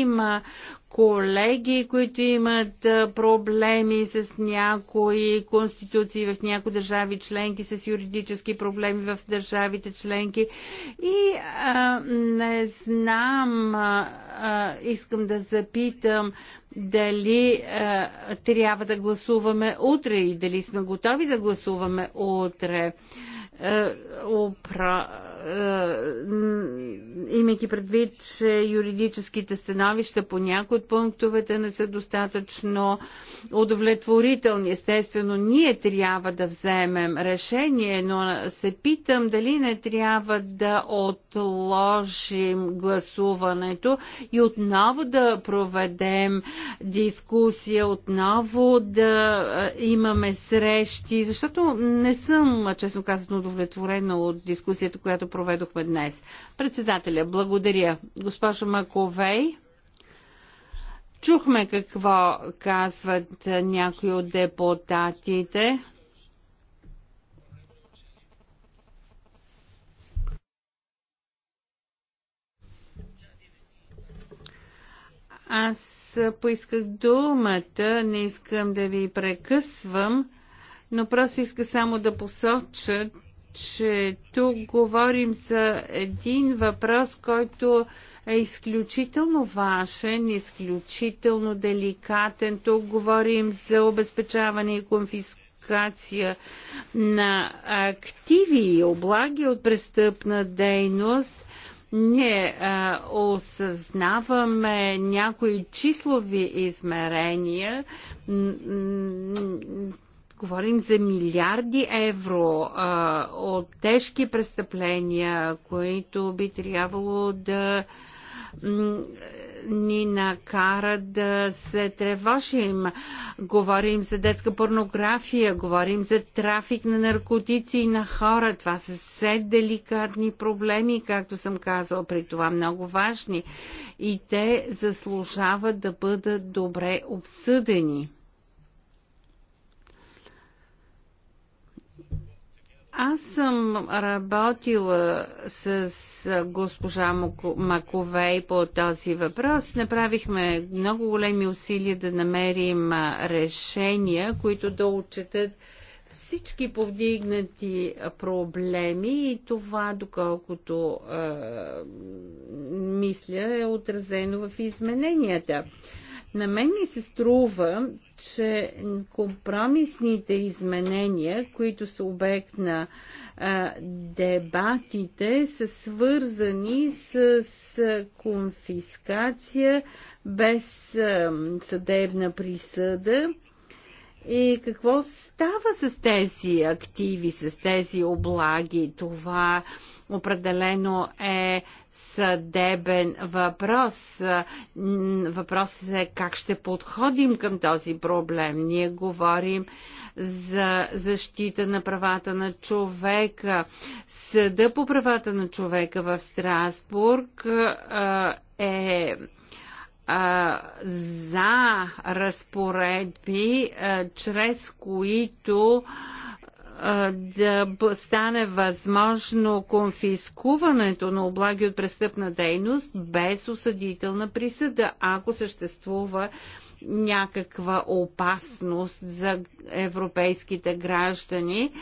Има колеги, които имат проблеми с някои конституции в някои държави членки, с юридически проблеми в държавите членки. И а, не знам, а, искам да запитам, дали а, е, трябва да гласуваме утре и дали сме готови да гласуваме утре. А, е, опра... Е, имайки предвид, че юридическите становища по някои от пунктовете не са достатъчно удовлетворителни. Естествено, ние трябва да вземем решение, но се питам дали не трябва да отложим гласуването и отново да проведем дискусия, отново да е, имаме срещи, защото не съм, честно казано, удовлетворена от дискусията, която проведохме днес. Председателя, благодаря. Госпожо Маковей, чухме какво казват някои от депутатите. Аз поисках думата, не искам да ви прекъсвам, но просто иска само да посоча, че тук говорим за един въпрос, който е изключително важен, изключително деликатен. Тук говорим за обезпечаване и конфискация на активи и облаги от престъпна дейност. Ние а, осъзнаваме някои числови измерения Говорим за милиарди евро а, от тежки престъпления, които би трябвало да ни накара да се тревожим. Говорим за детска порнография, говорим за трафик на наркотици и на хора. Това са все деликатни проблеми, както съм казал, при това много важни. И те заслужават да бъдат добре обсъдени. Аз съм работила с госпожа Маковей по този въпрос. Направихме много големи усилия да намерим решения, които да отчетат всички повдигнати проблеми и това, доколкото е, мисля, е отразено в измененията. На мен ми се струва, че компромисните изменения, които са обект на а, дебатите, са свързани с, с конфискация без а, съдебна присъда и какво става с тези активи, с тези облаги? Това определено е съдебен въпрос. Въпросът е как ще подходим към този проблем. Ние говорим за защита на правата на човека. Съда по правата на човека в Страсбург е за разпоредби, чрез които да стане възможно конфискуването на облаги от престъпна дейност без осъдителна присъда, ако съществува някаква опасност за европейските граждани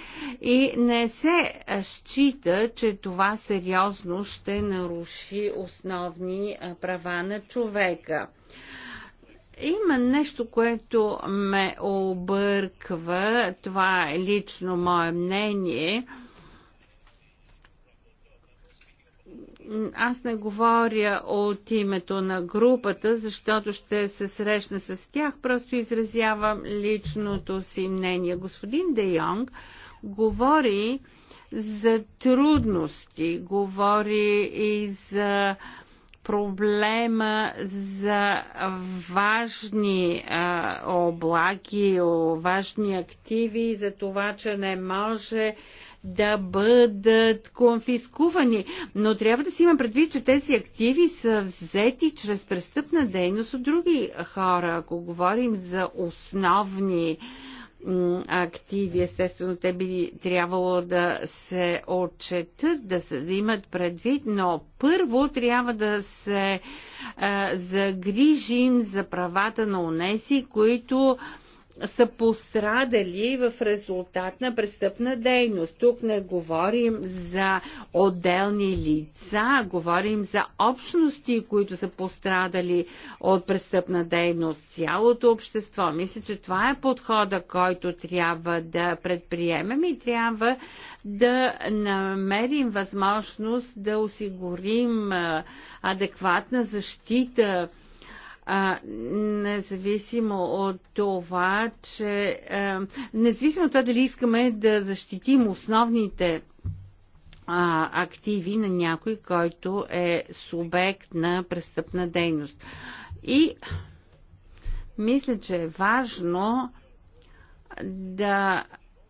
и не се счита, че това сериозно ще наруши основни права на човека. Има нещо, което ме обърква, това е лично мое мнение – аз не говоря от името на групата, защото ще се срещна с тях, просто изразявам личното си мнение. Господин Де Йонг говори за трудности, говори и за проблема за важни а, облаки, важни активи, за това, че не може да бъдат конфискувани. Но трябва да си има предвид, че тези активи са взети чрез престъпна дейност от други хора. Ако говорим за основни активи, естествено, те би трябвало да се отчетат, да се да имат предвид, но първо трябва да се а, загрижим за правата на унеси, които а, са пострадали в резултат на престъпна дейност. Тук не говорим за отделни лица, говорим за общности, които са пострадали от престъпна дейност, цялото общество. Мисля, че това е подхода, който трябва да предприемем и трябва да намерим възможност да осигурим адекватна защита независимо от това, че а, независимо от това дали искаме да защитим основните а, активи на някой, който е субект на престъпна дейност. И мисля, че е важно да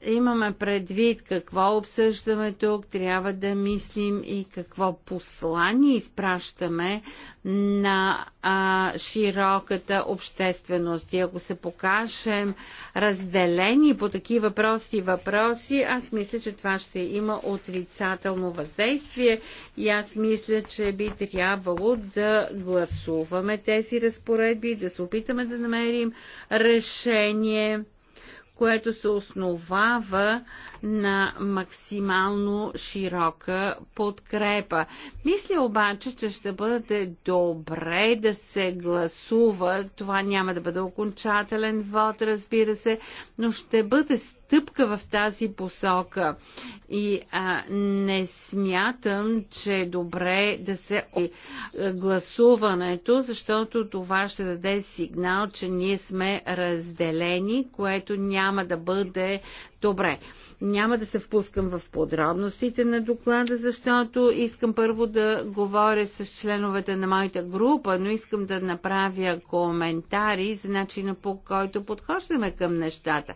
имаме предвид какво обсъждаме тук, трябва да мислим и какво послание изпращаме на а, широката общественост. И ако се покажем разделени по такива прости въпроси, аз мисля, че това ще има отрицателно въздействие и аз мисля, че би трябвало да гласуваме тези разпоредби, да се опитаме да намерим решение което се основава на максимално широка подкрепа. Мисля обаче, че ще бъде добре да се гласува. Това няма да бъде окончателен вод, разбира се, но ще бъде стъпка в тази посока. И а, не смятам, че е добре да се гласуването, защото това ще даде сигнал, че ние сме разделени, което няма да бъде добре. Няма да се впускам в подробностите на доклада, защото искам първо да говоря с членовете на моята група, но искам да направя коментари за начина по който подхождаме към нещата.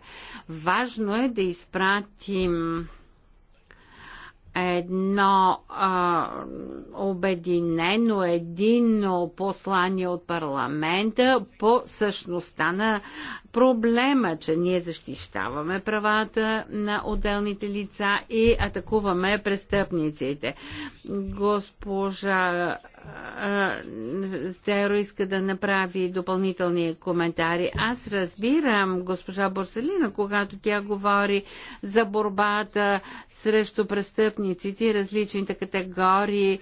Важно е да изпратим едно а, обединено, единно послание от парламента по същността на проблема, че ние защищаваме правата на отделните лица и атакуваме престъпниците. Госпожа Стеро иска да направи допълнителни коментари. Аз разбирам госпожа Борселина, когато тя говори за борбата срещу престъпниците и различните категории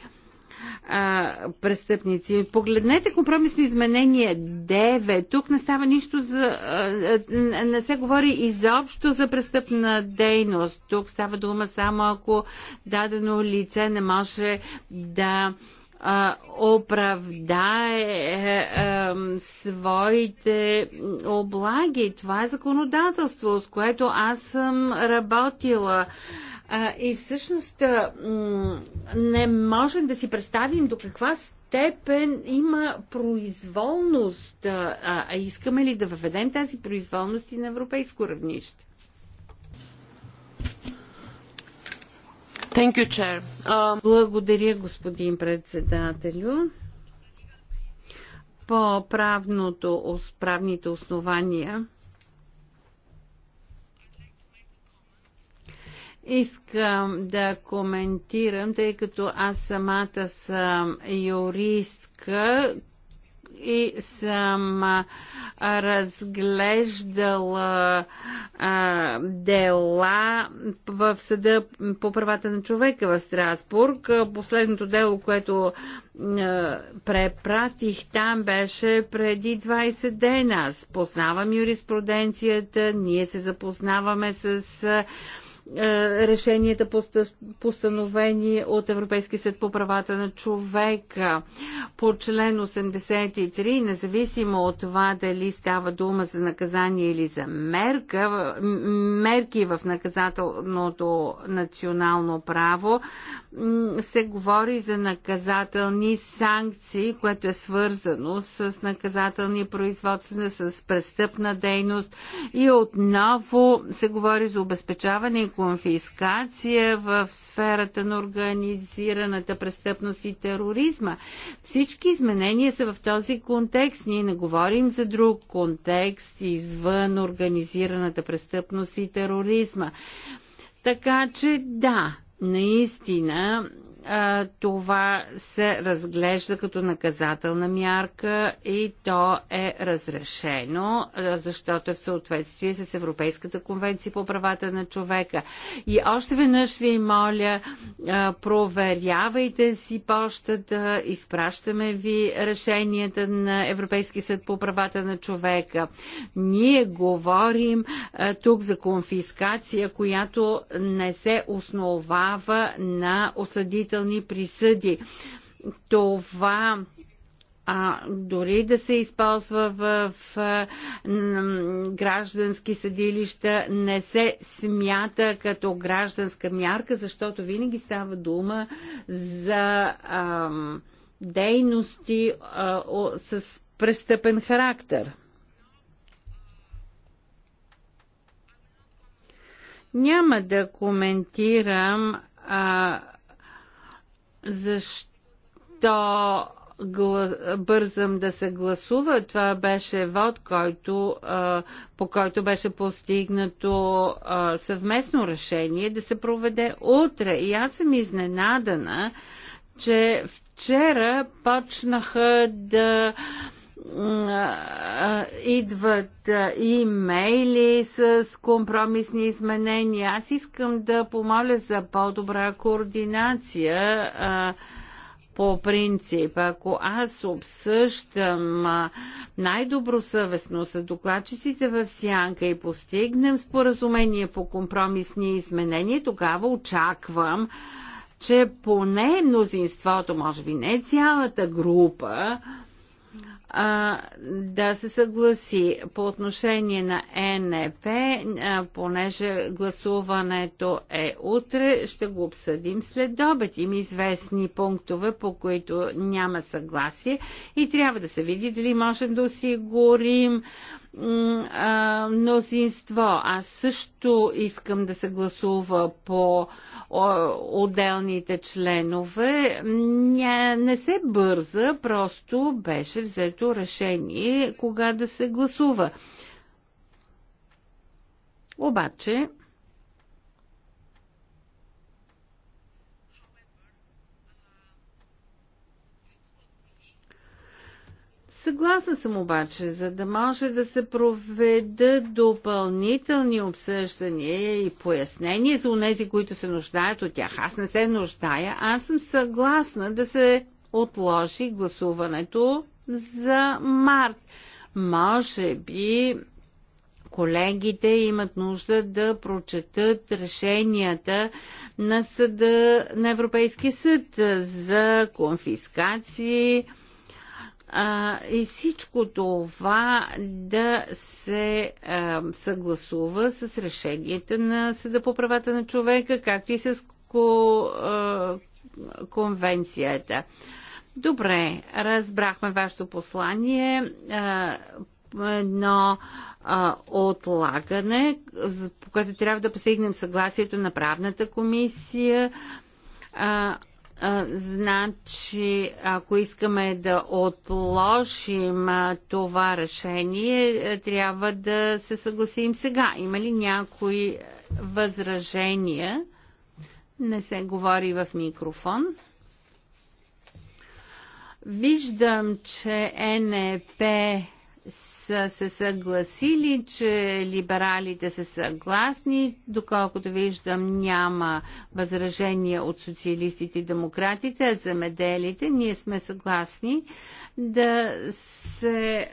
а, престъпници. Погледнете компромисно изменение 9. Тук не става нищо за... А, не се говори изобщо за престъпна дейност. Тук става дума само ако дадено лице не може да оправдае е, е, своите облаги. Това е законодателство, с което аз съм работила и всъщност не можем да си представим до каква степен има произволност, а искаме ли да въведем тази произволност и на европейско равнище? Thank you, Chair. Uh... Благодаря, господин председателю по правното, правните основания Искам да коментирам, тъй като аз самата съм юристка и съм разглеждала а, дела в съда по правата на човека в Страсбург. Последното дело, което препратих там беше преди 20 дена. Аз познавам юриспруденцията, ние се запознаваме с е, решенията постановени от Европейски съд по правата на човека по член 83, независимо от това дали става дума за наказание или за мерка, мерки в наказателното национално право, се говори за наказателни санкции, което е свързано с наказателни производства, с престъпна дейност и отново се говори за обезпечаване и конфискация в сферата на организираната престъпност и тероризма. Всички изменения са в този контекст. Ние не говорим за друг контекст извън организираната престъпност и тероризма. Така че да, наистина това се разглежда като наказателна мярка и то е разрешено, защото е в съответствие с Европейската конвенция по правата на човека. И още веднъж ви моля, проверявайте си пощата, изпращаме ви решенията на Европейски съд по правата на човека. Ние говорим тук за конфискация, която не се основава на осъдителите осъдителни присъди. Това а дори да се използва в, в граждански съдилища, не се смята като гражданска мярка, защото винаги става дума за а, дейности а, о, с престъпен характер. Няма да коментирам а, защо бързам да се гласува. Това беше вод, който, по който беше постигнато съвместно решение да се проведе утре. И аз съм изненадана, че вчера почнаха да идват имейли с компромисни изменения. Аз искам да помоля за по-добра координация по принцип. Ако аз обсъждам най-добросъвестно с докладчиците в сянка и постигнем споразумение по компромисни изменения, тогава очаквам че поне мнозинството, може би не цялата група, а, да се съгласи по отношение на ЕНП, а, понеже гласуването е утре, ще го обсъдим след обед. Има известни пунктове, по които няма съгласие и трябва да се види дали можем да осигурим а, мнозинство. Аз също искам да се гласува по а, отделните членове. Не се бърза, просто беше взето решение кога да се гласува. Обаче, Съгласна съм обаче, за да може да се проведат допълнителни обсъждания и пояснения за унези, които се нуждаят от тях. Аз не се нуждая, аз съм съгласна да се отложи гласуването за март. Може би колегите имат нужда да прочетат решенията на съда на Европейския съд за конфискации, а, и всичко това да се а, съгласува с решенията на Съда по правата на човека, както и с ко, а, конвенцията. Добре, разбрахме вашето послание. А, едно а, отлагане, по което трябва да постигнем съгласието на правната комисия. А, Значи, ако искаме да отложим това решение, е, трябва да се съгласим сега. Има ли някои възражения? Не се говори в микрофон. Виждам, че НП са се съгласили, че либералите са съгласни. Доколкото виждам, няма възражения от социалистите и демократите, а замеделите. Ние сме съгласни да се е,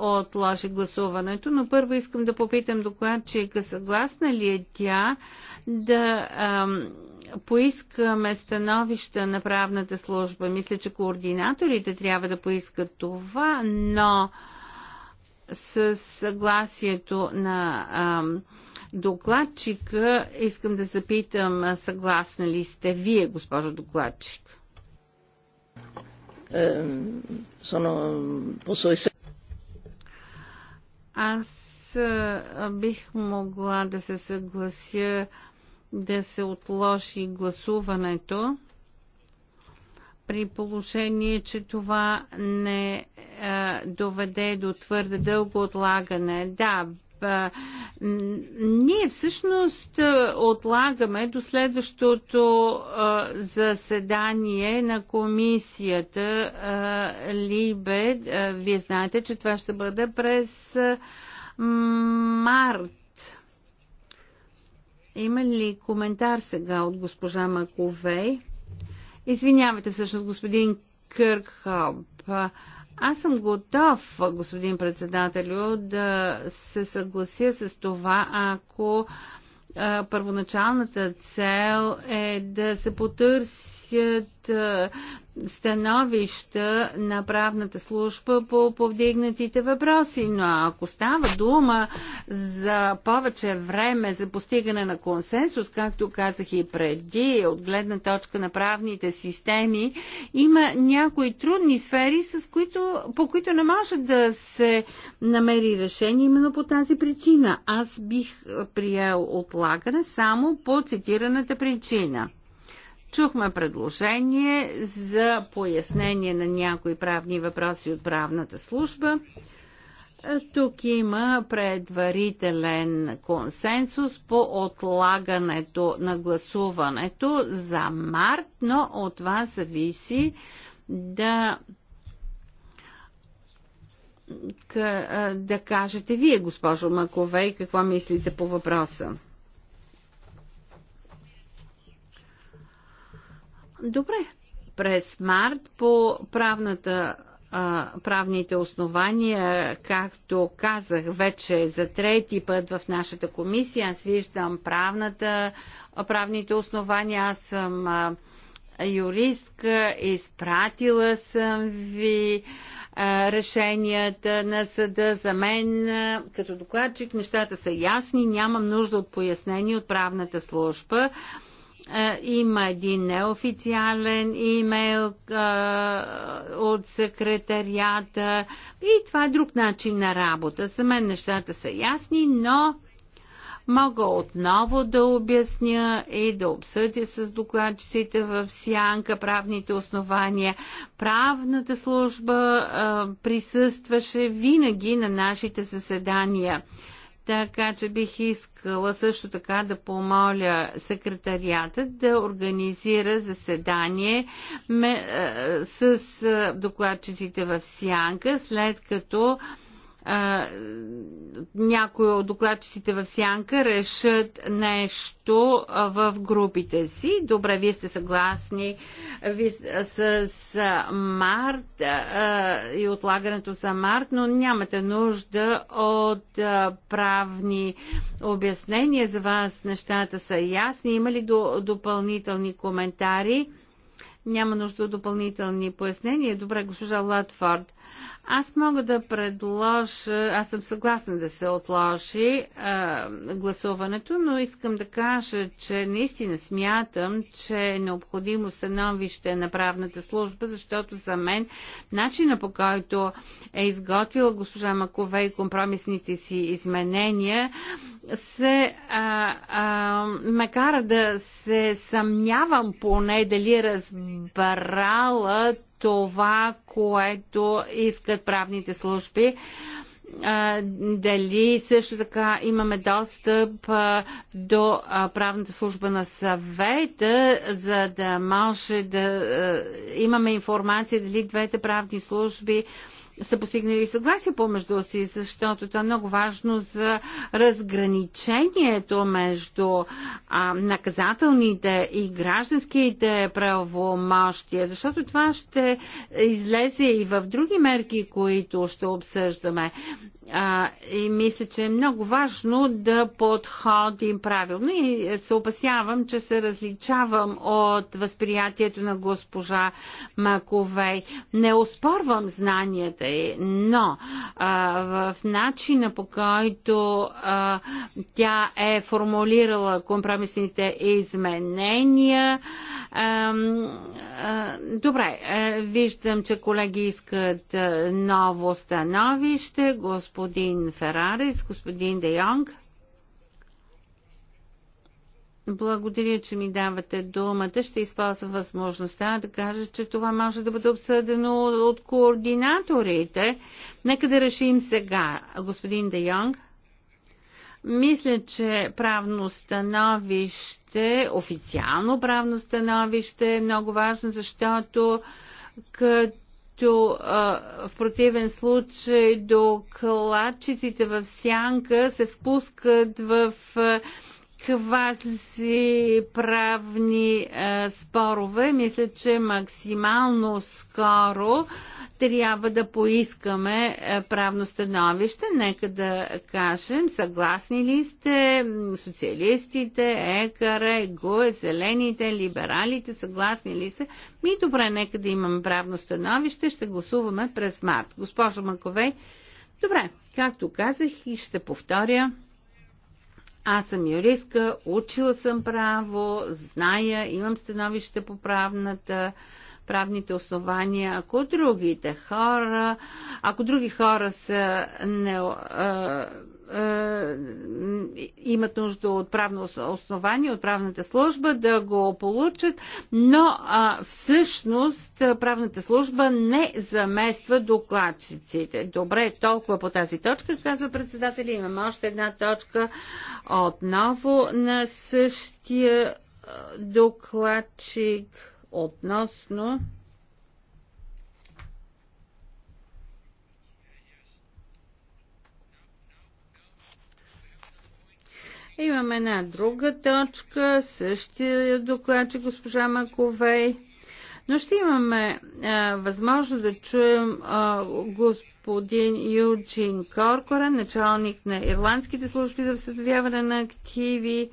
отложи гласуването, но първо искам да попитам докладчика, съгласна ли е тя да е, поискаме становища на правната служба. Мисля, че координаторите трябва да поискат това, но с съгласието на ам, докладчика, искам да запитам, съгласна ли сте вие, госпожо докладчик? Аз бих могла да се съглася да се отложи гласуването при положение, че това не а, е, доведе до твърде дълго отлагане. Да, а, ние всъщност е, отлагаме до следващото а, е, заседание на комисията а, Либе. А, вие знаете, че това ще бъде през а, март. Има ли коментар сега от госпожа Маковей? Извинявайте всъщност, господин Къркхоп. Аз съм готов, господин председателю, да се съглася с това, ако първоначалната цел е да се потърсят становища на правната служба по повдигнатите въпроси, но ако става дума за повече време за постигане на консенсус, както казах и преди, от гледна точка на правните системи, има някои трудни сфери, с които, по които не може да се намери решение именно по тази причина. Аз бих приел отлагане само по цитираната причина. Чухме предложение за пояснение на някои правни въпроси от правната служба. Тук има предварителен консенсус по отлагането на гласуването за март, но от това зависи да да кажете вие, госпожо Маковей, какво мислите по въпроса. Добре. През март по правната правните основания, както казах вече за трети път в нашата комисия, аз виждам правната, правните основания, аз съм юристка, изпратила съм ви решенията на съда. За мен, като докладчик, нещата са ясни, нямам нужда от пояснение от правната служба. Е, има един неофициален имейл а, е, от секретарията и това е друг начин на работа. За мен нещата са ясни, но мога отново да обясня и да обсъдя с докладчиците в Сянка правните основания. Правната служба а, е, присъстваше винаги на нашите заседания. Така че бих искала също така да помоля секретарията да организира заседание е, с е, докладчиците в Сянка, след като някои от докладчиците в сянка решат нещо в групите си. Добре, вие сте съгласни ви, с, с март а, и отлагането за март, но нямате нужда от а, правни обяснения. За вас нещата са ясни. Има ли до, допълнителни коментари? Няма нужда от допълнителни пояснения. Добре, госпожа Латфорд. Аз мога да предложа, аз съм съгласна да се отложи а, гласуването, но искам да кажа, че наистина смятам, че е необходимо становище на правната служба, защото за мен начина по който е изготвила госпожа Макове и компромисните си изменения се а, а, ме кара да се съмнявам поне дали е разбрала това, което искат правните служби дали също така имаме достъп до правната служба на съвета, за да може да имаме информация дали двете правни служби са постигнали съгласие помежду си, защото това е много важно за разграничението между а, наказателните и гражданските правомощия, защото това ще излезе и в други мерки, които ще обсъждаме. А, и мисля, че е много важно да подходим правилно и се опасявам, че се различавам от възприятието на госпожа Маковей. Не оспорвам знанията й, но а, в начина по който а, тя е формулирала компромисните изменения. А, а, добре, а, виждам, че колеги искат ново становище. Госп господин Ферарис, господин Де Йонг. Благодаря, че ми давате думата. Ще използвам възможността да кажа, че това може да бъде обсъдено от координаторите. Нека да решим сега, господин Де Йонг. Мисля, че правно становище, официално правно становище е много важно, защото като защото а, в противен случай клачетите в сянка се впускат в а, квази правни а, е, спорове. Мисля, че максимално скоро трябва да поискаме е, правно становище. Нека да кажем, съгласни ли сте социалистите, ЕКАРЕ, ГУЕ, зелените, либералите, съгласни ли са? Ми добре, нека да имаме правно становище. Ще гласуваме през март. Госпожо Маковей, добре, както казах и ще повторя аз съм юристка, учила съм право, зная, имам становище по правната правните основания, ако другите хора, ако други хора са не, а, е, имат нужда от правно основание, от правната служба да го получат, но а, всъщност правната служба не замества докладчиците. Добре, толкова по тази точка, казва председателя. Имаме още една точка отново на същия докладчик относно Имаме една друга точка, същия доклад, че госпожа Маковей. Но ще имаме а, възможност да чуем а, господин Юджин Коркора, началник на Ирландските служби за възстановяване на активи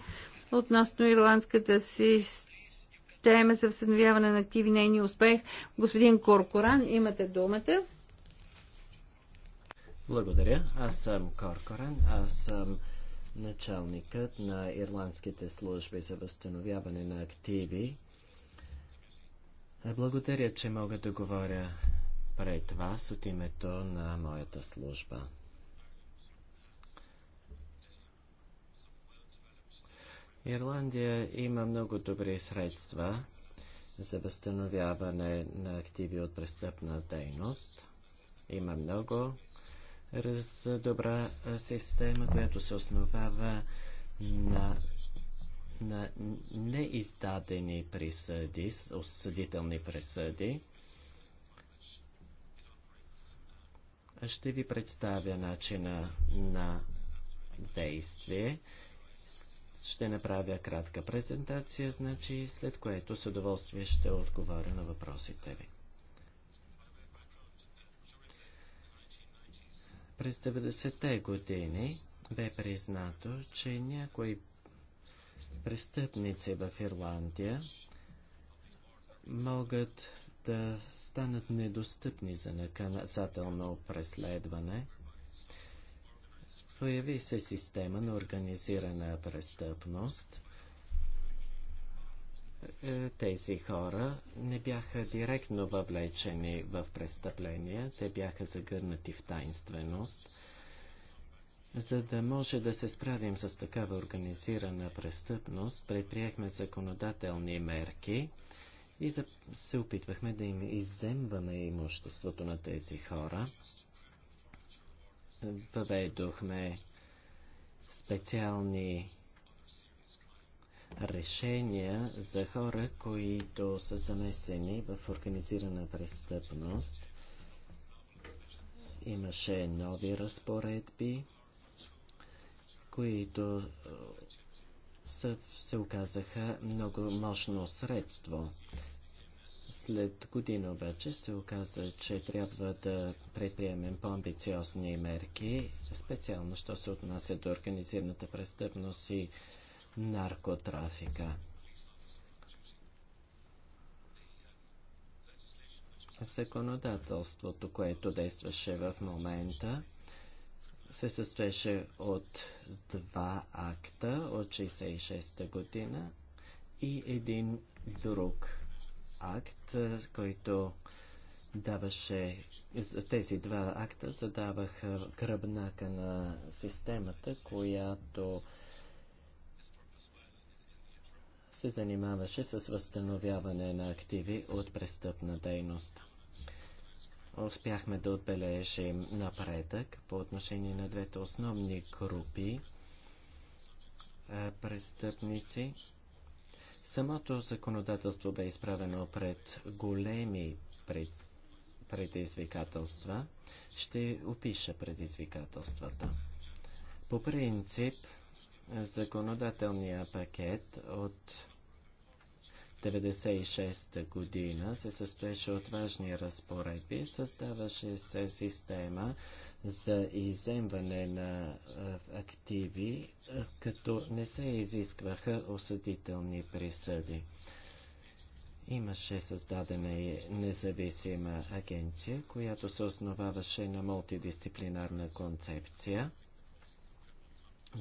относно ирландската система за възстановяване на активи, нейния успех. Господин Коркоран, имате думата. Благодаря. Аз съм Коркоран. Аз съм началникът на ирландските служби за възстановяване на активи. Благодаря, че мога да говоря пред вас от името на моята служба. Ирландия има много добри средства за възстановяване на активи от престъпна дейност. Има много Раз добра система, която се основава на, на неиздадени присъди, осъдителни присъди. Ще ви представя начина на действие. Ще направя кратка презентация, значи, след което с удоволствие ще отговоря на въпросите ви. През 90-те години бе признато, че някои престъпници в Ирландия могат да станат недостъпни за наказателно преследване. Появи се система на организирана престъпност, е, тези хора не бяха директно въвлечени в престъпления, те бяха загърнати в тайнственост. За да може да се справим с такава организирана престъпност, предприехме законодателни мерки и се опитвахме да им иземваме имуществото на тези хора. Въведохме специални решения за хора, които са замесени в организирана престъпност. Имаше нови разпоредби, които е, са, се оказаха много мощно средство. След година обаче се оказа, че трябва да предприемем по-амбициозни мерки, специално що се отнася до организираната престъпност и наркотрафика. Законодателството, което действаше в момента, се състоеше от два акта от 66-та година и един друг акт, който даваше, тези два акта задаваха гръбнака на системата, която се занимаваше с възстановяване на активи от престъпна дейност. Успяхме да отбележим напредък по отношение на двете основни групи е, престъпници. Самото законодателство бе изправено пред големи пред, предизвикателства. Ще опиша предизвикателствата. По принцип, законодателният пакет от 1996 година се състоеше от важни разпоредби, създаваше се система за иземване на активи, като не се изискваха осъдителни присъди. Имаше създадена и независима агенция, която се основаваше на мултидисциплинарна концепция.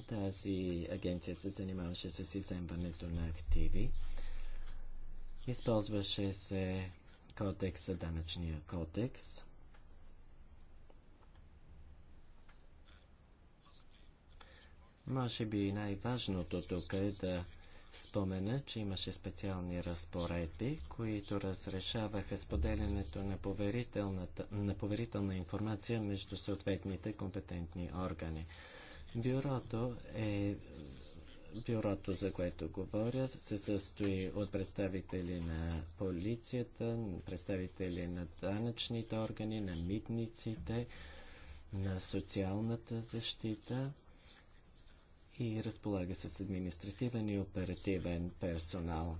Тази агенция се занимаваше с иземването на активи. Използваше се кодекса, данъчния кодекс. Може би най-важното тук е да спомена, че имаше специални разпоредби, които разрешаваха споделянето на, на поверителна информация между съответните компетентни органи. Бюрото е Бюрото, за което говоря, се състои от представители на полицията, представители на данъчните органи, на митниците, на социалната защита и разполага с административен и оперативен персонал.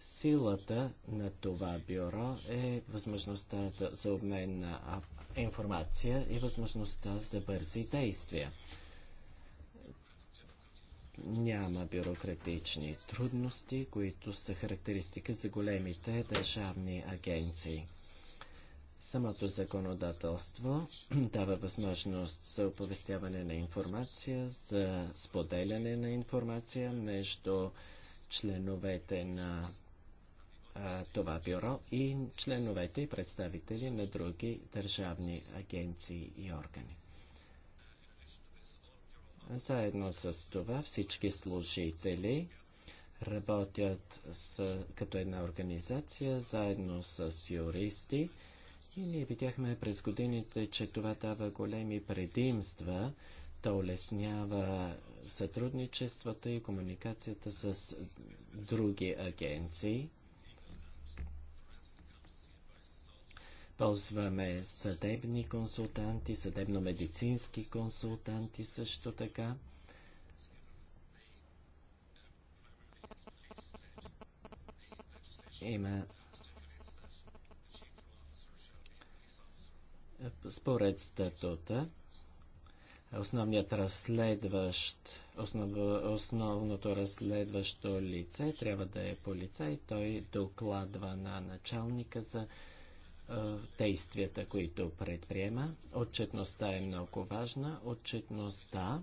Силата на това бюро е възможността за, за обмен на информация и възможността за бързи действия няма бюрократични трудности, които са характеристика за големите държавни агенции. Самото законодателство дава възможност за оповестяване на информация, за споделяне на информация между членовете на а, това бюро и членовете и представители на други държавни агенции и органи. Заедно с това всички служители работят с, като една организация, заедно с юристи. И ние видяхме през годините, че това дава големи предимства. То улеснява сътрудничествата и комуникацията с други агенции. Ползваме съдебни консултанти, съдебно-медицински консултанти също така. Има според статута основният разследващ, основ, основното разследващо лице трябва да е полицай. Той докладва на началника за е, действията, които предприема. Отчетността е много важна. Отчетността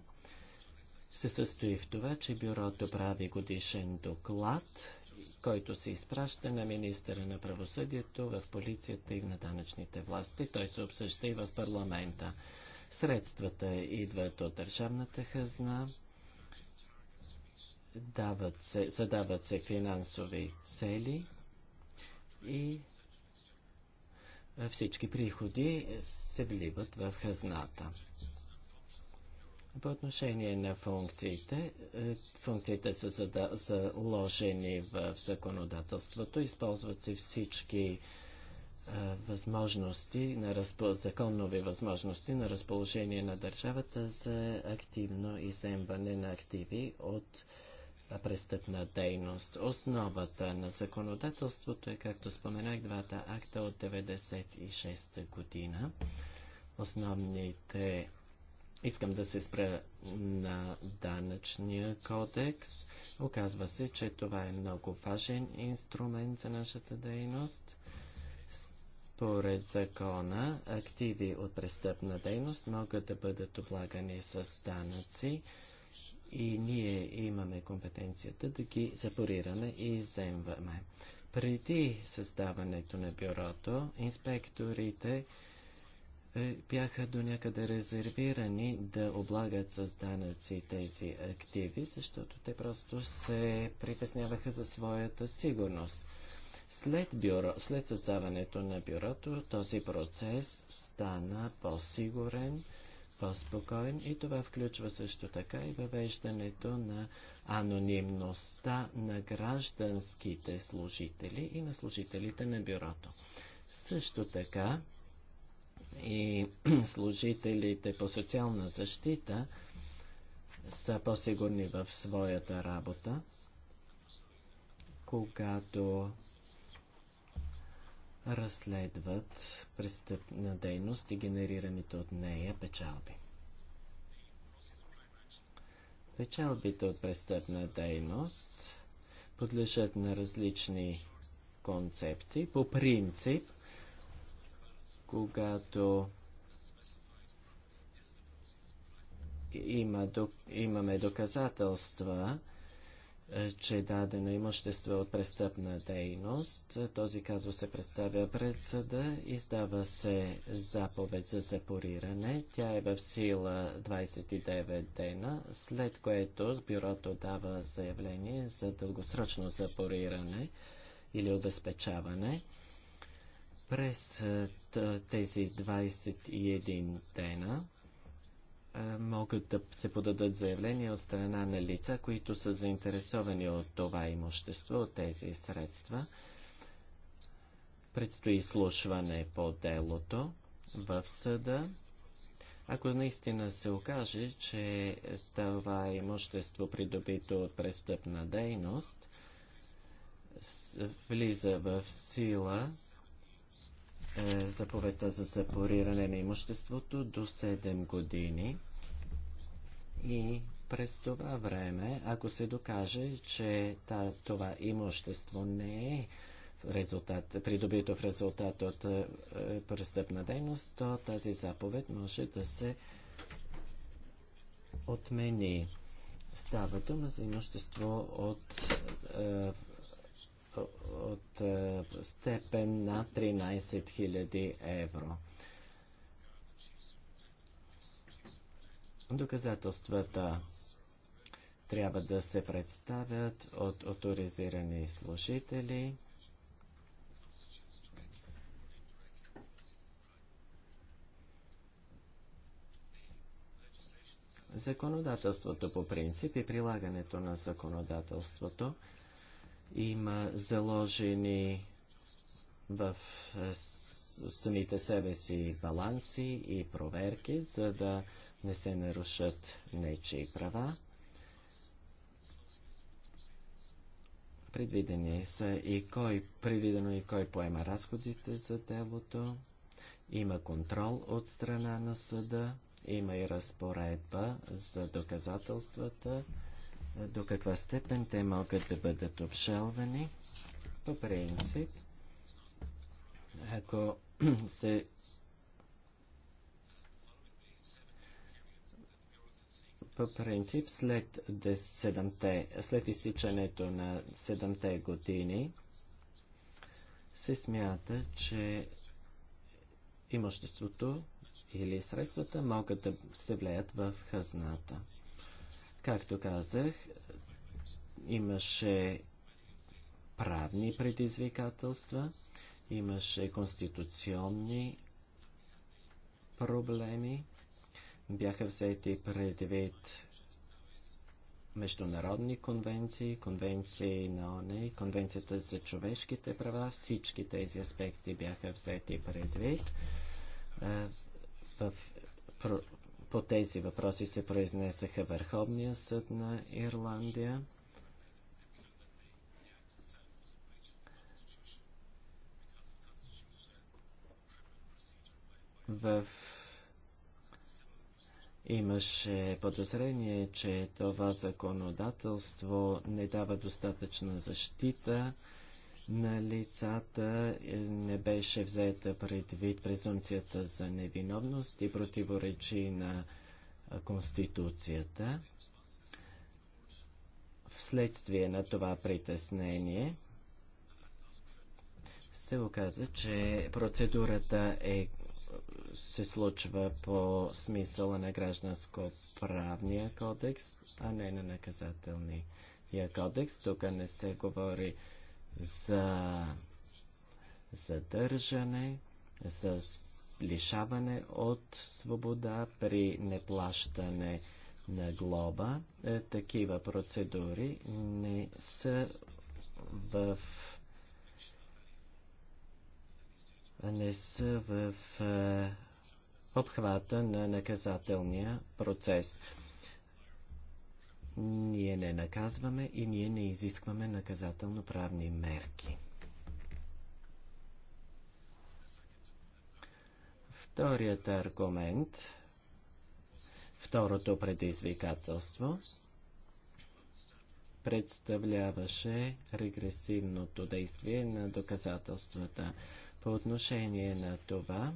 се състои в това, че бюрото прави годишен доклад, който се изпраща на министъра на правосъдието, в полицията и на данъчните власти. Той се обсъжда и в парламента. Средствата идват от държавната хазна, дават се, задават се финансови цели и е, всички приходи се вливат в хазната. По отношение на функциите, е, функциите са заложени в законодателството, използват се всички е, възможности, на законови възможности на разположение на държавата за активно иземване на активи от престъпна дейност. Основата на законодателството е, както споменах, двата акта от 1996 година. Основните Искам да се спра на данъчния кодекс. Оказва се, че това е много важен инструмент за нашата дейност. Според закона, активи от престъпна дейност могат да бъдат облагани с данъци и ние имаме компетенцията да ги запорираме и вземваме. Преди създаването на бюрото, инспекторите е, бяха до някъде резервирани да облагат с данъци тези активи, защото те просто се притесняваха за своята сигурност. След, бюро, след създаването на бюрото, този процес стана по-сигурен по-спокоен и това включва също така и въвеждането на анонимността на гражданските служители и на служителите на бюрото. Също така и служителите по социална защита са по-сигурни в своята работа, когато разследват престъпна дейност и генерираните от нея печалби. Печалбите от престъпна дейност подлежат на различни концепции. По принцип, когато има, имаме доказателства, е, че е дадено имущество е от престъпна дейност. Този казус се представя пред съда, издава се заповед за запориране. Тя е в сила 29 дена, след което бюрото дава заявление за дългосрочно запориране или обезпечаване. През е, тези 21 дена е, могат да се подадат заявления от страна на лица, които са заинтересовани от това имущество, от тези средства. Предстои слушване по делото в съда. Ако наистина се окаже, че това имущество, придобито от престъпна дейност, влиза в сила е, заповедта за запориране на имуществото до 7 години и през това време, ако се докаже, че та, това имущество не е резултат, придобито в резултат от е, престъпна дейност, то тази заповед може да се отмени. Става дума за имущество от е, от е, степен на 13 000 евро. Доказателствата трябва да се представят от авторизирани служители. Законодателството по принцип и прилагането на законодателството има заложени в е, самите себе си баланси и проверки, за да не се нарушат нечии права. Предвидени са и кой, предвидено и кой поема разходите за делото. Има контрол от страна на съда. Има и разпоредба за доказателствата до каква степен те могат да бъдат обжалвани. По принцип, ако се по принцип след, 7 след изтичането на 7-те години се смята, че имуществото или средствата могат да се влеят в хазната. Както казах, имаше правни предизвикателства, имаше конституционни проблеми, бяха взети предвид международни конвенции, конвенции на ОНЕ, конвенцията за човешките права, всички тези аспекти бяха взети предвид. В по тези въпроси се произнесаха Върховния съд на Ирландия. В Имаше подозрение, че това законодателство не дава достатъчна защита на лицата е, не беше взета предвид презумцията за невиновност и противоречи на Конституцията. Вследствие на това притеснение се оказа, че процедурата е, се случва по смисъла на гражданско-правния кодекс, а не на наказателния кодекс. Тук не се говори за задържане, за лишаване от свобода при неплащане на глоба. Е, такива процедури не са в не са в е, обхвата на наказателния процес. Ние не наказваме и ние не изискваме наказателно-правни мерки. Вторият аргумент, второто предизвикателство, представляваше регресивното действие на доказателствата. По отношение на това,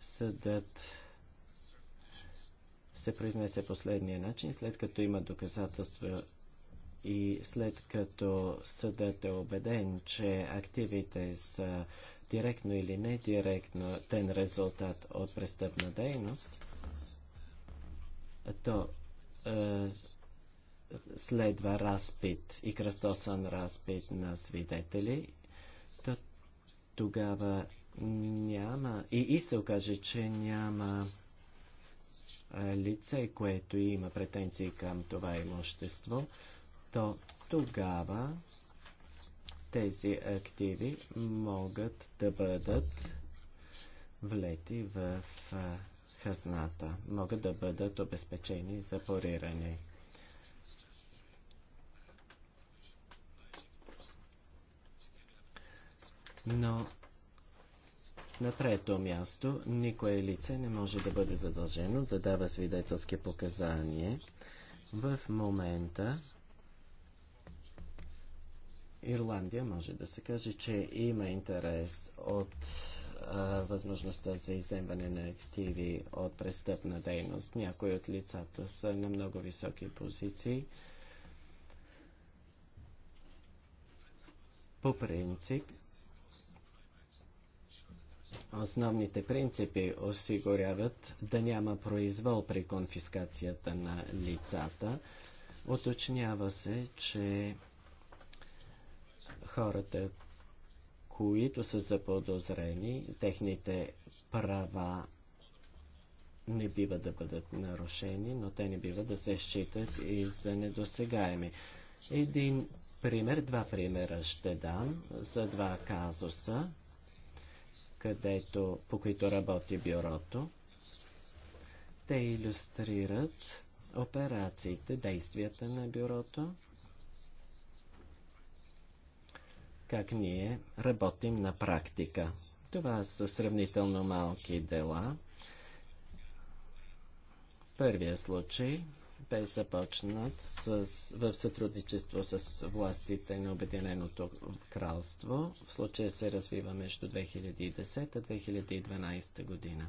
съдът се произнесе последния начин, след като има доказателства и след като съдът е убеден, че активите са директно или не директно тен резултат от престъпна дейност, то е, следва разпит и кръстосан разпит на свидетели, то тогава няма и, и се окаже, че няма лице, което има претенции към това имущество, то тогава тези активи могат да бъдат влети в хазната, могат да бъдат обезпечени за запорирани. Но на трето място, никое лице не може да бъде задължено да дава свидетелски показания. В момента Ирландия може да се каже, че има интерес от а, възможността за иземване на активи от престъпна дейност. Някои от лицата са на много високи позиции. По принцип, Основните принципи осигуряват да няма произвол при конфискацията на лицата. Оточнява се, че хората, които са заподозрени, техните права не бива да бъдат нарушени, но те не бива да се считат и за недосегаеми. Един пример, два примера ще дам за два казуса където, по които работи бюрото. Те иллюстрират операциите, действията на бюрото, как ние работим на практика. Това са сравнително малки дела. Първия случай те започнат с, в сътрудничество с властите на Обединеното кралство. В случая се развива между 2010-2012 година.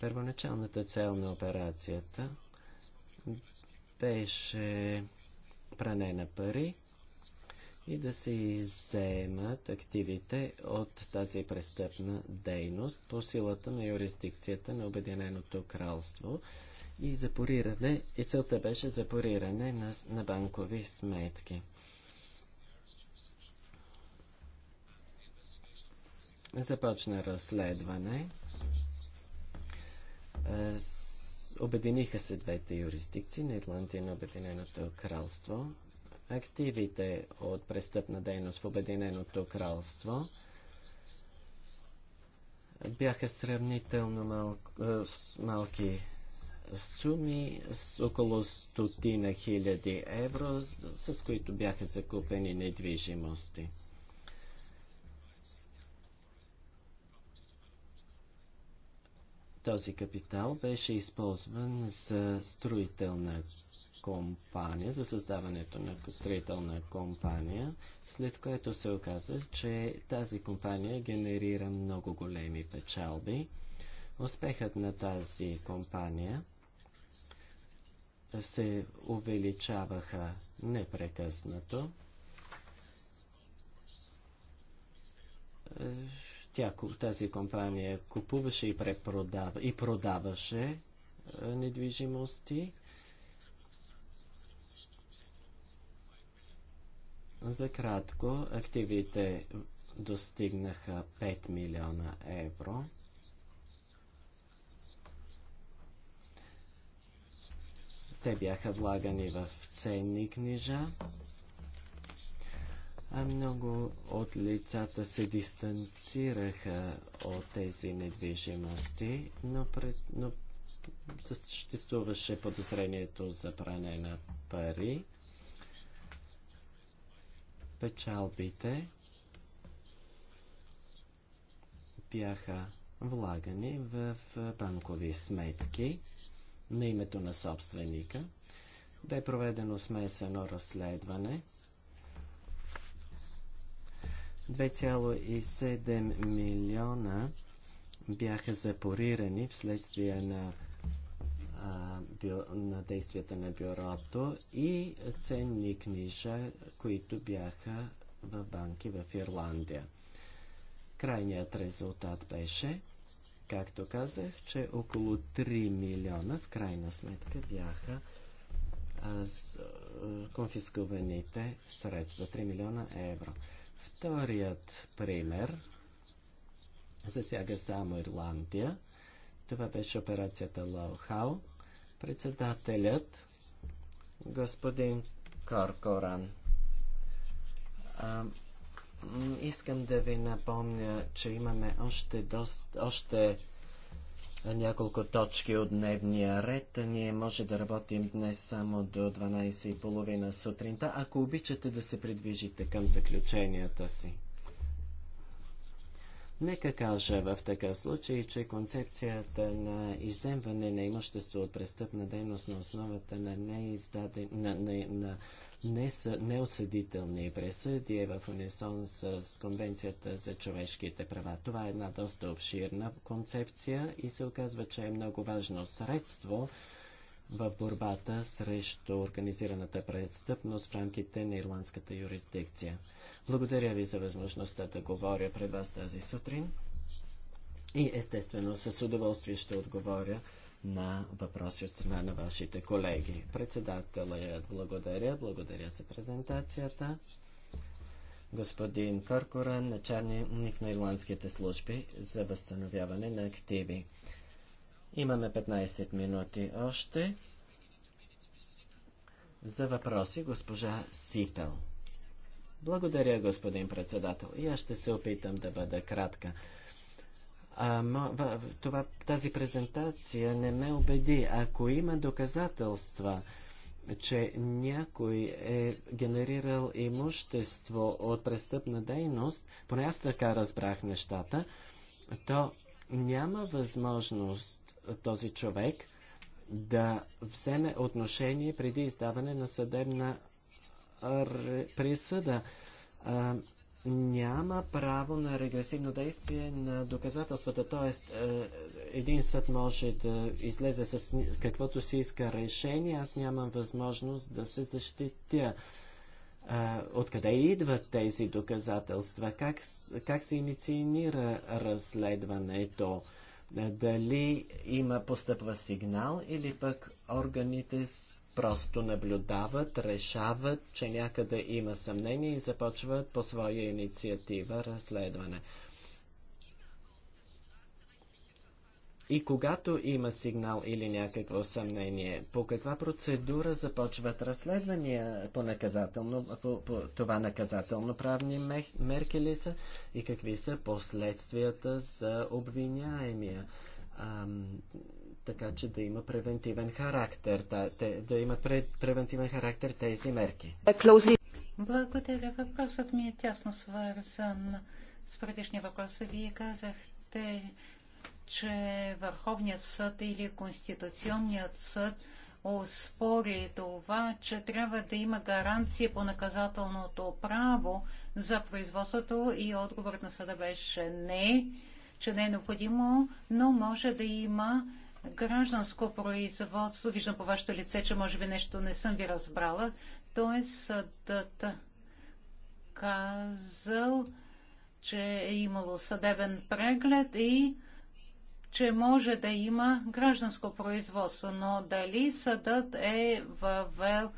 Първоначалната цел на операцията беше пране на пари и да се изземат активите от тази престъпна дейност по силата на юрисдикцията на Обединеното кралство и запориране, и целта беше запориране на, на банкови сметки. Започна разследване. Е, обединиха се двете юрисдикции на Ирландия и на Обединеното кралство активите от престъпна дейност в Обединеното кралство бяха сравнително мал, е, малки суми с около стотина хиляди евро, с, с които бяха закупени недвижимости. Този капитал беше използван за строителна компания, за създаването на строителна компания, след което се оказа, че тази компания генерира много големи печалби. Успехът на тази компания се увеличаваха непрекъснато. Тя, тази компания купуваше и препродава, и продаваше недвижимости За кратко, активите достигнаха 5 милиона евро. Те бяха влагани в ценни книжа, а много от лицата се дистанцираха от тези недвижимости, но, пред, но съществуваше подозрението за пране на пари печалбите бяха влагани в банкови сметки на името на собственика. Бе проведено смесено разследване. 2,7 милиона бяха запорирани вследствие на на действията на бюрото и ценни книжа, които бяха в банки в Ирландия. Крайният резултат беше, както казах, че около 3 милиона в крайна сметка бяха с, конфискуваните средства. 3 милиона евро. Вторият пример засяга само Ирландия. Това беше операцията Хау. Председателят, господин Каркоран, а, искам да ви напомня, че имаме още, доста, още няколко точки от дневния ред. Ние може да работим днес само до 12.30 сутринта. Ако обичате да се придвижите към заключенията си. Нека кажа в такъв случай, че концепцията на иземване на имущество от престъпна дейност на основата на, неиздаден, на, на, на неосъдителни пресъди е в унисон с, с Конвенцията за човешките права. Това е една доста обширна концепция и се оказва, че е много важно средство, в борбата срещу организираната престъпност в рамките на ирландската юрисдикция. Благодаря ви за възможността да говоря пред вас тази сутрин и естествено с удоволствие ще отговоря на въпроси от страна на вашите колеги. Председателят благодаря, благодаря за презентацията. Господин Коркоран, началник на ирландските служби за възстановяване на активи. Имаме 15 минути още за въпроси госпожа Сипел. Благодаря, господин председател. И аз ще се опитам да бъда кратка. А, това, тази презентация не ме убеди. Ако има доказателства, че някой е генерирал имущество от престъпна дейност, поне аз така разбрах нещата, то няма възможност този човек да вземе отношение преди издаване на съдебна присъда. А, няма право на регресивно действие на доказателствата, т.е. един съд може да излезе с каквото си иска решение, аз нямам възможност да се защитя. откъде идват тези доказателства? Как, как се инициира разследването? Е, дали има постъпва сигнал или пък органите просто наблюдават, решават, че някъде има съмнение и започват по своя инициатива разследване. И когато има сигнал или някакво съмнение, по каква процедура започват разследвания по, наказателно, по, по това наказателно-правни мерки ли са и какви са последствията за обвиняемия? Ам, така че да има превентивен характер, да, да има превентивен характер тези мерки. Благодаря. Въпросът ми е тясно свързан с предишния въпрос. Вие казахте, че Върховният съд или Конституционният съд оспори това, че трябва да има гаранция по наказателното право за производството и отговорът на съда беше не, че не е необходимо, но може да има гражданско производство. Виждам по вашето лице, че може би нещо не съм ви разбрала. Той е съдът казал, че е имало съдебен преглед и че може да има гражданско производство, но дали съдът е въвел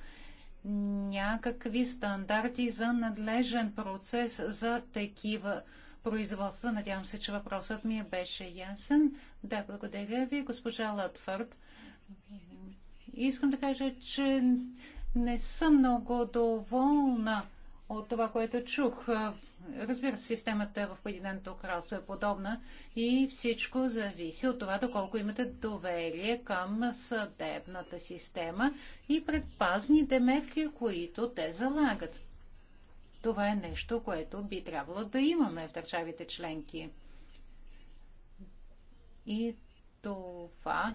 някакви стандарти за надлежен процес за такива производства. Надявам се, че въпросът ми е беше ясен. Да, благодаря ви, госпожа Латвърд. Искам да кажа, че не съм много доволна от това, което чух. Разбира се, системата в Поединеното кралство е подобна и всичко зависи от това, доколко имате доверие към съдебната система и предпазните мерки, които те залагат. Това е нещо, което би трябвало да имаме в държавите членки. И това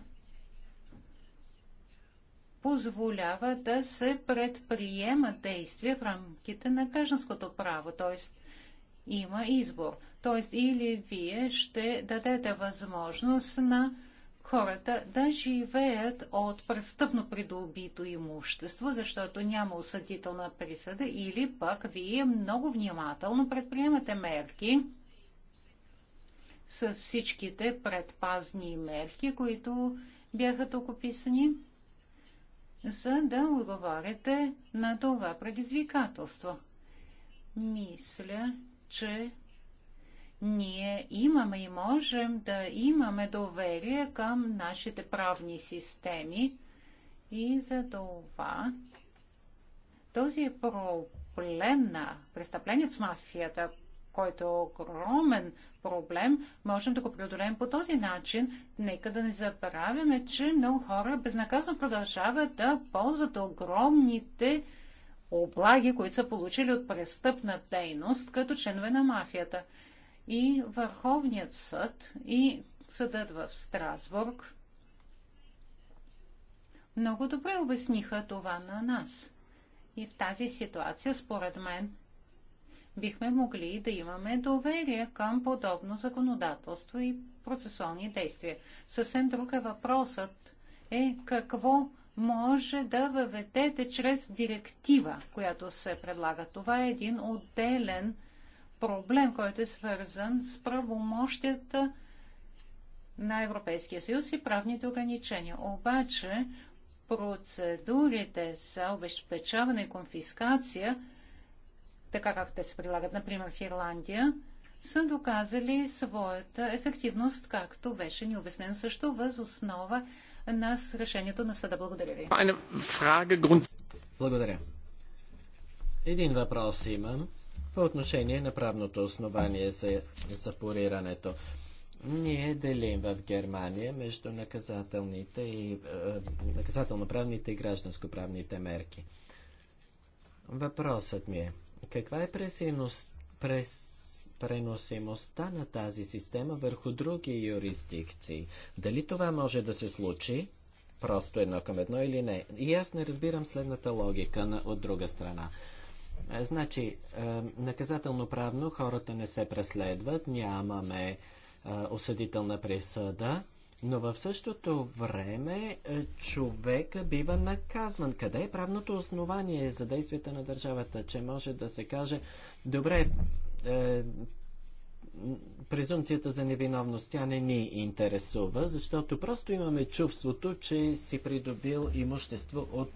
позволява да се предприемат действия в рамките на гражданското право, т.е има избор. Тоест или вие ще дадете възможност на хората да живеят от престъпно придобито имущество, защото няма осъдителна присъда, или пък вие много внимателно предприемате мерки с всичките предпазни мерки, които бяха тук описани, за да отговаряте на това предизвикателство. Мисля, че ние имаме и можем да имаме доверие към нашите правни системи и за това този проблем на престъплението с мафията, който е огромен проблем, можем да го преодолеем по този начин. Нека да не забравяме, че много хора безнаказано продължават да ползват огромните облаги, които са получили от престъпна дейност като членове на мафията. И Върховният съд и съдът в Страсбург много добре обясниха това на нас. И в тази ситуация, според мен, бихме могли да имаме доверие към подобно законодателство и процесуални действия. Съвсем друг е въпросът е какво може да въведете чрез директива, която се предлага. Това е един отделен проблем, който е свързан с правомощията на Европейския съюз и правните ограничения. Обаче процедурите за обезпечаване и конфискация, така как те се прилагат, например, в Ирландия, са доказали своята ефективност, както беше ни обяснено също въз основа на решението на съда. Благодаря ви. Благодаря. Един въпрос имам по отношение на правното основание за запорирането. Ние делим в Германия между наказателните и, е, наказателно-правните и гражданско-правните мерки. Въпросът ми е, каква е пресивност, прес, преносимостта на тази система върху други юрисдикции. Дали това може да се случи? Просто едно към едно или не? И аз не разбирам следната логика на, от друга страна. Значи, наказателно-правно хората не се преследват, нямаме осъдителна присъда, но в същото време човек човека бива наказван. Къде е правното основание за действията на държавата, че може да се каже, добре, е, презумцията за невиновност, тя не ни интересува, защото просто имаме чувството, че си придобил имущество от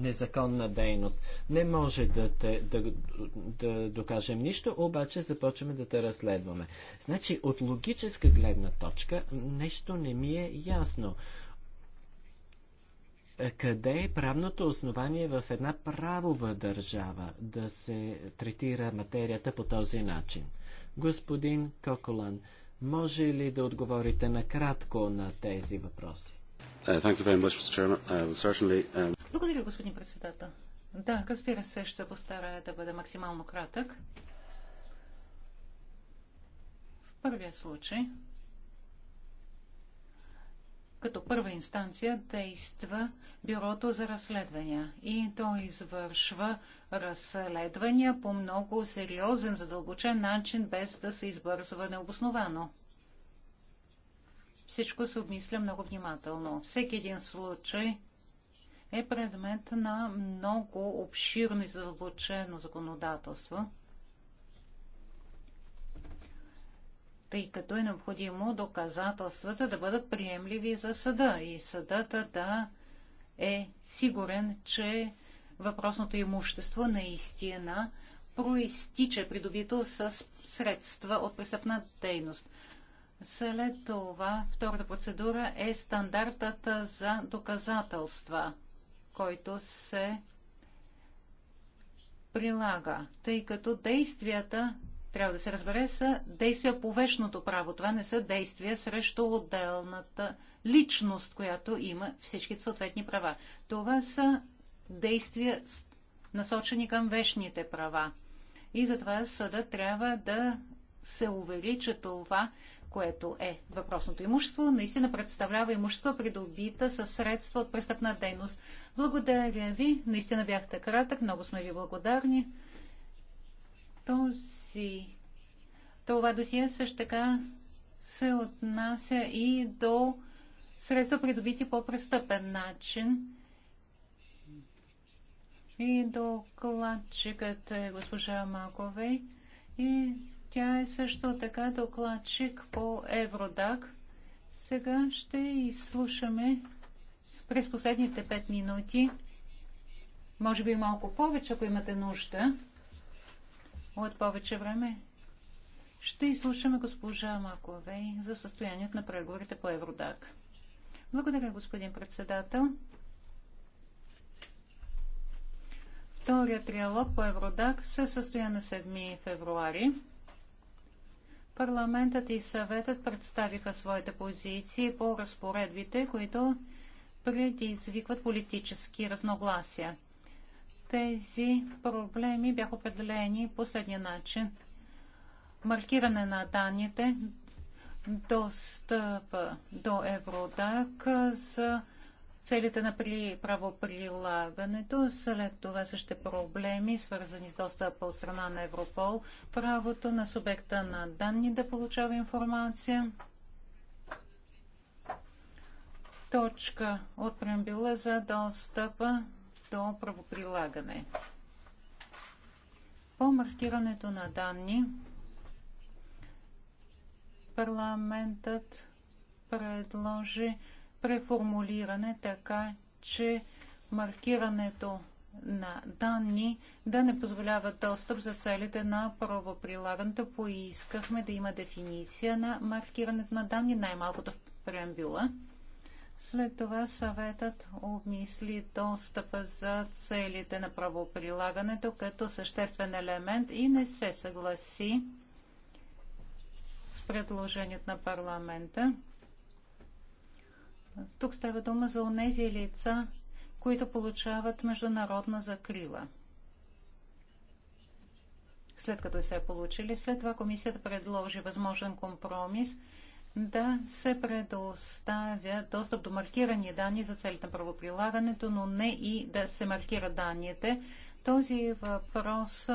незаконна дейност. Не може да, те, да, да докажем нищо, обаче започваме да те разследваме. Значи, от логическа гледна точка, нещо не ми е ясно къде е правното основание в една правова държава да се третира материята по този начин? Господин Коколан, може ли да отговорите накратко на тези въпроси? Uh, uh, um, Благодаря, господин председател. Да, разбира се, ще постарая да бъда максимално кратък. В първия случай като първа инстанция действа Бюрото за разследвания и то извършва разследвания по много сериозен, задълбочен начин, без да се избързва необосновано. Всичко се обмисля много внимателно. Всеки един случай е предмет на много обширно и задълбочено законодателство – тъй като е необходимо доказателствата да бъдат приемливи за съда и съдата да е сигурен, че въпросното имущество наистина проистича придобито с средства от престъпна дейност. След това втората процедура е стандартът за доказателства, който се прилага, тъй като действията трябва да се разбере, са действия по вечното право. Това не са действия срещу отделната личност, която има всичките съответни права. Това са действия насочени към вечните права. И затова съда трябва да се увери, че това, което е въпросното имущество, наистина представлява имущество, придобита със средства от престъпна дейност. Благодаря ви. Наистина бяхте кратък. Много сме ви благодарни. Този този, това досие също така се отнася и до средства придобити по престъпен начин. И докладчикът е госпожа Маковей. И тя е също така докладчик по Евродак. Сега ще изслушаме през последните 5 минути, може би малко повече, ако имате нужда от повече време. Ще изслушаме госпожа Маковей за състоянието на преговорите по Евродак. Благодаря, господин председател. Вторият триалог по Евродак се състоя на 7 февруари. Парламентът и съветът представиха своите позиции по разпоредбите, които предизвикват политически разногласия. Тези проблеми бяха определени последния начин. Маркиране на данните, достъп до Евродак за целите на при правоприлагането, след това същите проблеми, свързани с достъпа от страна на Европол, правото на субекта на данни да получава информация, точка от преамбюла за достъпа до правоприлагане. По маркирането на данни парламентът предложи преформулиране така, че маркирането на данни да не позволява достъп за целите на правоприлагането. Поискахме да има дефиниция на маркирането на данни, най-малкото в преамбюла. След това съветът обмисли достъпа за целите на правоприлагането като съществен елемент и не се съгласи с предложението на парламента. Тук става дума за онези лица, които получават международна закрила. След като се е получили, след това комисията предложи възможен компромис – да се предоставя достъп до маркирани данни за целите на правоприлагането, но не и да се маркират данните. Този въпрос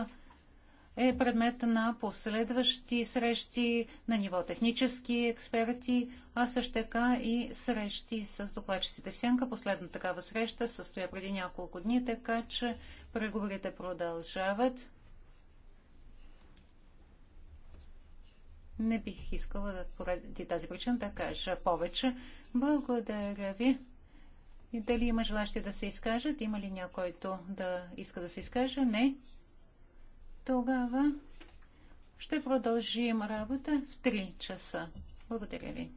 е предмет на последващи срещи на ниво технически експерти, а също така и срещи с докладчиците в Сянка. Последна такава среща състоя преди няколко дни, така че преговорите продължават. Не бих искала да поради тази причина да кажа повече. Благодаря ви. И дали има желащи да се изкажат? Има ли някой, да иска да се изкаже? Не. Тогава ще продължим работа в 3 часа. Благодаря ви.